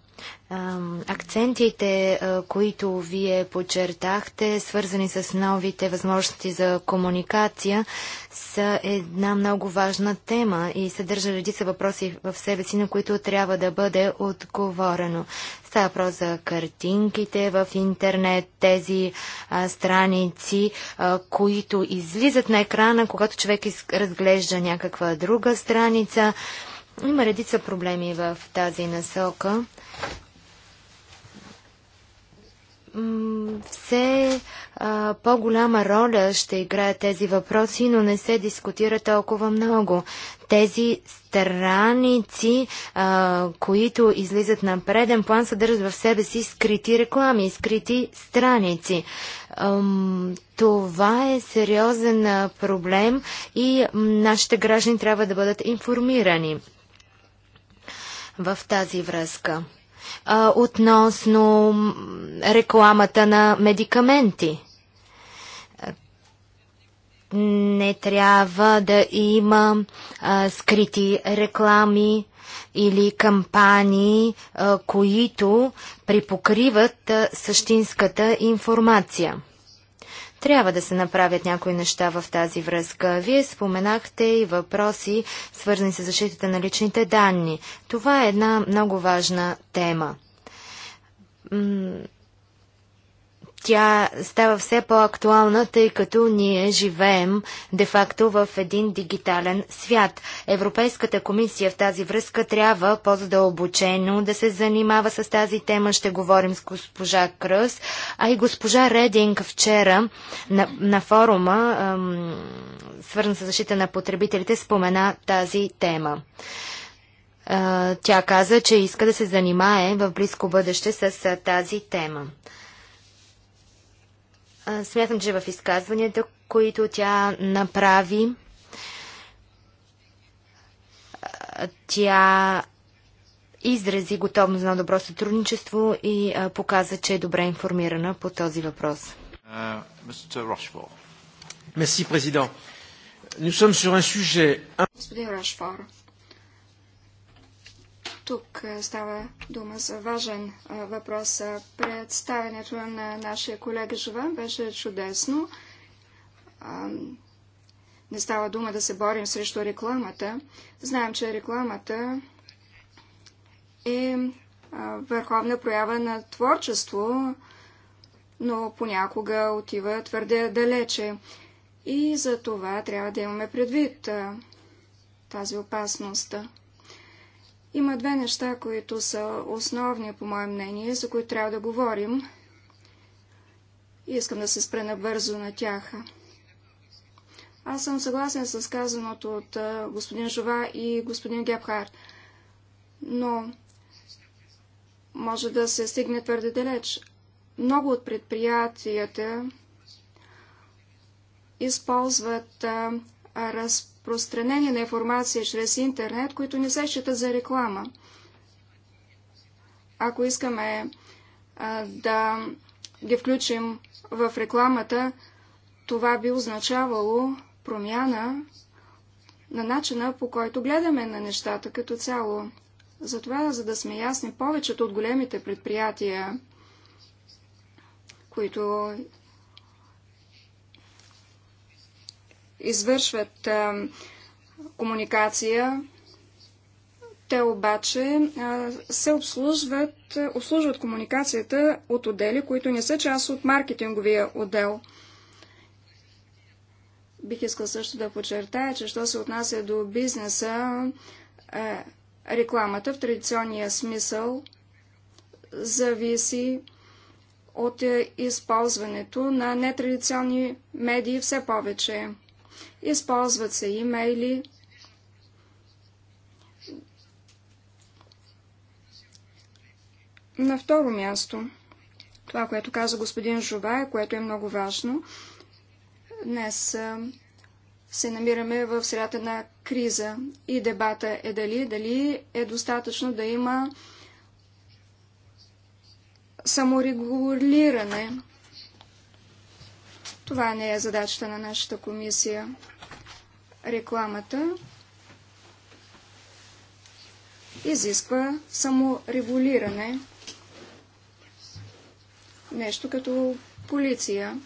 Акцентите, които вие подчертахте, свързани с новите възможности за комуникация, са една много важна тема и съдържа редица въпроси в себе си, на които трябва да бъде отговорено. Става въпрос за картинките в интернет, тези а, страници, а, които излизат на екрана, когато човек разглежда някаква друга страница. Има редица проблеми в тази насока все по-голяма роля ще играят тези въпроси, но не се дискутира толкова много. Тези страници, а, които излизат на преден план, съдържат в себе си скрити реклами, скрити страници. Ам, това е сериозен проблем и нашите граждани трябва да бъдат информирани в тази връзка а, относно рекламата на медикаменти. Не трябва да има а, скрити реклами или кампании, а, които припокриват а, същинската информация. Трябва да се направят някои неща в тази връзка. Вие споменахте и въпроси, свързани с защитата на личните данни. Това е една много важна тема тя става все по-актуална, тъй като ние живеем де-факто в един дигитален свят. Европейската комисия в тази връзка трябва по-задълбочено да се занимава с тази тема. Ще говорим с госпожа Кръс, а и госпожа Рединг вчера на, на форума, ам, свързан с защита на потребителите, спомена тази тема. А, тя каза, че иска да се занимае в близко бъдеще с тази тема. Смятам, че в изказванията, които тя направи, тя изрази готовност на добро сътрудничество и показа, че е добре информирана по този въпрос. Господин Рашфор, тук става дума за важен въпрос. Представянето на нашия колега Жован беше чудесно. Не става дума да се борим срещу рекламата. Знаем, че рекламата е върховна проява на творчество, но понякога отива твърде далече. И за това трябва да имаме предвид тази опасност. Има две неща, които са основни, по мое мнение, за които трябва да говорим. И искам да се спре набързо на тях. Аз съм съгласен с казаното от господин Жова и господин Гепхард, но може да се стигне твърде далеч. Много от предприятията използват разпределението разпространение на информация чрез интернет, които не се считат за реклама. Ако искаме а, да ги включим в рекламата, това би означавало промяна на начина по който гледаме на нещата като цяло. Затова, за да сме ясни, повечето от големите предприятия, които извършват а, комуникация, те обаче а, се обслужват, обслужват комуникацията от отдели, които не са част от маркетинговия отдел. Бих искал също да подчертая, че що се отнася до бизнеса, а, рекламата в традиционния смисъл зависи от е, използването на нетрадиционни медии все повече. Използват се имейли. На второ място, това, което каза господин е, което е много важно, днес се намираме в средата на криза и дебата е дали, дали е достатъчно да има саморегулиране това не е задачата на нашата комисия. Рекламата изисква саморегулиране, нещо като полиция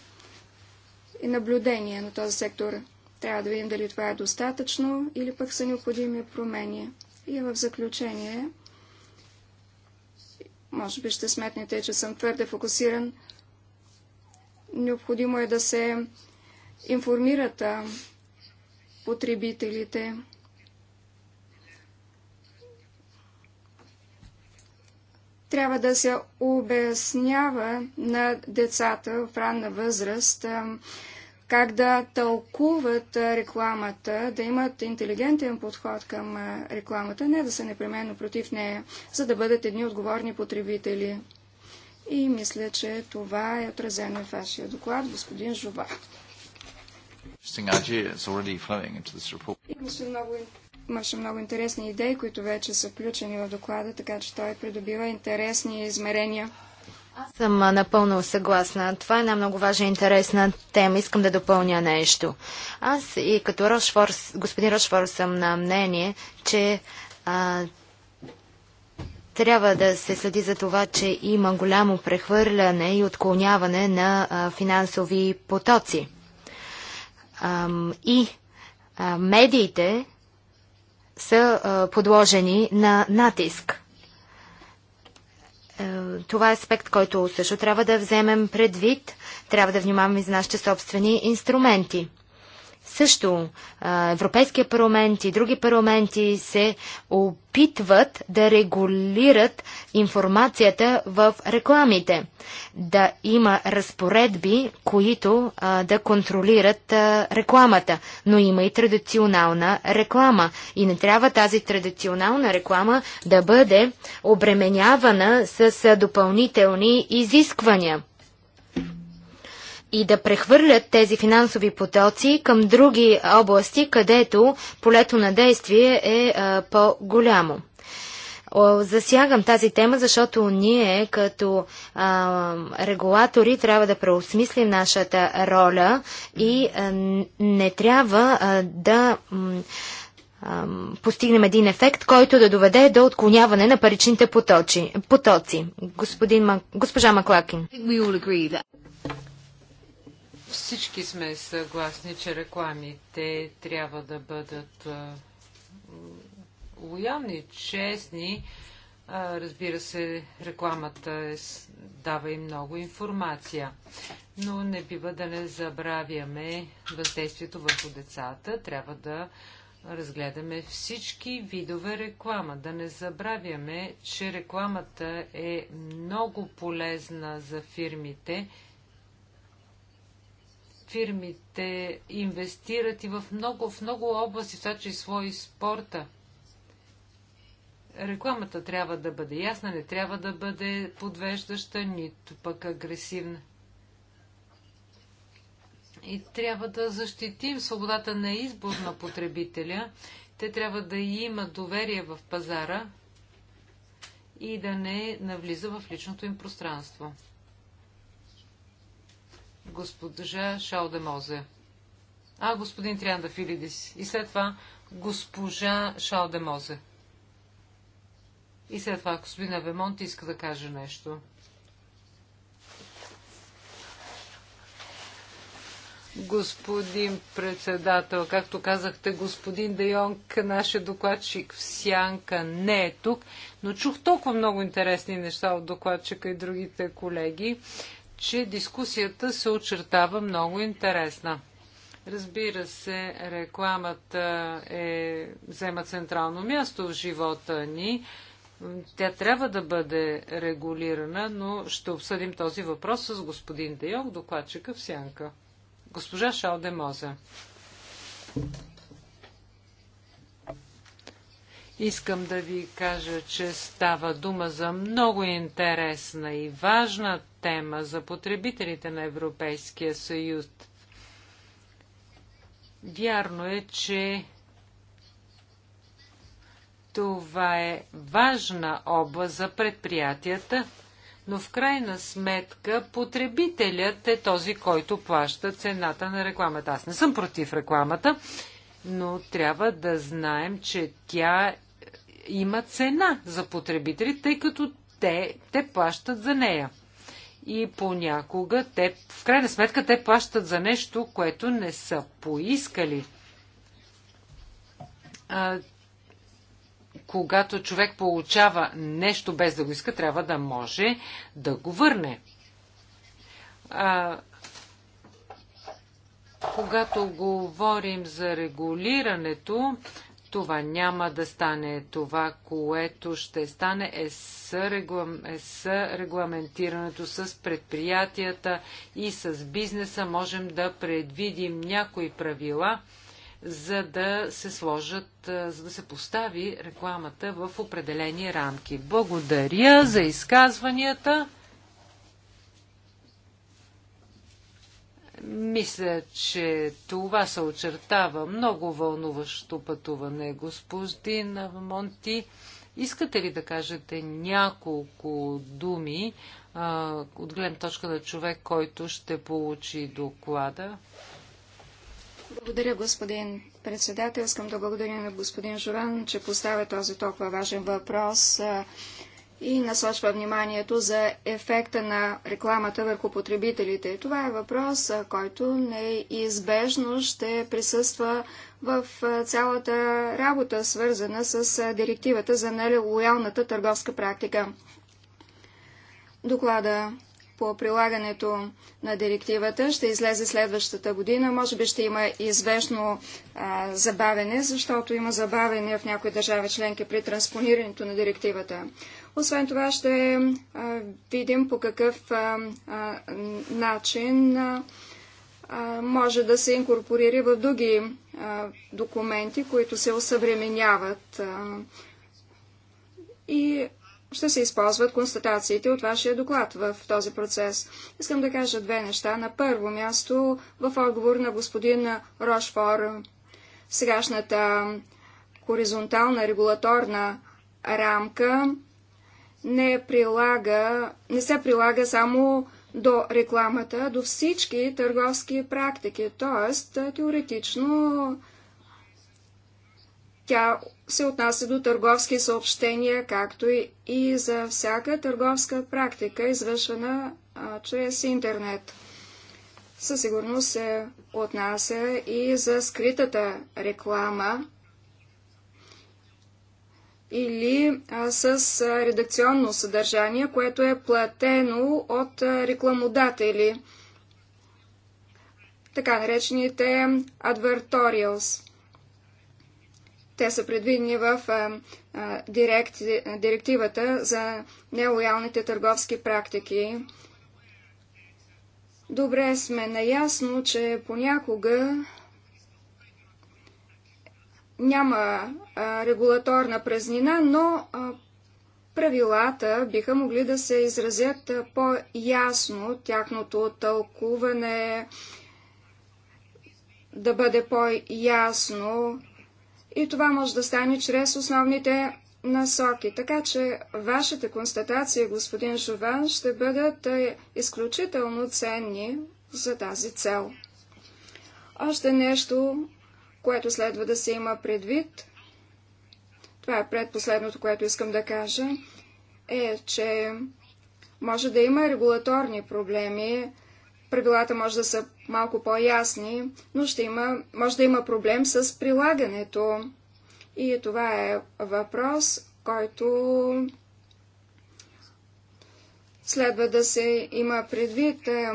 и наблюдение на този сектор. Трябва да видим дали това е достатъчно или пък са необходими промени. И в заключение, може би ще сметнете, че съм твърде фокусиран Необходимо е да се информират потребителите. Трябва да се обяснява на децата в ранна възраст как да тълкуват рекламата, да имат интелигентен подход към рекламата, не да са непременно против нея, за да бъдат едни отговорни потребители. И мисля, че това е отразено в вашия доклад, господин Жова. Имаше много, имаше много интересни идеи, които вече са включени в доклада, така че той придобива интересни измерения. Аз съм напълно съгласна. Това е една много важна и интересна тема. Искам да допълня нещо. Аз и като Рошфор, господин Рошфор съм на мнение, че а, трябва да се следи за това, че има голямо прехвърляне и отклоняване на финансови потоци. и медиите са подложени на натиск. Е, това е аспект, който също трябва да вземем предвид. Трябва да внимаваме за нашите собствени инструменти. Също Европейския парламент и други парламенти се опитват да регулират информацията в рекламите, да има разпоредби, които да контролират рекламата. Но има и традиционална реклама и не трябва тази традиционална реклама да бъде обременявана с допълнителни изисквания и да прехвърлят тези финансови потоци към други области, където полето на действие е по-голямо. Засягам тази тема, защото ние като а, регулатори трябва да преосмислим нашата роля и а, не трябва а, да а, постигнем един ефект, който да доведе до отклоняване на паричните потоци. потоци. Господин, госпожа Маклакин. Всички сме съгласни, че рекламите трябва да бъдат лоялни, честни. Разбира се, рекламата е, дава и много информация, но не бива да не забравяме въздействието върху децата. Трябва да разгледаме всички видове реклама. Да не забравяме, че рекламата е много полезна за фирмите фирмите инвестират и в много, в много области, това че и спорта. Рекламата трябва да бъде ясна, не трябва да бъде подвеждаща, нито пък агресивна. И трябва да защитим свободата на избор на потребителя. Те трябва да имат доверие в пазара и да не навлиза в личното им пространство госпожа Шалдемозе. А, господин Трианда Филидис. И след това госпожа Шалдемозе. И след това господин Авемонт иска да каже нещо. Господин председател, както казахте, господин Дайонг, нашия докладчик в Сянка не е тук, но чух толкова много интересни неща от докладчика и другите колеги, че дискусията се очертава много интересна. Разбира се, рекламата е, взема централно място в живота ни. Тя трябва да бъде регулирана, но ще обсъдим този въпрос с господин Дейок, докладчика в Сянка. Госпожа Шалде Мозе. Искам да ви кажа, че става дума за много интересна и важна тема за потребителите на Европейския съюз. Вярно е, че това е важна област за предприятията, но в крайна сметка потребителят е този, който плаща цената на рекламата. Аз не съм против рекламата но трябва да знаем, че тя има цена за потребители, тъй като те, те плащат за нея. И понякога те, в крайна сметка, те плащат за нещо, което не са поискали. А, когато човек получава нещо без да го иска, трябва да може да го върне. А, когато говорим за регулирането, това няма да стане. Това, което ще стане е, е регламентирането с предприятията и с бизнеса. Можем да предвидим някои правила, за да се сложат, е, за да се постави рекламата в определени рамки. Благодаря за изказванията. Мисля, че това се очертава много вълнуващо пътуване, господин Монти. Искате ли да кажете няколко думи а, от гледна точка на човек, който ще получи доклада? Благодаря, господин председател. Искам да благодаря на господин Журан, че поставя този толкова важен въпрос и насочва вниманието за ефекта на рекламата върху потребителите. Това е въпрос, който неизбежно ще присъства в цялата работа, свързана с директивата за нелоялната търговска практика. Доклада по прилагането на директивата ще излезе следващата година. Може би ще има известно а, забавене, защото има забавене в някои държави членки при транспонирането на директивата. Освен това ще видим по какъв начин може да се инкорпорира в други документи, които се осъвременяват и ще се използват констатациите от вашия доклад в този процес. Искам да кажа две неща. На първо място, в отговор на господин Рошфор, сегашната хоризонтална регулаторна рамка не, прилага, не се прилага само до рекламата, до всички търговски практики. Тоест, теоретично тя се отнася до търговски съобщения, както и за всяка търговска практика, извършена а, чрез интернет. Със сигурност се отнася и за скритата реклама, или с редакционно съдържание, което е платено от рекламодатели, така наречените advertorials. Те са предвидени в директ, директивата за нелоялните търговски практики. Добре сме наясно, че понякога няма регулаторна празнина, но правилата биха могли да се изразят по-ясно, тяхното тълкуване да бъде по-ясно и това може да стане чрез основните насоки. Така че вашите констатации, господин Жован, ще бъдат изключително ценни за тази цел. Още нещо което следва да се има предвид, това е предпоследното, което искам да кажа, е, че може да има регулаторни проблеми, правилата може да са малко по-ясни, но ще има, може да има проблем с прилагането. И това е въпрос, който следва да се има предвид. Е,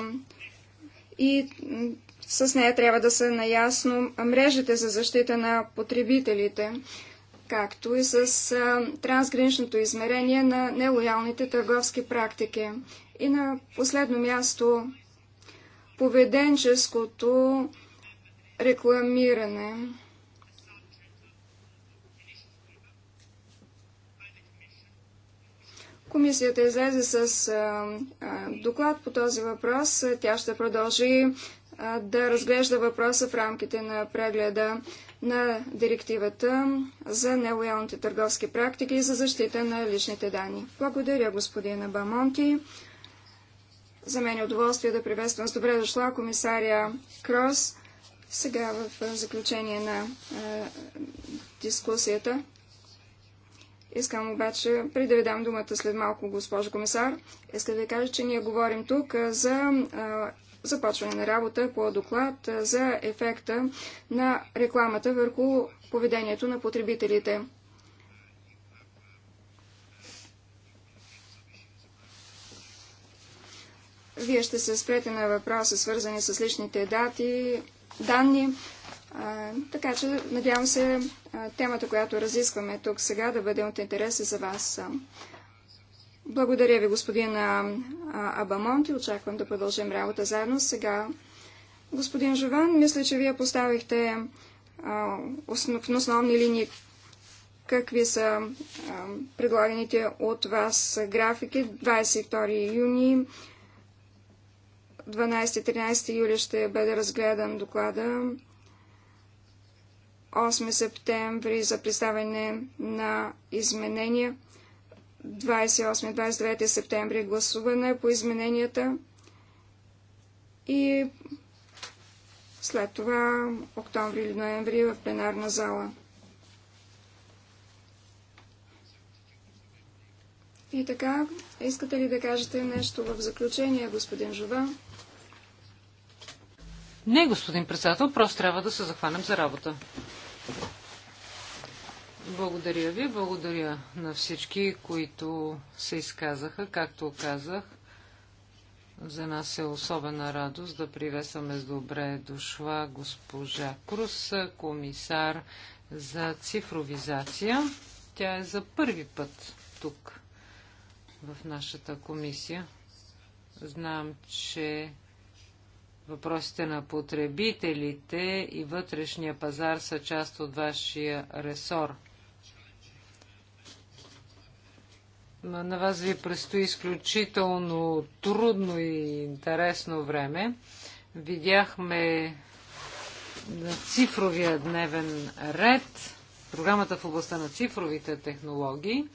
и с нея трябва да са наясно мрежите за защита на потребителите, както и с трансграничното измерение на нелоялните търговски практики. И на последно място поведенческото рекламиране. Комисията излезе с а, а, доклад по този въпрос. Тя ще продължи да разглежда въпроса в рамките на прегледа на директивата за нелоялните търговски практики и за защита на личните данни. Благодаря, господин Бамонти За мен е удоволствие да приветствам с добре дошла комисария Крос. Сега в заключение на е, дискусията Искам обаче, преди да ви дам думата след малко, госпожо комисар, искам да ви кажа, че ние говорим тук за започване на работа по доклад за ефекта на рекламата върху поведението на потребителите. Вие ще се спрете на въпроса, свързани с личните дати, данни. така че, надявам се, темата, която разискваме тук сега, да бъде от интереси за вас. Благодаря ви, господин Абамонт, и очаквам да продължим работа заедно. Сега, господин Жован, мисля, че вие поставихте а, основни линии какви са предлаганите от вас графики. 22 юни, 12-13 юли ще бъде разгледан доклада. 8 септември за представяне на изменения. 28-29 септември гласуване по измененията и след това октомври или ноември в пленарна зала. И така, искате ли да кажете нещо в заключение, господин Жова? Не, господин председател, просто трябва да се захванем за работа. Благодаря ви, благодаря на всички, които се изказаха. Както казах, за нас е особена радост да приветстваме с добре дошла госпожа Крус, комисар за цифровизация. Тя е за първи път тук в нашата комисия. Знам, че въпросите на потребителите и вътрешния пазар са част от вашия ресор. На вас ви предстои изключително трудно и интересно време. Видяхме на цифровия дневен ред, програмата в областта на цифровите технологии.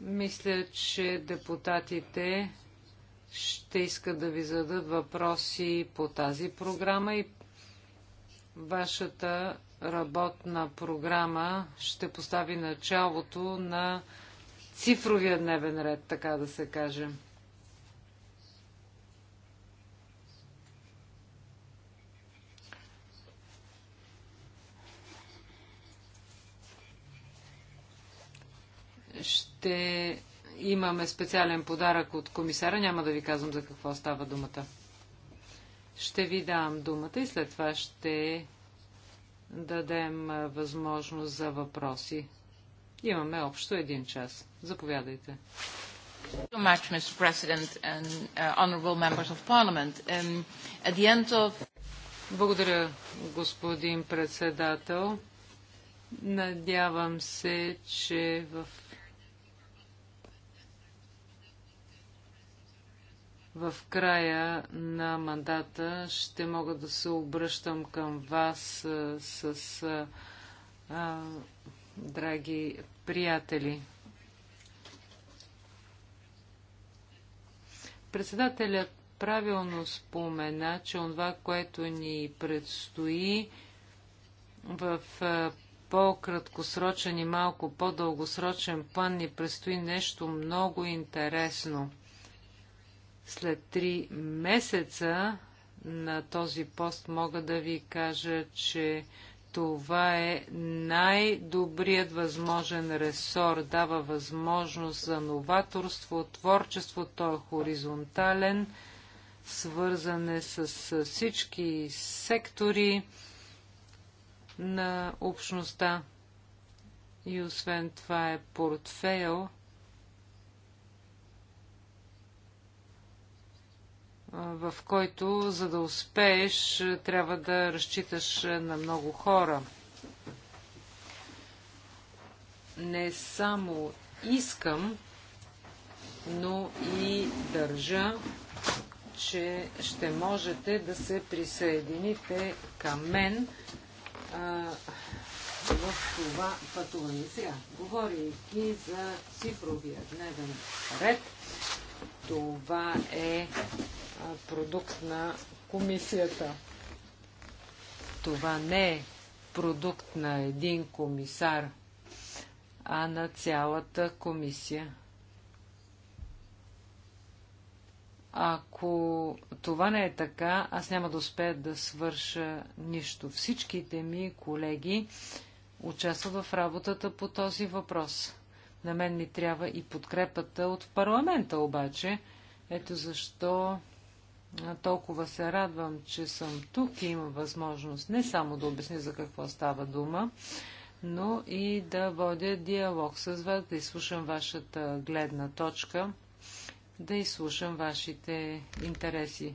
Мисля, че депутатите ще искат да ви зададат въпроси по тази програма и вашата работна програма ще постави началото на цифровия дневен ред, така да се каже. Ще имаме специален подарък от комисара. Няма да ви казвам за какво става думата. Ще ви дам думата и след това ще дадем възможност за въпроси. Имаме общо един час. Заповядайте. Uh, um, Благодаря, господин председател. Надявам се, че в в края на мандата ще мога да се обръщам към вас с а, а, драги приятели. Председателят правилно спомена, че това, което ни предстои в по-краткосрочен и малко по-дългосрочен план, ни предстои нещо много интересно – след три месеца на този пост мога да ви кажа, че това е най-добрият възможен ресор. Дава възможност за новаторство, творчество. Той е хоризонтален, свързан е с всички сектори на общността. И освен това е портфейл, в който, за да успееш, трябва да разчиташ на много хора. Не само искам, но и държа, че ще можете да се присъедините към мен а, в това пътуване. Сега, говорейки за цифровия дневен ред, това е продукт на комисията. Това не е продукт на един комисар, а на цялата комисия. Ако това не е така, аз няма да успея да свърша нищо. Всичките ми колеги участват в работата по този въпрос. На мен ми трябва и подкрепата от парламента обаче. Ето защо толкова се радвам, че съм тук и имам възможност не само да обясня за какво става дума, но и да водя диалог с вас, да изслушам вашата гледна точка, да изслушам вашите интереси.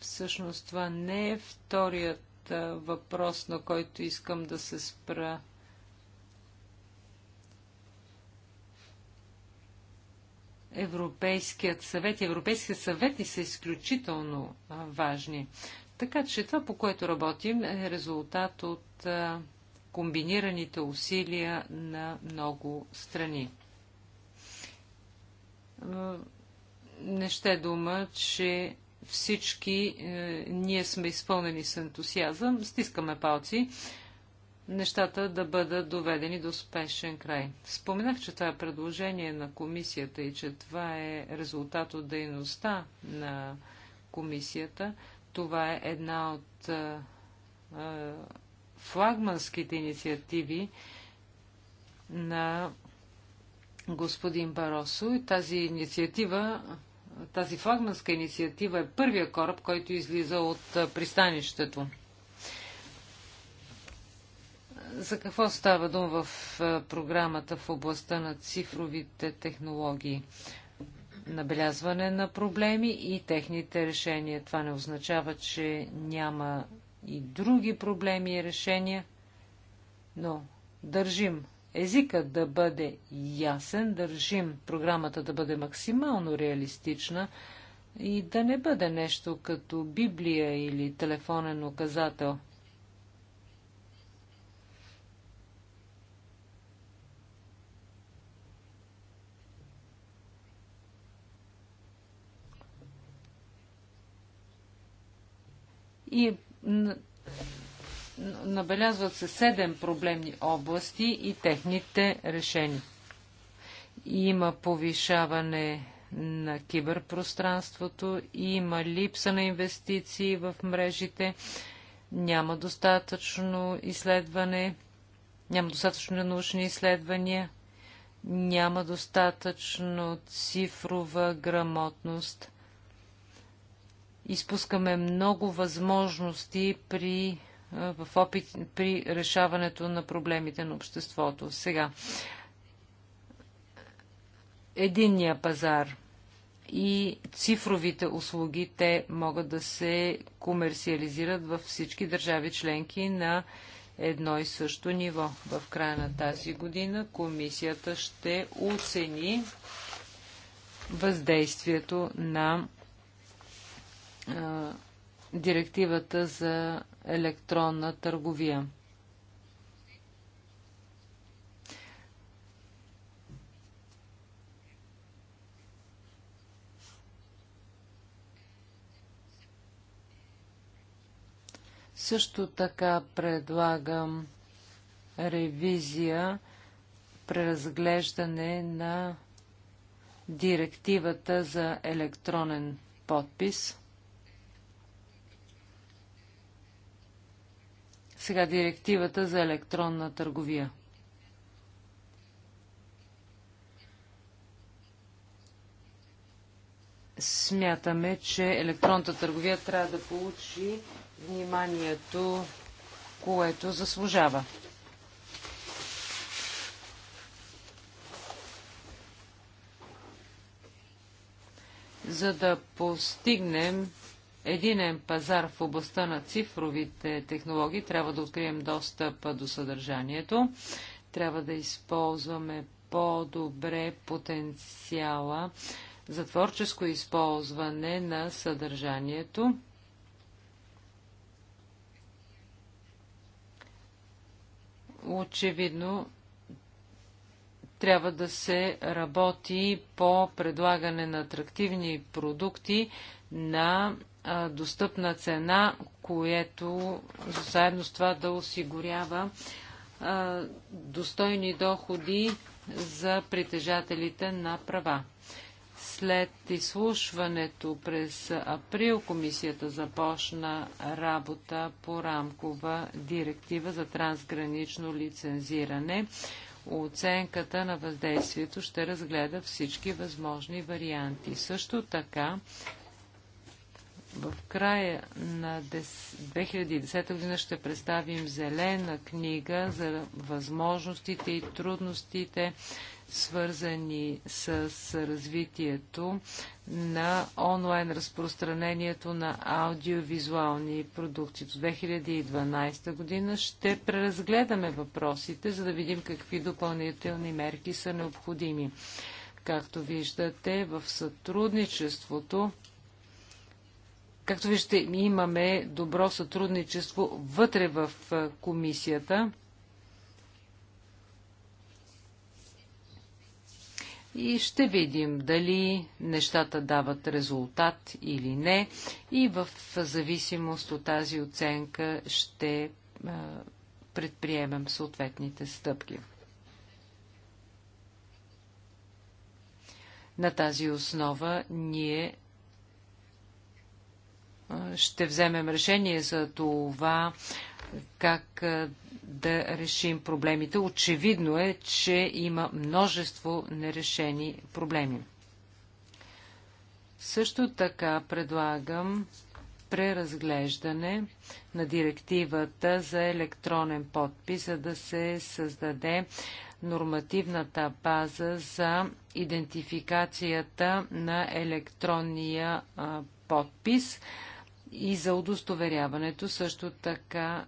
Всъщност това не е вторият въпрос, на който искам да се спра Европейският съвет и Европейският съветник са изключително важни. Така че това, по което работим, е резултат от комбинираните усилия на много страни. Не ще е дума, че всички е, ние сме изпълнени с ентусиазъм, стискаме палци нещата да бъдат доведени до спешен край. Споменах, че това е предложение на комисията и че това е резултат от дейността на комисията. Това е една от а, а, флагманските инициативи на господин Баросо и тази инициатива, тази флагманска инициатива е първия кораб, който излиза от пристанището. За какво става дума в е, програмата в областта на цифровите технологии? Набелязване на проблеми и техните решения. Това не означава, че няма и други проблеми и решения, но държим езика да бъде ясен, държим програмата да бъде максимално реалистична и да не бъде нещо като Библия или телефонен указател – и набелязват се седем проблемни области и техните решения. Има повишаване на киберпространството, има липса на инвестиции в мрежите, няма достатъчно изследване, няма достатъчно научни изследвания, няма достатъчно цифрова грамотност – изпускаме много възможности при, в опит, при решаването на проблемите на обществото. Сега, единния пазар и цифровите услуги, те могат да се комерциализират във всички държави членки на едно и също ниво. В края на тази година комисията ще оцени въздействието на директивата за електронна търговия. Също така предлагам ревизия, преразглеждане на директивата за електронен подпис – Сега директивата за електронна търговия. Смятаме, че електронната търговия трябва да получи вниманието, което заслужава. За да постигнем единен пазар в областта на цифровите технологии, трябва да открием достъп до съдържанието, трябва да използваме по-добре потенциала за творческо използване на съдържанието. Очевидно, трябва да се работи по предлагане на атрактивни продукти, на достъпна цена, което заедно с това да осигурява достойни доходи за притежателите на права. След изслушването през април комисията започна работа по рамкова директива за трансгранично лицензиране. Оценката на въздействието ще разгледа всички възможни варианти. Също така в края на 2010 година ще представим зелена книга за възможностите и трудностите, свързани с развитието на онлайн разпространението на аудиовизуални продукти. До 2012 година ще преразгледаме въпросите, за да видим какви допълнителни мерки са необходими. Както виждате, в сътрудничеството Както виждате, имаме добро сътрудничество вътре в комисията. И ще видим дали нещата дават резултат или не. И в зависимост от тази оценка ще предприемем съответните стъпки. На тази основа ние ще вземем решение за това как да решим проблемите. Очевидно е, че има множество нерешени проблеми. Също така предлагам преразглеждане на директивата за електронен подпис, за да се създаде нормативната база за идентификацията на електронния подпис и за удостоверяването. Също така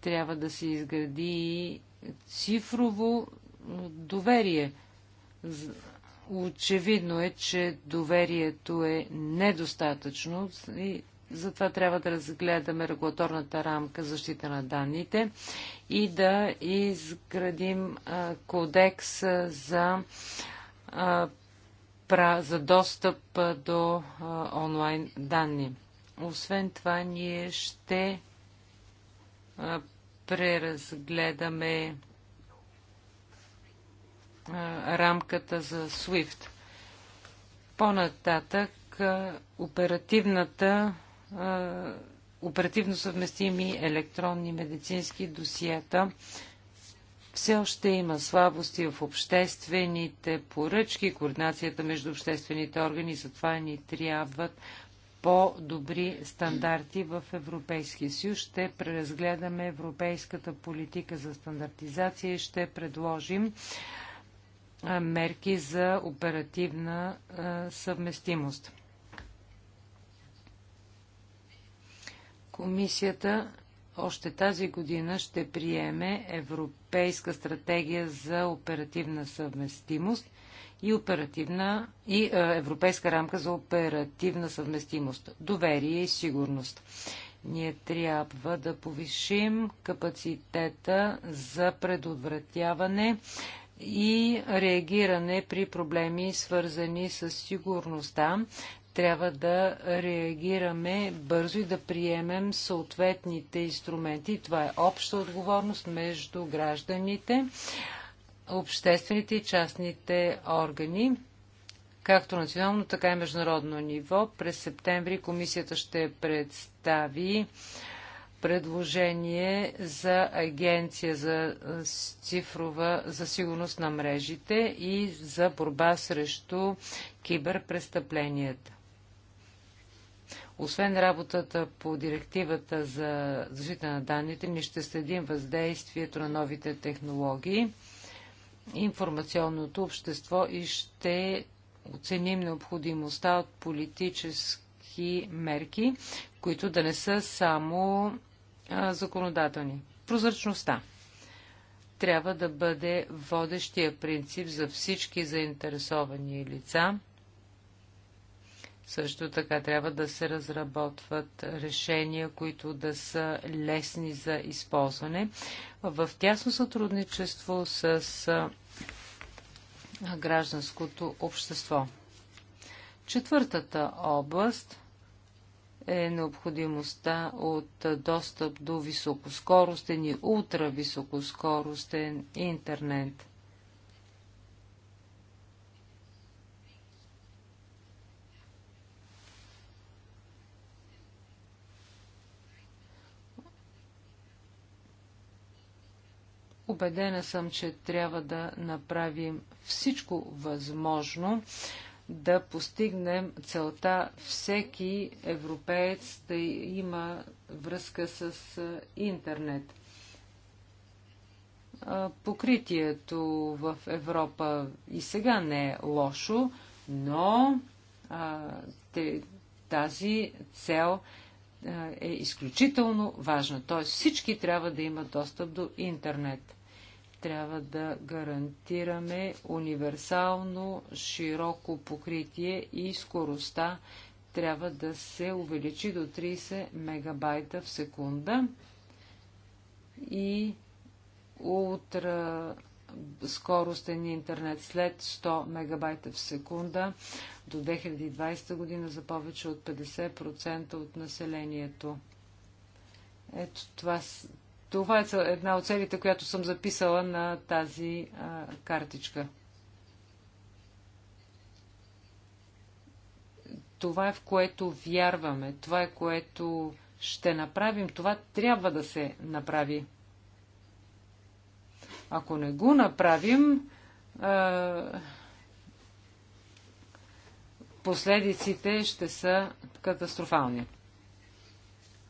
трябва да се изгради цифрово доверие. Очевидно е, че доверието е недостатъчно и затова трябва да разгледаме регулаторната рамка защита на данните и да изградим кодекс за, за достъп до онлайн данни. Освен това, ние ще преразгледаме рамката за SWIFT. По-нататък оперативната оперативно съвместими електронни медицински досиета. Все още има слабости в обществените поръчки, координацията между обществените органи, затова ни трябват по-добри стандарти в Европейския съюз. Ще преразгледаме европейската политика за стандартизация и ще предложим мерки за оперативна съвместимост. Комисията още тази година ще приеме Европейска стратегия за оперативна съвместимост – и, оперативна, и е, европейска рамка за оперативна съвместимост, доверие и сигурност. Ние трябва да повишим капацитета за предотвратяване и реагиране при проблеми, свързани с сигурността. Трябва да реагираме бързо и да приемем съответните инструменти. Това е обща отговорност между гражданите обществените и частните органи, както национално, така и международно ниво. През септември комисията ще представи предложение за агенция за цифрова за сигурност на мрежите и за борба срещу киберпрестъпленията. Освен работата по директивата за защита на данните, ние ще следим въздействието на новите технологии информационното общество и ще оценим необходимостта от политически мерки, които да не са само законодателни. Прозрачността трябва да бъде водещия принцип за всички заинтересовани лица също така трябва да се разработват решения, които да са лесни за използване. В тясно сътрудничество с гражданското общество. Четвъртата област е необходимостта от достъп до високоскоростен и ултрависокоскоростен интернет. Обедена съм, че трябва да направим всичко възможно да постигнем целта всеки европеец да има връзка с интернет. Покритието в Европа и сега не е лошо, но тази цел е изключително важна. Т.е. всички трябва да имат достъп до интернет трябва да гарантираме универсално широко покритие и скоростта трябва да се увеличи до 30 мегабайта в секунда и ултра скоростен интернет след 100 мегабайта в секунда до 2020 година за повече от 50% от населението. Ето това, това е една от целите, която съм записала на тази а, картичка. Това е в което вярваме, това е което ще направим, това трябва да се направи. Ако не го направим, а, последиците ще са катастрофални.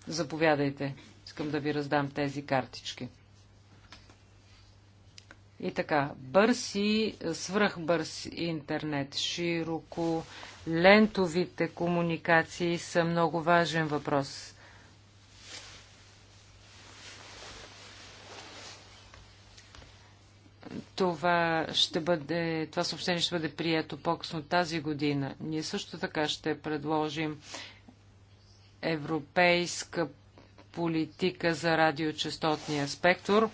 Заповядайте. Искам да ви раздам тези картички. И така, бърз и свръхбърз интернет, широко, лентовите комуникации са много важен въпрос. Това, ще бъде, това съобщение ще бъде прието по-късно тази година. Ние също така ще предложим европейска политика за радиочастотния спектър.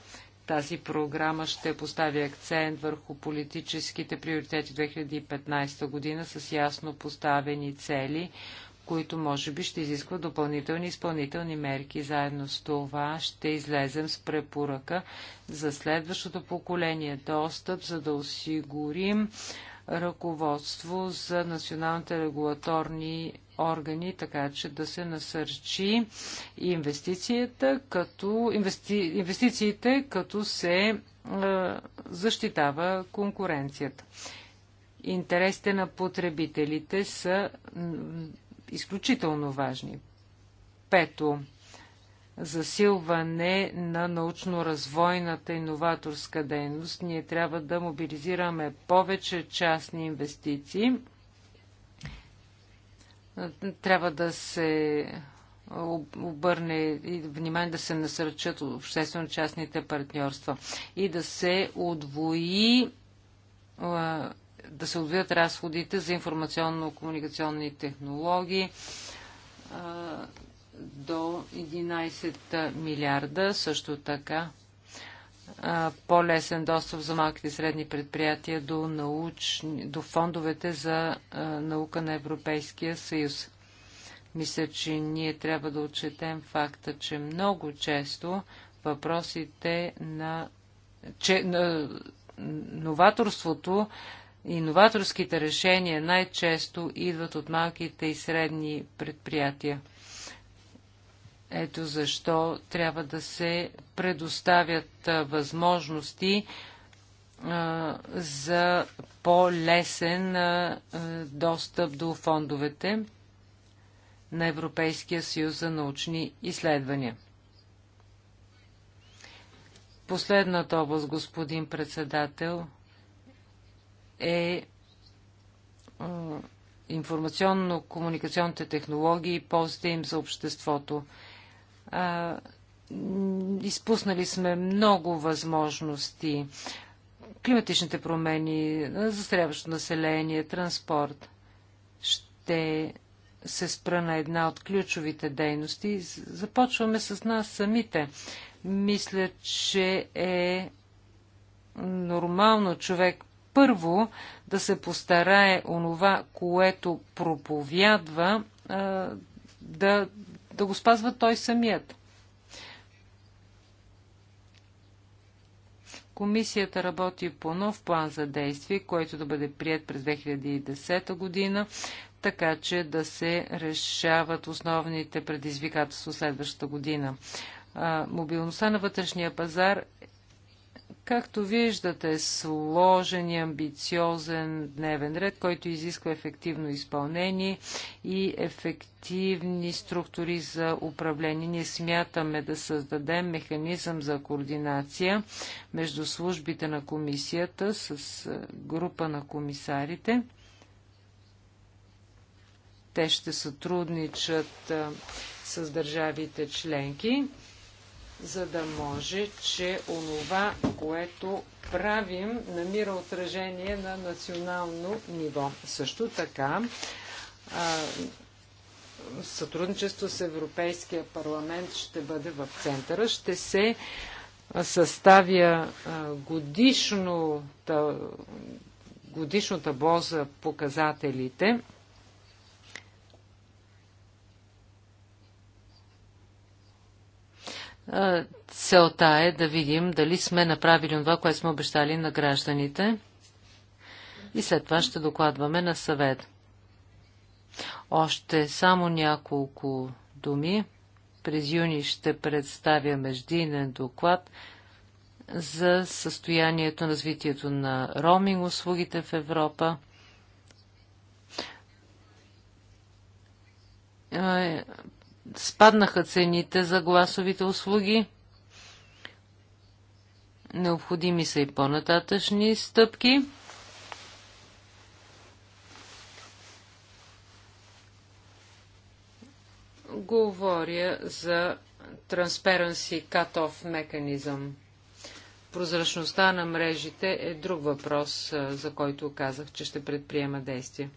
Тази програма ще постави акцент върху политическите приоритети 2015 година с ясно поставени цели, които може би ще изискват допълнителни изпълнителни мерки. Заедно с това ще излезем с препоръка за следващото поколение достъп, за да осигурим ръководство за националните регулаторни органи, така че да се насърчи инвестицията, като, инвести, инвестициите, като се а, е, защитава конкуренцията. Интересите на потребителите са изключително важни. Пето, засилване на научно-развойната иноваторска дейност. Ние трябва да мобилизираме повече частни инвестиции – трябва да се обърне и внимание да се насърчат обществено-частните партньорства и да се отвои да се отвият разходите за информационно-комуникационни технологии до 11 милиарда. Също така по-лесен достъп за малките и средни предприятия до, научни, до фондовете за наука на Европейския съюз. Мисля, че ние трябва да отчетем факта, че много често въпросите на, че, на новаторството и новаторските решения най-често идват от малките и средни предприятия. Ето защо трябва да се предоставят възможности за по-лесен достъп до фондовете на Европейския съюз за научни изследвания. Последната област, господин председател, е информационно-комуникационните технологии и ползите им за обществото. А, изпуснали сме много възможности. Климатичните промени, застряващо население, транспорт. Ще се спра на една от ключовите дейности. Започваме с нас самите. Мисля, че е нормално човек първо да се постарае онова, което проповядва, да, да го спазва той самият. Комисията работи по нов план за действие, който да бъде прият през 2010 година, така че да се решават основните предизвикателства следващата година. мобилността на вътрешния пазар Както виждате, сложен и амбициозен дневен ред, който изисква ефективно изпълнение и ефективни структури за управление. Ние смятаме да създадем механизъм за координация между службите на комисията с е, група на комисарите. Те ще сътрудничат е, с държавите членки за да може, че онова, което правим, намира отражение на национално ниво. Също така, а, сътрудничество с Европейския парламент ще бъде в центъра. Ще се съставя годишно годишно табло за показателите Целта е да видим дали сме направили това, което сме обещали на гражданите и след това ще докладваме на съвет. Още само няколко думи. През юни ще представя междинен доклад за състоянието на развитието на роуминг услугите в Европа спаднаха цените за гласовите услуги. Необходими са и по-нататъчни стъпки. Говоря за Transparency Cut-off Mechanism. Прозрачността на мрежите е друг въпрос, за който казах, че ще предприема действия.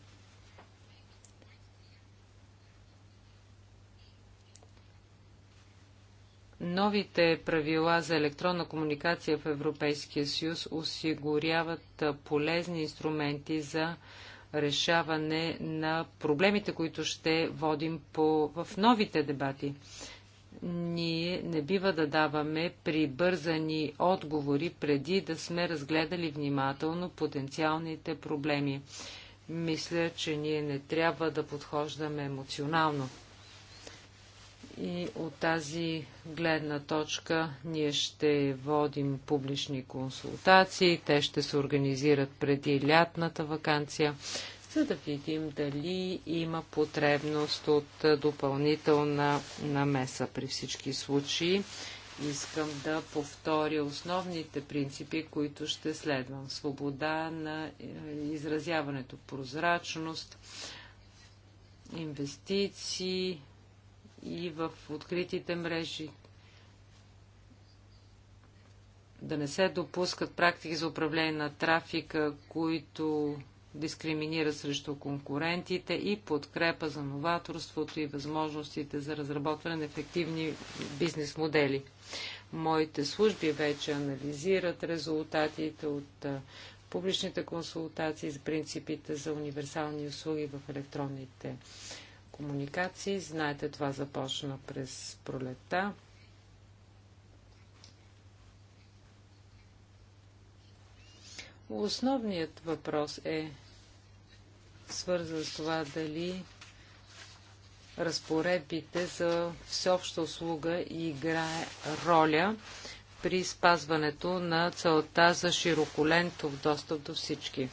Новите правила за електронна комуникация в Европейския съюз осигуряват полезни инструменти за решаване на проблемите, които ще водим по, в новите дебати. Ние не бива да даваме прибързани отговори преди да сме разгледали внимателно потенциалните проблеми. Мисля, че ние не трябва да подхождаме емоционално. И от тази гледна точка ние ще водим публични консултации, те ще се организират преди лятната вакансия, за да видим дали има потребност от допълнителна намеса при всички случаи. Искам да повторя основните принципи, които ще следвам. Свобода на е, изразяването, прозрачност, инвестиции, и в откритите мрежи. Да не се допускат практики за управление на трафика, които дискриминира срещу конкурентите и подкрепа за новаторството и възможностите за разработване на ефективни бизнес модели. Моите служби вече анализират резултатите от публичните консултации с принципите за универсални услуги в електронните комуникации. Знаете, това започна през пролета. Основният въпрос е свързан с това дали разпоредбите за всеобща услуга играе роля при спазването на целта за широколентов достъп до всички.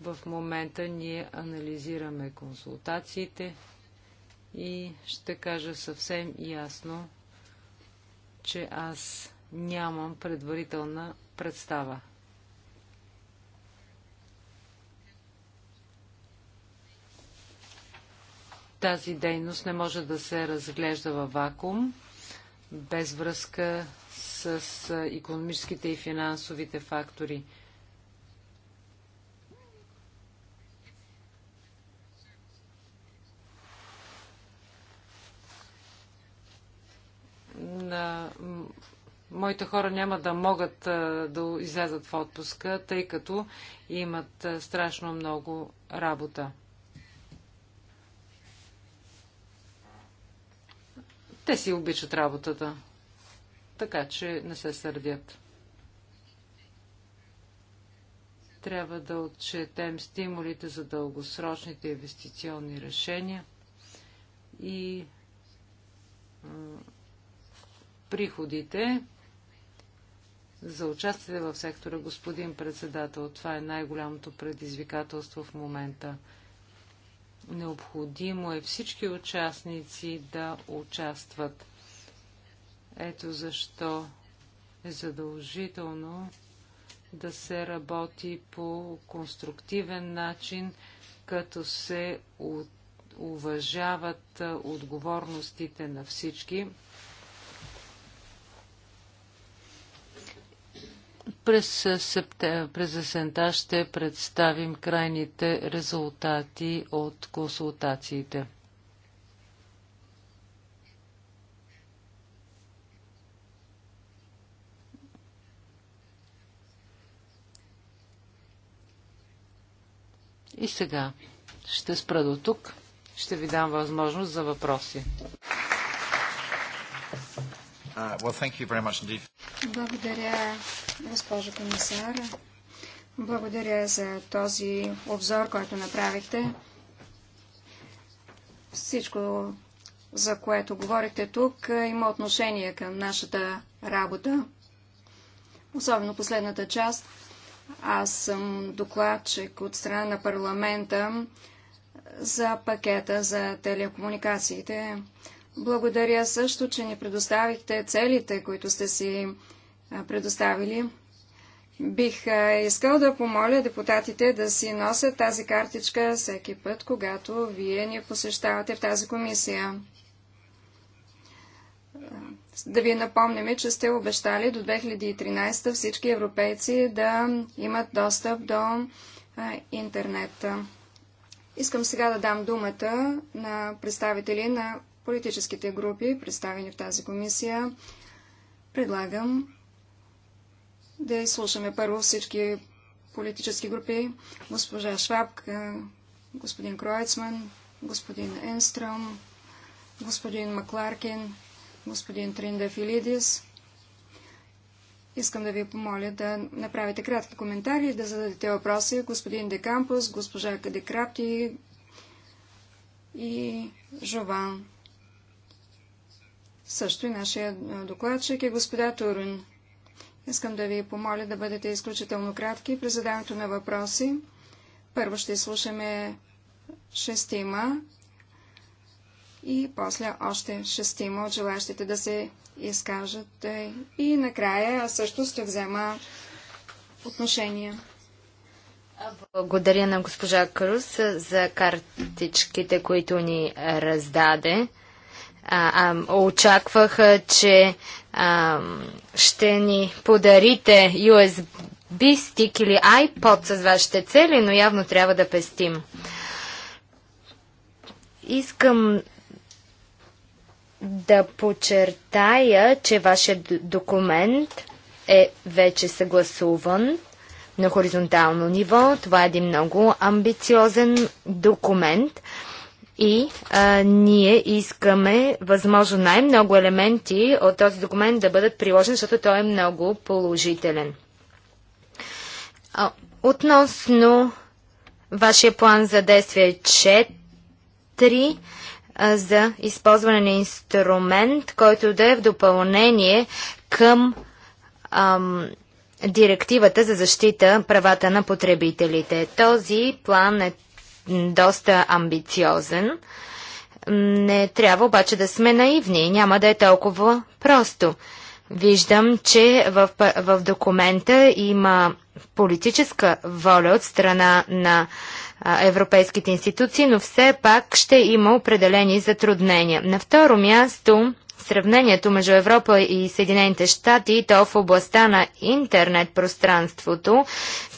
В момента ние анализираме консултациите и ще кажа съвсем ясно, че аз нямам предварителна представа. Тази дейност не може да се разглежда във вакуум, без връзка с економическите и финансовите фактори – на моите хора няма да могат да излязат в отпуска, тъй като имат страшно много работа. Те си обичат работата, така че не се сърдят. Трябва да отчетем стимулите за дългосрочните инвестиционни решения и приходите за участие в сектора, господин председател. Това е най-голямото предизвикателство в момента. Необходимо е всички участници да участват. Ето защо е задължително да се работи по конструктивен начин, като се уважават отговорностите на всички През, през есента ще представим крайните резултати от консултациите. И сега ще спра до тук. Ще ви дам възможност за въпроси. Uh, Благодаря, госпожо комисар. Благодаря за този обзор, който направихте. Всичко, за което говорихте тук, има отношение към нашата работа. Особено последната част. Аз съм докладчик от страна на парламента за пакета за телекомуникациите. Благодаря също, че ни предоставихте целите, които сте си предоставили. Бих искал да помоля депутатите да си носят тази картичка всеки път, когато вие ни посещавате в тази комисия. Да ви напомняме, че сте обещали до 2013 всички европейци да имат достъп до интернет. Искам сега да дам думата на представители на политическите групи, представени в тази комисия, предлагам да изслушаме първо всички политически групи. Госпожа Швабка, е, господин Кроецман, господин Енстром, господин Макларкин, господин Тринда Филидис, Искам да ви помоля да направите кратки коментари, да зададете въпроси. Господин Декампус, госпожа Кадекрапти и Жован. Също и нашия докладчик е господа Турун. Искам да ви помоля да бъдете изключително кратки при задаването на въпроси. Първо ще слушаме шестима и после още шестима от желащите да се изкажат. Е, и накрая аз също ще взема отношения. Благодаря на госпожа Крус за картичките, които ни раздаде а, а, очаквах, че а, ще ни подарите USB стик или iPod с вашите цели, но явно трябва да пестим. Искам да подчертая, че вашият документ е вече съгласуван на хоризонтално ниво. Това е един много амбициозен документ. И а, ние искаме възможно най-много елементи от този документ да бъдат приложени, защото той е много положителен. А, относно вашия план за действие 4 а, за използване на инструмент, който да е в допълнение към ам, директивата за защита правата на потребителите. Този план е доста амбициозен. Не трябва обаче да сме наивни. Няма да е толкова просто. Виждам, че в, в документа има политическа воля от страна на европейските институции, но все пак ще има определени затруднения. На второ място сравнението между Европа и Съединените щати, то в областта на интернет пространството,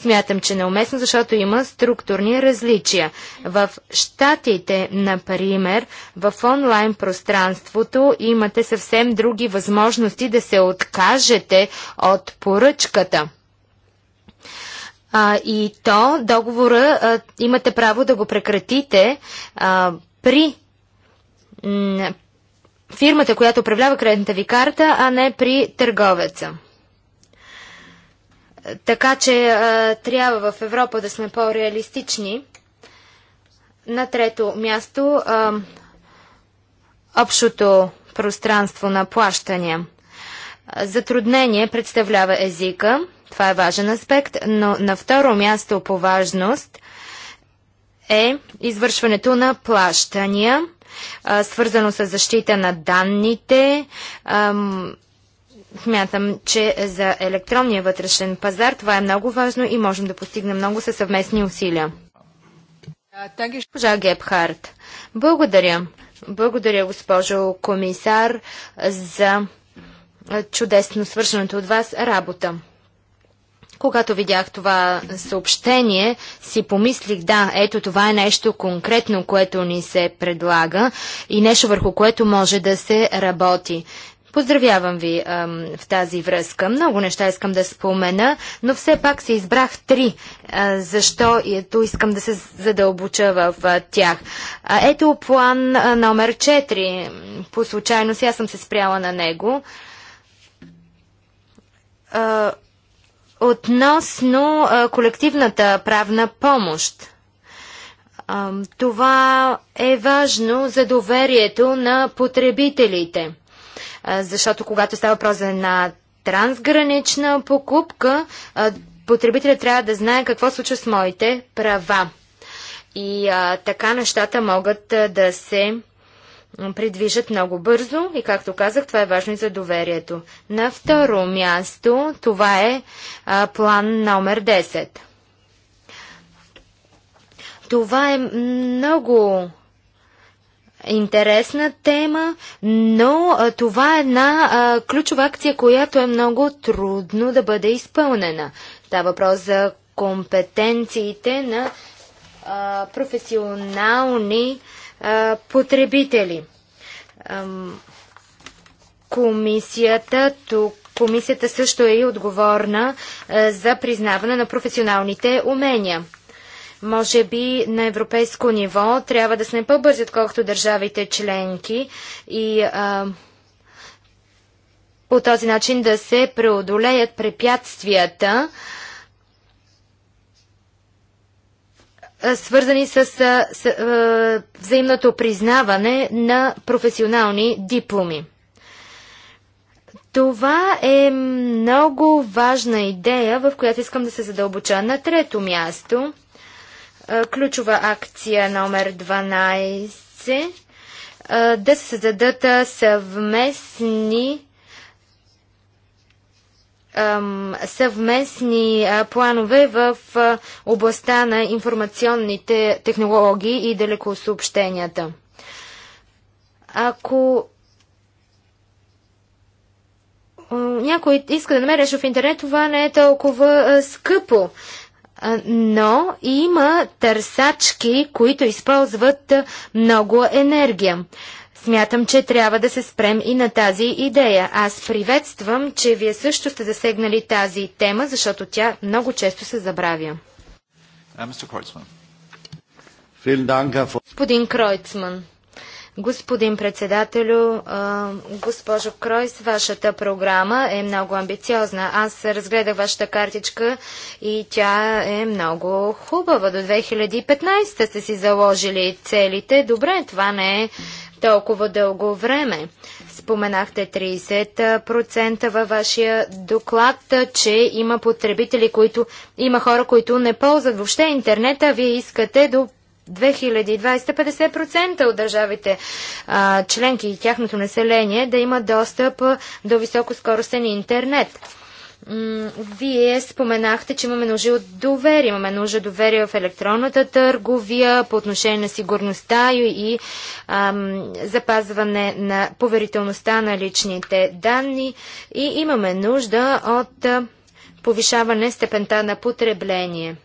смятам, че неуместно, защото има структурни различия. В щатите, например, в онлайн пространството имате съвсем други възможности да се откажете от поръчката. А, и то договора а, имате право да го прекратите а, при фирмата, която управлява кредитната ви карта, а не при търговеца. Така че а, трябва в Европа да сме по-реалистични. На трето място а, общото пространство на плащания. Затруднение представлява езика. Това е важен аспект, но на второ място по важност е извършването на плащания – свързано с защита на данните. Смятам, че за електронния вътрешен пазар това е много важно и можем да постигнем много със съвместни усилия. Госпожа Гебхарт, благодаря. Благодаря, госпожо комисар, за чудесно свършеното от вас работа. Когато видях това съобщение, си помислих, да, ето това е нещо конкретно, което ни се предлага и нещо върху което може да се работи. Поздравявам ви ам, в тази връзка. Много неща искам да спомена, но все пак се избрах три, а, защо ето искам да се задълбоча в а, тях. А, ето план а, номер 4. По случайност аз съм се спряла на него. А, Относно а, колективната правна помощ. А, това е важно за доверието на потребителите, а, защото когато става въпрос за една трансгранична покупка, потребителят трябва да знае какво случва с моите права. И а, така нещата могат а, да се придвижат много бързо и, както казах, това е важно и за доверието. На второ място това е а, план номер 10. Това е много интересна тема, но а, това е една а, ключова акция, която е много трудно да бъде изпълнена. е въпрос за компетенциите на а, професионални а, потребители. Комисията тук Комисията също е и отговорна за признаване на професионалните умения. Може би на европейско ниво трябва да сме по-бързи, отколкото държавите членки и а, по този начин да се преодолеят препятствията, свързани с, с, с взаимното признаване на професионални дипломи. Това е много важна идея, в която искам да се задълбоча. На трето място, ключова акция номер 12, да се създадат съвместни съвместни планове в областта на информационните технологии и далекосъобщенията. Ако някой иска да намериш в интернет, това не е толкова скъпо. Но има търсачки, които използват много енергия. Смятам, че трябва да се спрем и на тази идея. Аз приветствам, че вие също сте засегнали тази тема, защото тя много често се забравя. Uh, господин Кройцман, господин председателю, госпожо Кройс, вашата програма е много амбициозна. Аз разгледах вашата картичка и тя е много хубава. До 2015 сте си заложили целите. Добре, това не е толкова дълго време. Споменахте 30% във вашия доклад, че има потребители, които има хора, които не ползват въобще интернета, вие искате до 2020-50% от държавите а, членки и тяхното население да има достъп до високоскоростен интернет. Вие споменахте, че имаме нужда от доверие. Имаме нужда от доверие в електронната търговия по отношение на сигурността и, ам, запазване на поверителността на личните данни. И имаме нужда от а, повишаване степента на потребление.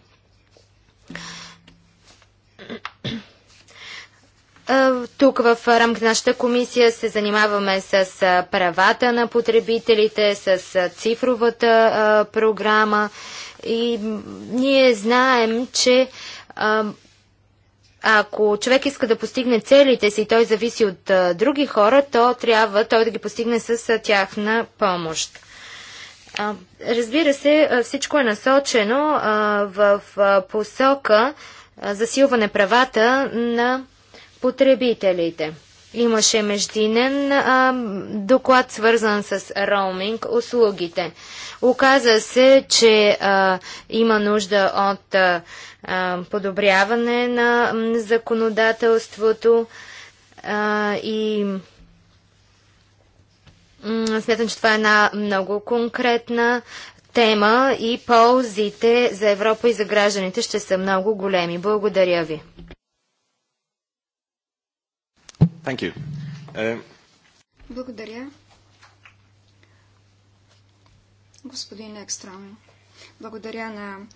Тук в рамките на нашата комисия се занимаваме с правата на потребителите, с цифровата програма и ние знаем, че ако човек иска да постигне целите си, той зависи от други хора, то трябва той да ги постигне с тяхна помощ. Разбира се, всичко е насочено в посока засилване правата на потребителите. Имаше междинен а, доклад, свързан с роуминг услугите. Оказа се, че а, има нужда от а, подобряване на законодателството а, и смятам, че това е една много конкретна тема и ползите за Европа и за гражданите ще са много големи. Благодаря ви. Thank you. Uh, благодаря. Господин Екстрам, благодаря на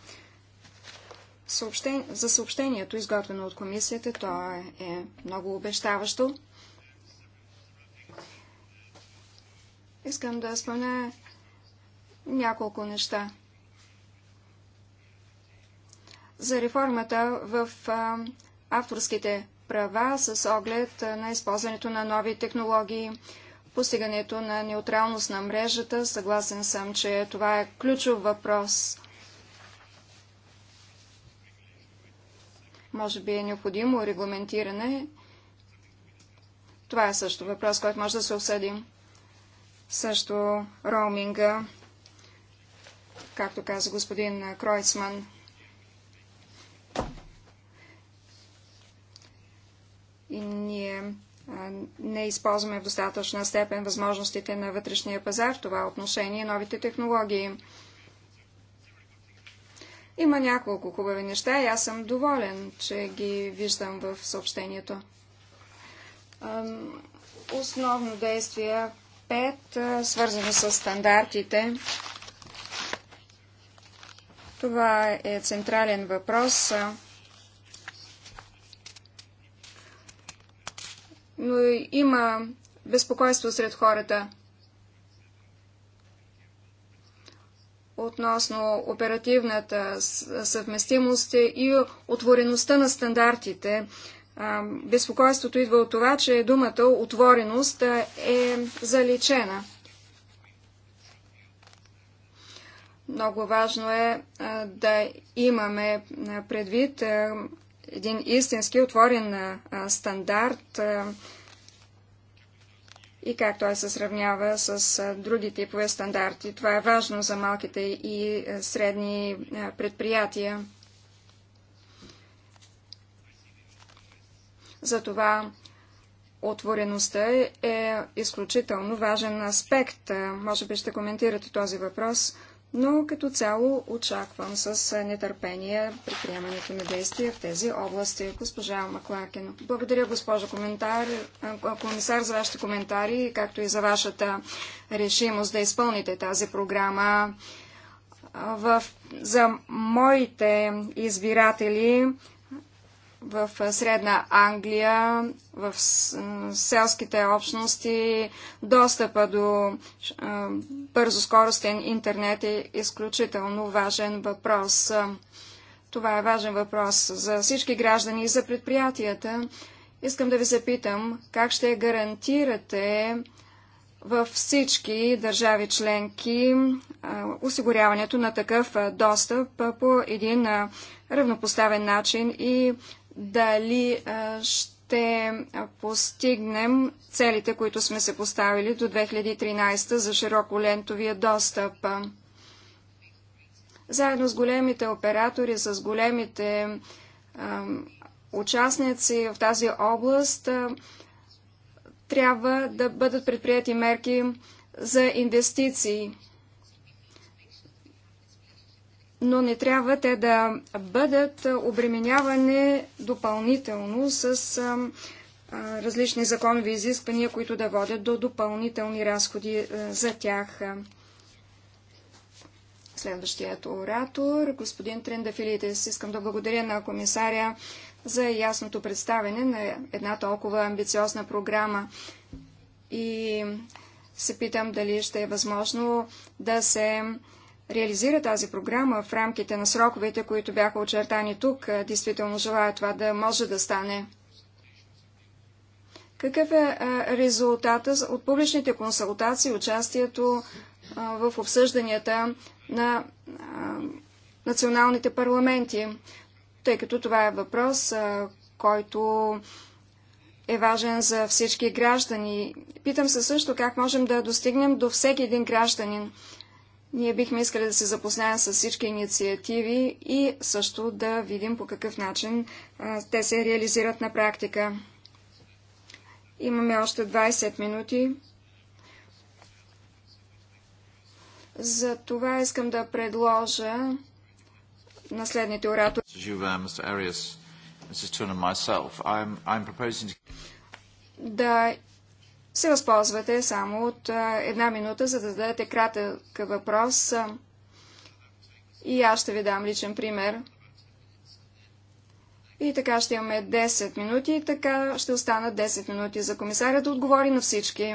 съобщен... за съобщението, изготвено от комисията. То е много обещаващо. Искам да спомня няколко неща. За реформата в авторските права с оглед на използването на нови технологии, постигането на неутралност на мрежата. Съгласен съм, че това е ключов въпрос. Може би е необходимо регламентиране. Това е също въпрос, който може да се обсъдим. Също роуминга, както каза господин Кройцман. и ние не използваме в достатъчна степен възможностите на вътрешния пазар в това отношение новите технологии. Има няколко хубави неща и аз съм доволен, че ги виждам в съобщението. Основно действие 5, свързано с стандартите. Това е централен въпрос. но има безпокойство сред хората относно оперативната съвместимост и отвореността на стандартите. Безпокойството идва от това, че думата отвореност е заличена. Много важно е да имаме предвид един истински отворен стандарт и как той се сравнява с други типове стандарти. Това е важно за малките и средни предприятия. Затова отвореността е, е изключително важен аспект. Може би ще коментирате този въпрос но като цяло очаквам с нетърпение предприемането на действия в тези области. Госпожа Маклакин, благодаря госпожа коментар, комисар за вашите коментари, както и за вашата решимост да изпълните тази програма. В, за моите избиратели в Средна Англия, в селските общности, достъпа до бързоскоростен интернет е изключително важен въпрос. Това е важен въпрос за всички граждани и за предприятията. Искам да ви запитам, как ще гарантирате във всички държави членки осигуряването на такъв достъп по един равнопоставен начин и дали ще постигнем целите, които сме се поставили до 2013 за широколентовия достъп. Заедно с големите оператори, с големите а, участници в тази област, а, трябва да бъдат предприяти мерки за инвестиции но не трябва те да бъдат обременявани допълнително с различни законови изисквания, които да водят до допълнителни разходи за тях. Следващият оратор, господин Трендафилитес, искам да благодаря на комисаря за ясното представене на една толкова амбициозна програма. И се питам дали ще е възможно да се реализира тази програма в рамките на сроковете, които бяха очертани тук. Действително желая това да може да стане. Какъв е резултата от публичните консултации, участието в обсъжданията на националните парламенти? Тъй като това е въпрос, който е важен за всички граждани. Питам се също как можем да достигнем до всеки един гражданин. Ние бихме искали да се запознаем с всички инициативи и също да видим по какъв начин а, те се реализират на практика. Имаме още 20 минути. За това искам да предложа на следните оратори. Да се възползвате само от една минута, за да зададете кратък въпрос. И аз ще ви дам личен пример. И така ще имаме 10 минути, и така ще останат 10 минути за комисаря да отговори на всички.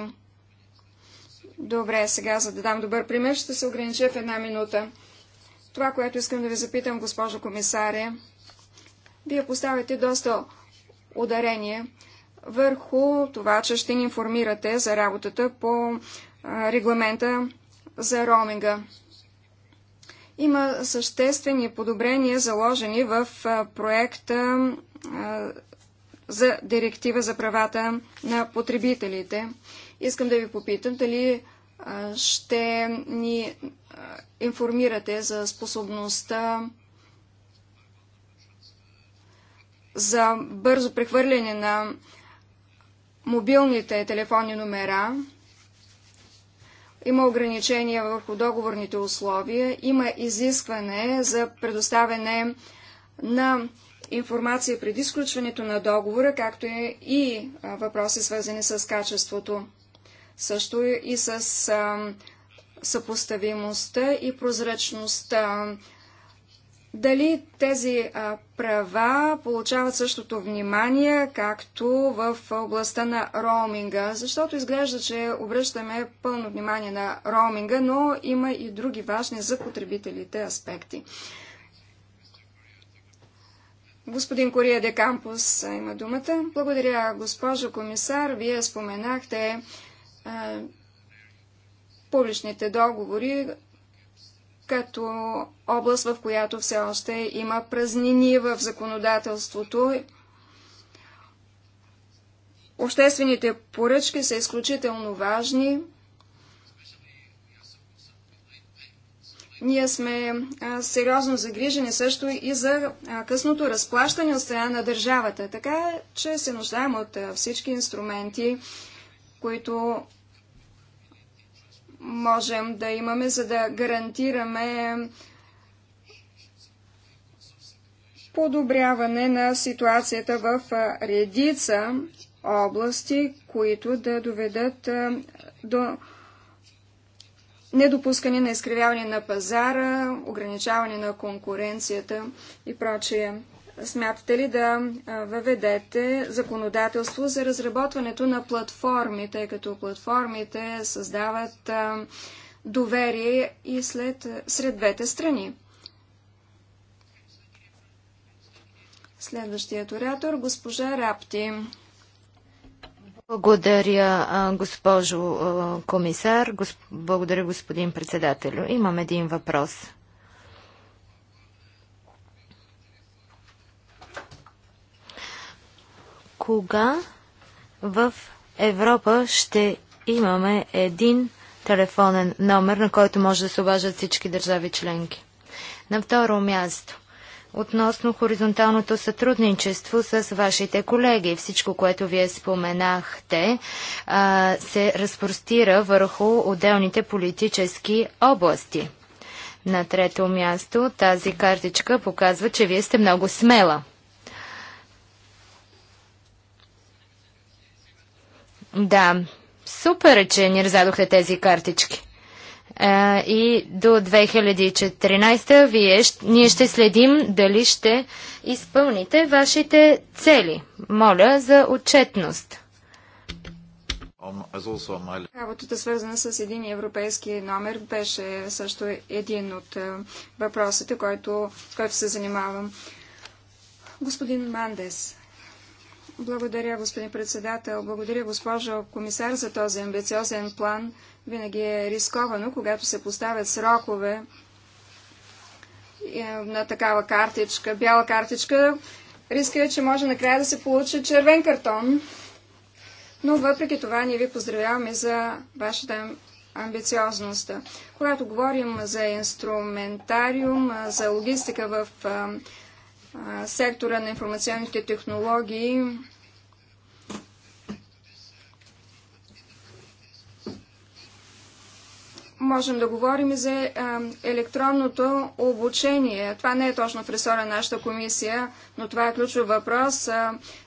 Добре, сега за да дам добър пример, ще се огранича в една минута. Това, което искам да ви запитам, госпожо комисаря, вие поставяте доста ударение върху това, че ще ни информирате за работата по регламента за роуминга. Има съществени подобрения заложени в проекта за директива за правата на потребителите. Искам да ви попитам дали ще ни информирате за способността за бързо прехвърляне на мобилните телефонни номера. Има ограничения върху договорните условия. Има изискване за предоставяне на информация преди сключването на договора, както е и въпроси свързани с качеството. Също и с съпоставимостта и прозрачността дали тези права получават същото внимание, както в областта на роуминга, защото изглежда, че обръщаме пълно внимание на роуминга, но има и други важни за потребителите аспекти. Господин Кория де Кампус има думата. Благодаря, госпожо комисар. Вие споменахте а, публичните договори като област, в която все още има празнини в законодателството. Обществените поръчки са изключително важни. Ние сме сериозно загрижени също и за късното разплащане от страна на държавата, така че се нуждаем от всички инструменти, които можем да имаме, за да гарантираме подобряване на ситуацията в редица области, които да доведат до недопускане на изкривяване на пазара, ограничаване на конкуренцията и прочие. Смятате ли да въведете законодателство за разработването на платформи, тъй като платформите създават доверие и след, сред двете страни? Следващият оратор, госпожа Рапти. Благодаря, госпожо комисар. Госп... Благодаря, господин председател. Имам един въпрос. кога в Европа ще имаме един телефонен номер, на който може да се обажат всички държави членки. На второ място, относно хоризонталното сътрудничество с вашите колеги. Всичко, което вие споменахте, се разпростира върху отделните политически области. На трето място тази картичка показва, че вие сте много смела. Да, супер, е, че ни раздадохте тези картички. А, и до 2014 вие, ние ще следим дали ще изпълните вашите цели. Моля за отчетност. Um, Работата, свързана с един европейски номер, беше също един от въпросите, който, с който се занимавам. Господин Мандес, благодаря, господин председател. Благодаря, госпожо комисар, за този амбициозен план. Винаги е рисковано, когато се поставят срокове е, на такава картичка, бяла картичка. Риска е, че може накрая да се получи червен картон. Но въпреки това ние ви поздравяваме за вашата амбициозност. Когато говорим за инструментариум, за логистика в сектора на информационните технологии можем да говорим и за електронното обучение. Това не е точно в ресора на нашата комисия, но това е ключов въпрос,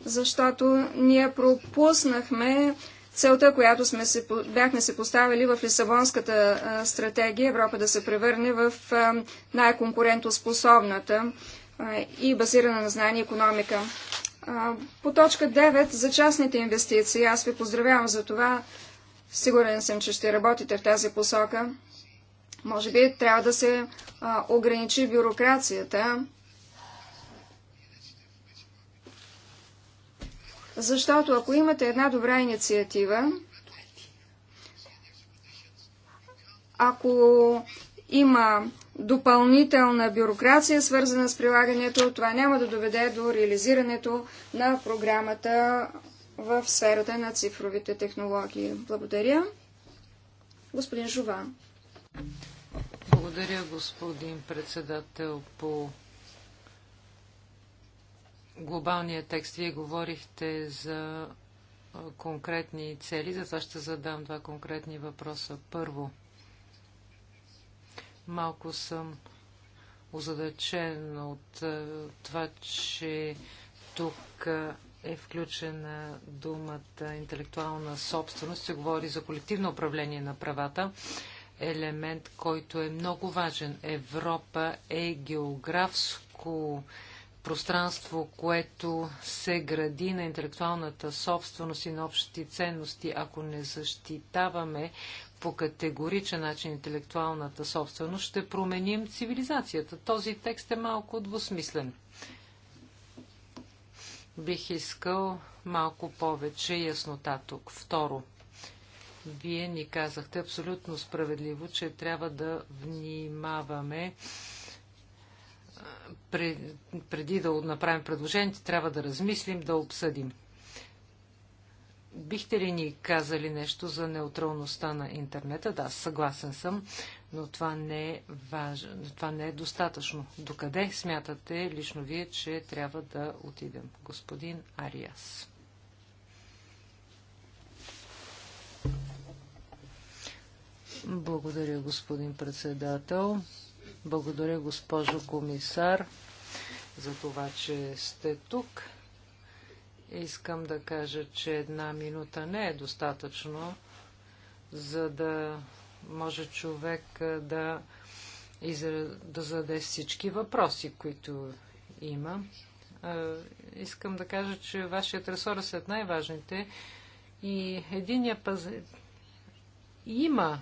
защото ние пропуснахме целта, която сме се, бяхме се поставили в Лисабонската стратегия Европа да се превърне в най-конкурентоспособната и базирана на знание економика. По точка 9 за частните инвестиции. Аз ви поздравявам за това. Сигурен съм, че ще работите в тази посока. Може би трябва да се ограничи бюрокрацията, защото ако имате една добра инициатива, ако има допълнителна бюрокрация, свързана с прилагането. Това няма да доведе до реализирането на програмата в сферата на цифровите технологии. Благодаря. Господин Жова. Благодаря, господин председател, по глобалния текст. Вие говорихте за конкретни цели, затова ще задам два конкретни въпроса. Първо, Малко съм озадачен от е, това, че тук е, е включена думата интелектуална собственост. Се говори за колективно управление на правата. Елемент, който е много важен. Европа е географско пространство, което се гради на интелектуалната собственост и на общите ценности. Ако не защитаваме по категоричен начин интелектуалната собственост, ще променим цивилизацията. Този текст е малко двусмислен. Бих искал малко повече яснота тук. Второ, вие ни казахте абсолютно справедливо, че трябва да внимаваме преди да направим предложението, трябва да размислим, да обсъдим. Бихте ли ни казали нещо за неутралността на интернета? Да, съгласен съм, но това не е, важно, това не е достатъчно. Докъде смятате лично вие, че трябва да отидем? Господин Ариас. Благодаря, господин председател. Благодаря, госпожо комисар, за това, че сте тук. Искам да кажа, че една минута не е достатъчно, за да може човек да, да зададе всички въпроси, които има. Искам да кажа, че вашият ресор е след най-важните и единия паз... има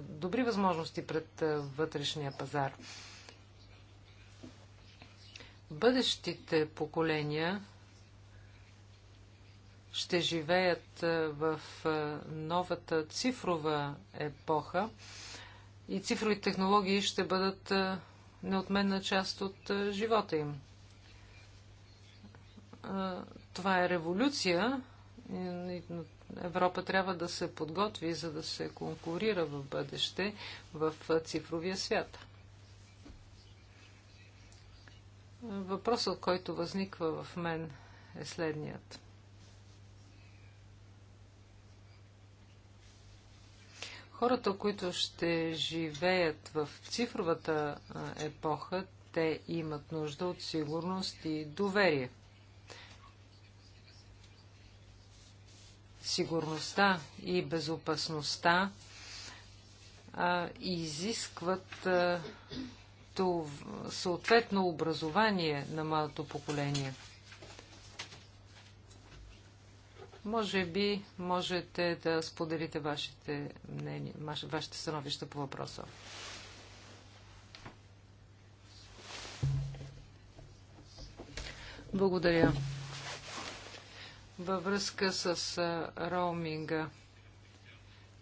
добри възможности пред вътрешния пазар. Бъдещите поколения ще живеят в новата цифрова епоха и цифрови технологии ще бъдат неотменна част от живота им. Това е революция. Европа трябва да се подготви, за да се конкурира в бъдеще в цифровия свят. Въпросът, който възниква в мен е следният – хората, които ще живеят в цифровата епоха, те имат нужда от сигурност и доверие. Сигурността и безопасността а, изискват а, то, съответно образование на малото поколение – Може би можете да споделите вашите, мнения, вашите становища по въпроса. Благодаря. Във връзка с роуминга,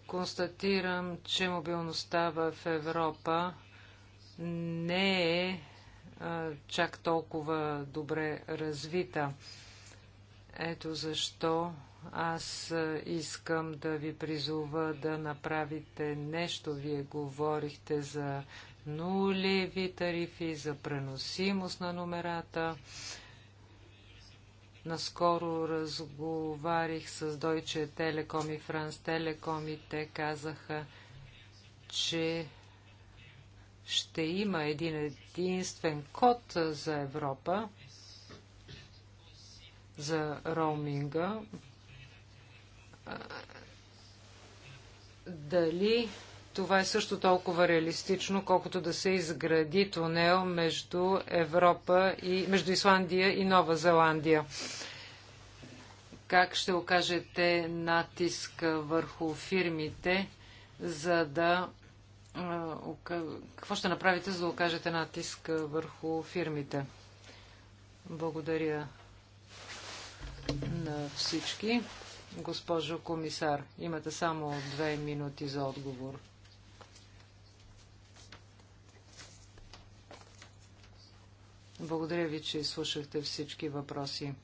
констатирам, че мобилността в Европа не е а, чак толкова добре развита. Ето защо аз искам да ви призова да направите нещо. Вие говорихте за нулеви тарифи, за преносимост на номерата. Наскоро разговарих с Deutsche Telekom и Франс Телеком, и те казаха, че ще има един единствен код за Европа, за роуминга, дали това е също толкова реалистично, колкото да се изгради тунел между Европа и между Исландия и Нова Зеландия. Как ще окажете натиск върху фирмите, за да какво ще направите, за да окажете натиск върху фирмите? Благодаря на всички госпожо комисар. Имате само две минути за отговор. Благодаря ви, че изслушахте всички въпроси.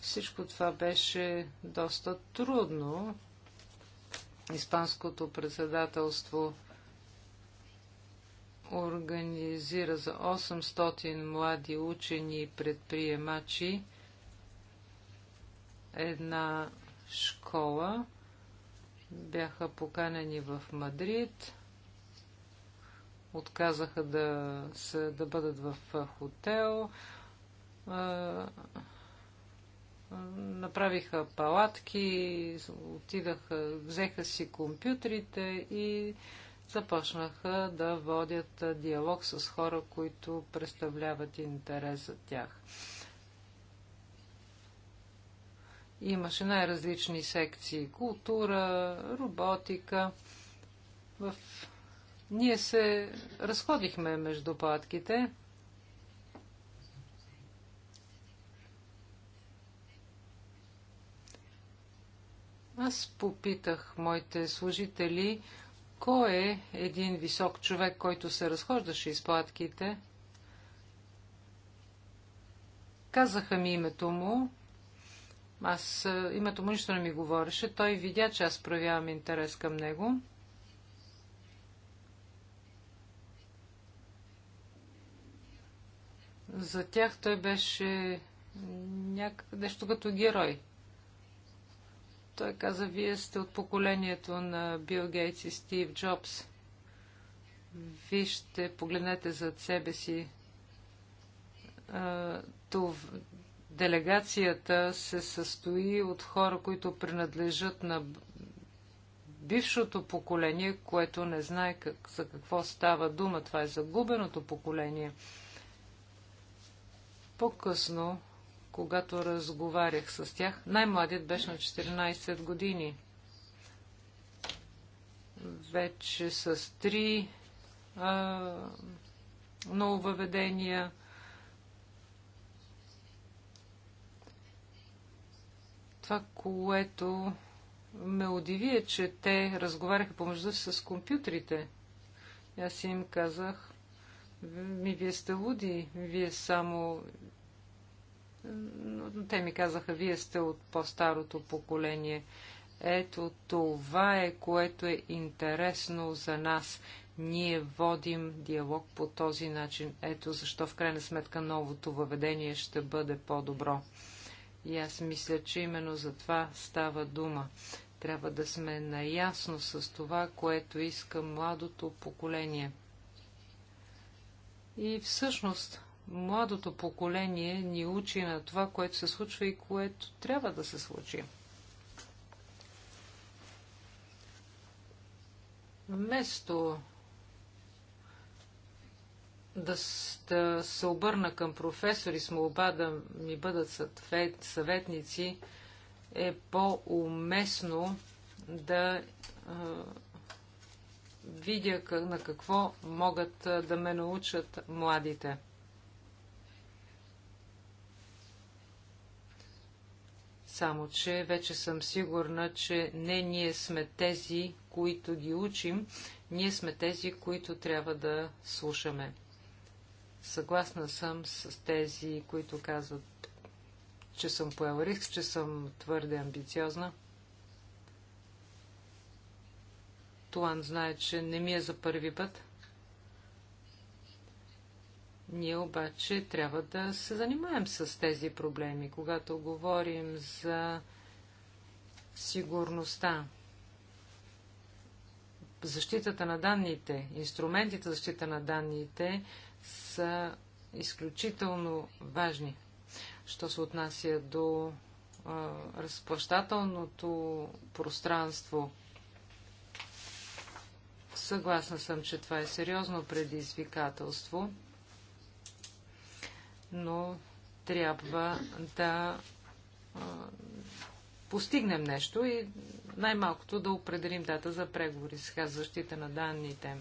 Всичко това беше доста трудно, Испанското председателство организира за 800 млади учени и предприемачи една школа. Бяха поканени в Мадрид. Отказаха да, се, да бъдат в хотел направиха палатки, отидаха, взеха си компютрите и започнаха да водят диалог с хора, които представляват интерес за тях. Имаше най-различни секции култура, роботика. В... Ние се разходихме между палатките. Аз попитах моите служители, кой е един висок човек, който се разхождаше из платките. Казаха ми името му. Аз името му нищо не ми говореше. Той видя, че аз проявявам интерес към него. За тях той беше някак... нещо като герой. Той каза, вие сте от поколението на Бил Гейтс и Стив Джобс. Вижте, погледнете зад себе си. делегацията се състои от хора, които принадлежат на бившото поколение, което не знае как, за какво става дума. Това е загубеното поколение. По-късно когато разговарях с тях. Най-младият беше на 14 години. Вече с три а, нововъведения. Това, което ме удиви е, че те разговаряха помежду си с компютрите. Аз им казах, ми вие сте луди, вие само но те ми казаха, вие сте от по-старото поколение. Ето това е, което е интересно за нас. Ние водим диалог по този начин. Ето защо в крайна сметка новото въведение ще бъде по-добро. И аз мисля, че именно за това става дума. Трябва да сме наясно с това, което иска младото поколение. И всъщност младото поколение ни учи на това, което се случва и което трябва да се случи. Вместо да, да се обърна към професори с молба да ми бъдат съветници, е по-уместно да видя на какво могат да ме научат младите. само че вече съм сигурна, че не ние сме тези, които ги учим, ние сме тези, които трябва да слушаме. Съгласна съм с тези, които казват, че съм поел риск, че съм твърде амбициозна. Туан знае, че не ми е за първи път – ние обаче трябва да се занимаем с тези проблеми, когато говорим за сигурността, защитата на данните, инструментите за защита на данните са изключително важни. Що се отнася до а, разплащателното пространство, съгласна съм, че това е сериозно предизвикателство но трябва да а, постигнем нещо и най-малкото да определим дата за преговори. с защита на данните.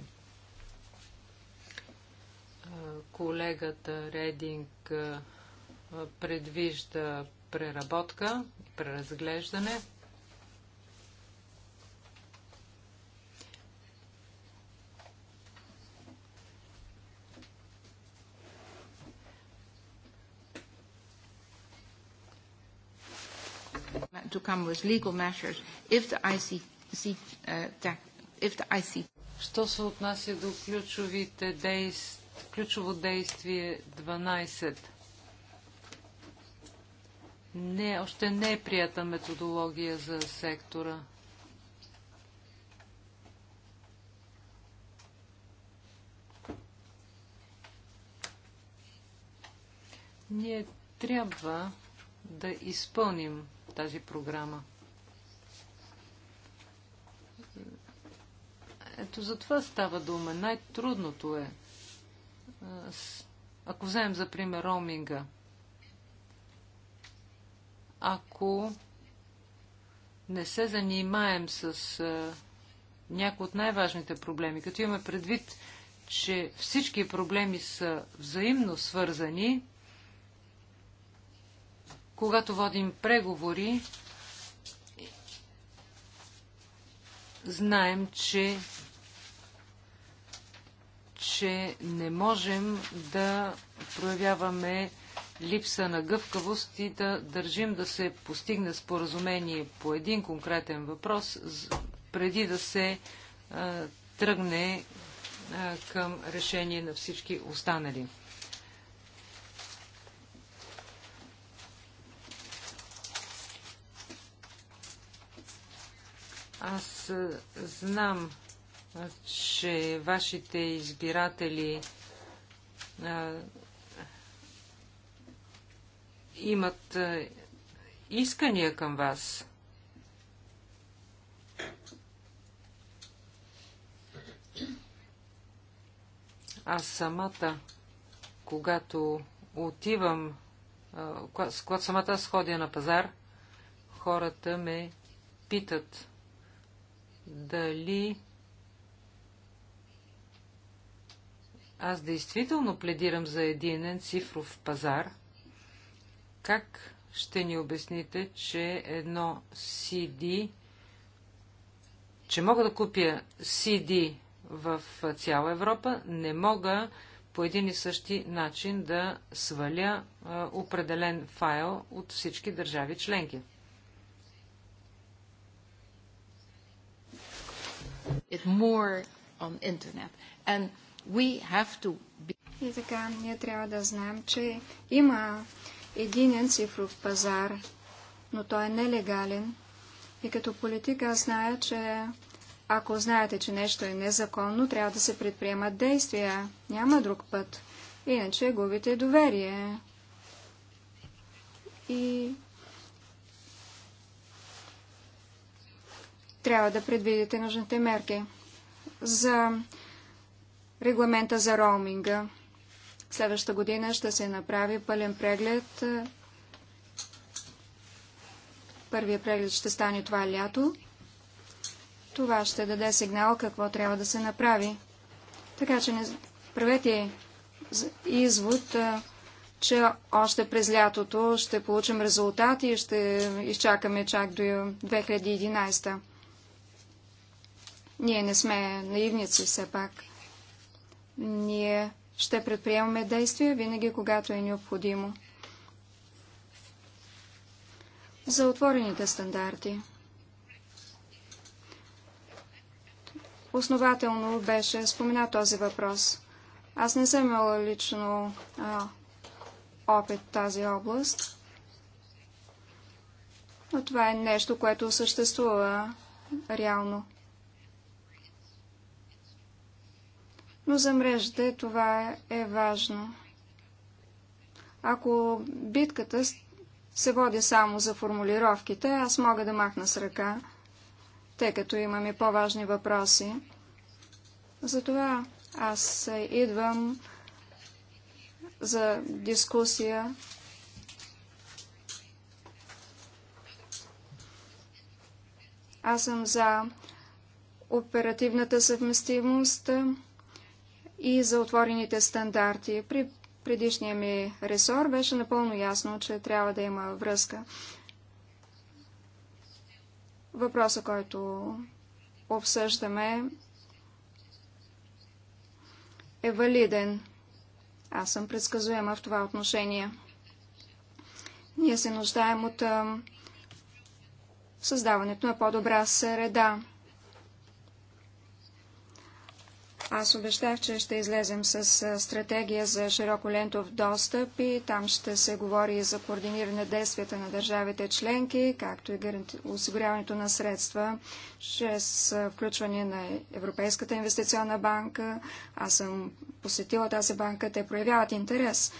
Колегата Рединг предвижда преработка преразглеждане. to come with legal measures if the ICC, uh, if the ICC... Що се отнася до ключовите действия, ключово действие 12? Не, още не е прията методология за сектора. Ние трябва да изпълним тази програма. Ето за това става дума. Най-трудното е. Ако вземем за пример роуминга, ако не се занимаем с а, някои от най-важните проблеми, като имаме предвид, че всички проблеми са взаимно свързани, когато водим преговори, знаем, че, че не можем да проявяваме липса на гъвкавост и да държим да се постигне споразумение по един конкретен въпрос, преди да се а, тръгне а, към решение на всички останали. Аз е, знам, че вашите избиратели а, е, имат а, е, искания към вас. Аз самата, когато отивам, а, когато, когато самата сходя на пазар, хората ме питат дали аз действително пледирам за единен цифров пазар, как ще ни обясните, че едно CD, че мога да купя CD в цяла Европа, не мога по един и същи начин да сваля определен файл от всички държави членки. It more on internet. And we have to be... И така, ние трябва да знаем, че има един цифров пазар, но той е нелегален. И като политика знае, зная, че ако знаете, че нещо е незаконно, трябва да се предприемат действия. Няма друг път. Иначе губите доверие. И трябва да предвидите нужните мерки. За регламента за роуминга. Следващата година ще се направи пълен преглед. Първият преглед ще стане това лято. Това ще даде сигнал какво трябва да се направи. Така че не правете извод, че още през лятото ще получим резултати и ще изчакаме чак до 2011. Ние не сме наивници все пак. Ние ще предприемаме действия винаги, когато е необходимо. За отворените стандарти. Основателно беше спомена този въпрос. Аз не съм имала лично а, опит в тази област, но това е нещо, което съществува реално. но за мрежите това е важно. Ако битката се води само за формулировките, аз мога да махна с ръка, тъй като имаме по-важни въпроси. Затова аз идвам за дискусия Аз съм за оперативната съвместимост, и за отворените стандарти. При предишния ми ресор беше напълно ясно, че трябва да има връзка. Въпросът, който обсъждаме, е валиден. Аз съм предсказуема в това отношение. Ние се нуждаем от създаването на по-добра среда. Аз обещах, че ще излезем с стратегия за широколентов достъп и там ще се говори и за координиране действията на държавите членки, както и осигуряването на средства чрез включване на Европейската инвестиционна банка. Аз съм посетила тази банка, те проявяват интерес.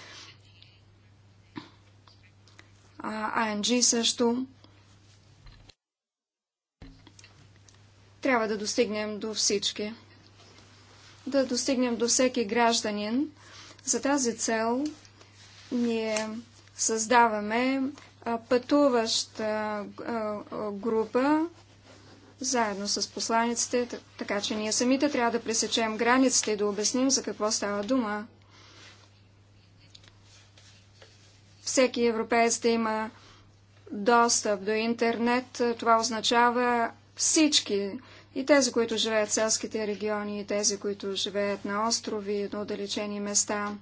А, АНГ също трябва да достигнем до всички да достигнем до всеки гражданин. За тази цел ние създаваме пътуваща група заедно с посланиците, така че ние самите трябва да пресечем границите и да обясним за какво става дума. Всеки европеец да има достъп до интернет, това означава всички и тези, които живеят в селските региони, и тези, които живеят на острови, на отдалечени места.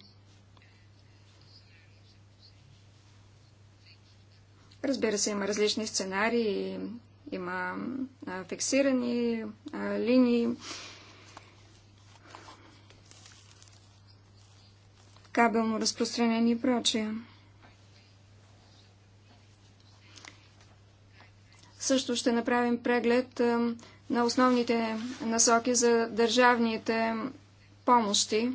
Разбира се, има различни сценарии, има фиксирани линии. кабелно разпространение и прочее. Също ще направим преглед на основните насоки за държавните помощи.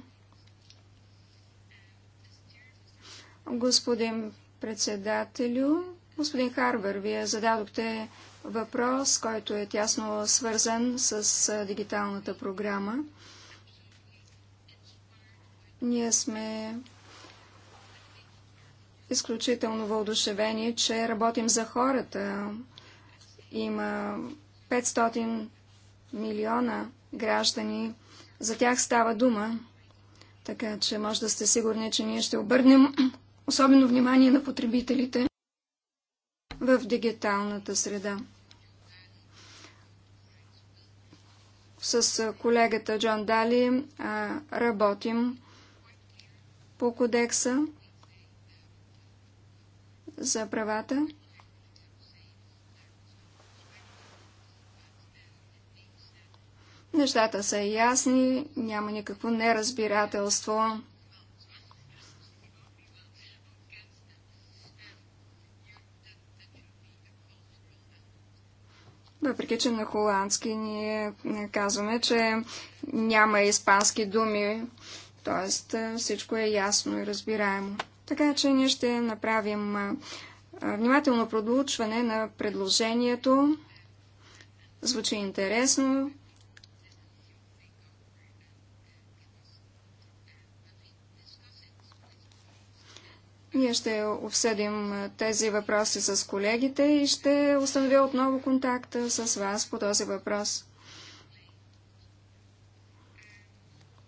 Господин председателю, господин Харбър, вие зададохте въпрос, който е тясно свързан с дигиталната програма. Ние сме изключително въодушевени, че работим за хората. Има 500 милиона граждани. За тях става дума, така че може да сте сигурни, че ние ще обърнем особено внимание на потребителите в дигиталната среда. С колегата Джон Дали работим по кодекса за правата Нещата са ясни, няма никакво неразбирателство. Въпреки, че на холандски ние казваме, че няма испански думи, т.е. всичко е ясно и разбираемо. Така че ние ще направим е, е, внимателно продучване на предложението. Звучи интересно, Ние ще обсъдим тези въпроси с колегите и ще установя отново контакта с вас по този въпрос.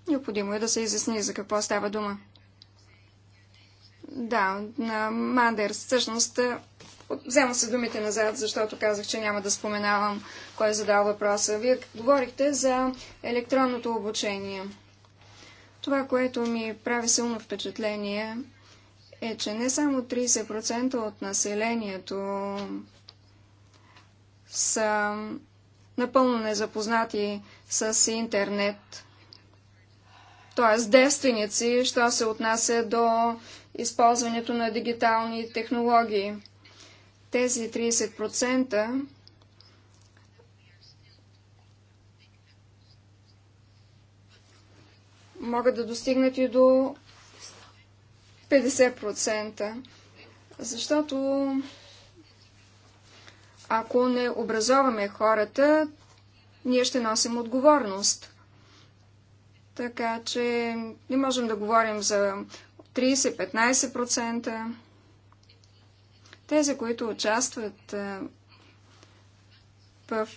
Необходимо е да се изясни за какво става дума. Да, на Мандерс всъщност Взема се думите назад, защото казах, че няма да споменавам кой е задал въпроса. Вие говорихте за електронното обучение. Това, което ми прави силно впечатление, е, че не само 30% от населението са напълно незапознати с интернет, т.е. девственици, що се отнася до използването на дигитални технологии. Тези 30% могат да достигнат и до 50%. Защото ако не образоваме хората, ние ще носим отговорност. Така че не можем да говорим за 30-15%. Тези, които участват в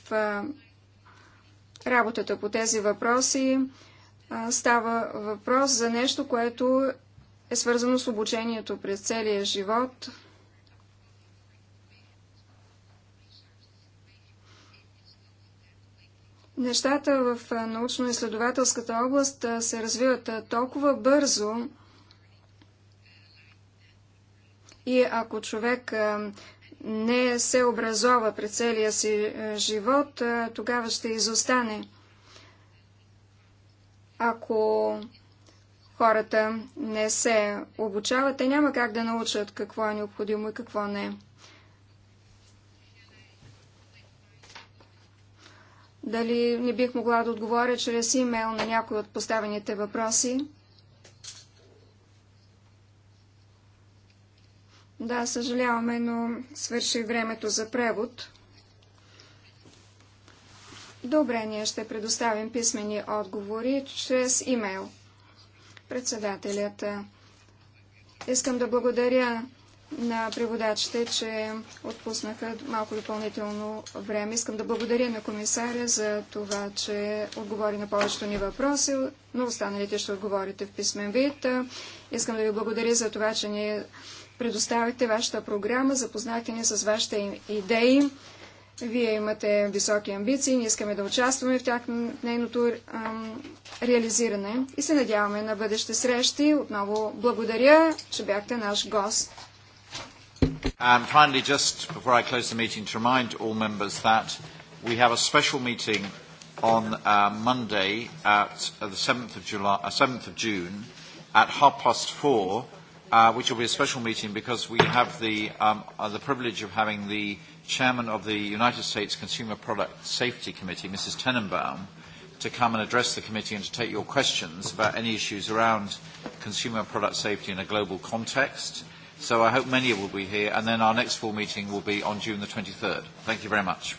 работата по тези въпроси, става въпрос за нещо, което е свързано с обучението през целия живот. Нещата в научно-изследователската област се развиват толкова бързо и ако човек не се образова през целия си живот, тогава ще изостане. Ако хората не се обучават, те няма как да научат какво е необходимо и какво не. Дали не бих могла да отговоря чрез имейл на някои от поставените въпроси? Да, съжаляваме, но свърши времето за превод. Добре, ние ще предоставим писмени отговори чрез имейл. Председателят. Искам да благодаря на преводачите, че отпуснаха малко допълнително време. Искам да благодаря на комисаря за това, че отговори на повечето ни въпроси, но останалите ще отговорите в писмен вид. Искам да ви благодаря за това, че ни предоставихте вашата програма, запознахте ни с вашите идеи. Вие имате високи амбиции, ние искаме да участваме в тях, нейното ам, реализиране и се надяваме на бъдеще срещи. Отново благодаря, че бяхте наш гост. And finally, just before I close the meeting, to remind all members that we have a special meeting on uh, Monday at uh, the 7th of, July, uh, 7th of June at half past four, uh, which will be a special meeting because we have the, um, uh, the privilege of having the Chairman of the United States Consumer Product Safety Committee, Mrs. Tenenbaum, to come and address the committee and to take your questions about any issues around consumer product safety in a global context. So I hope many will be here, and then our next full meeting will be on June the 23rd. Thank you very much.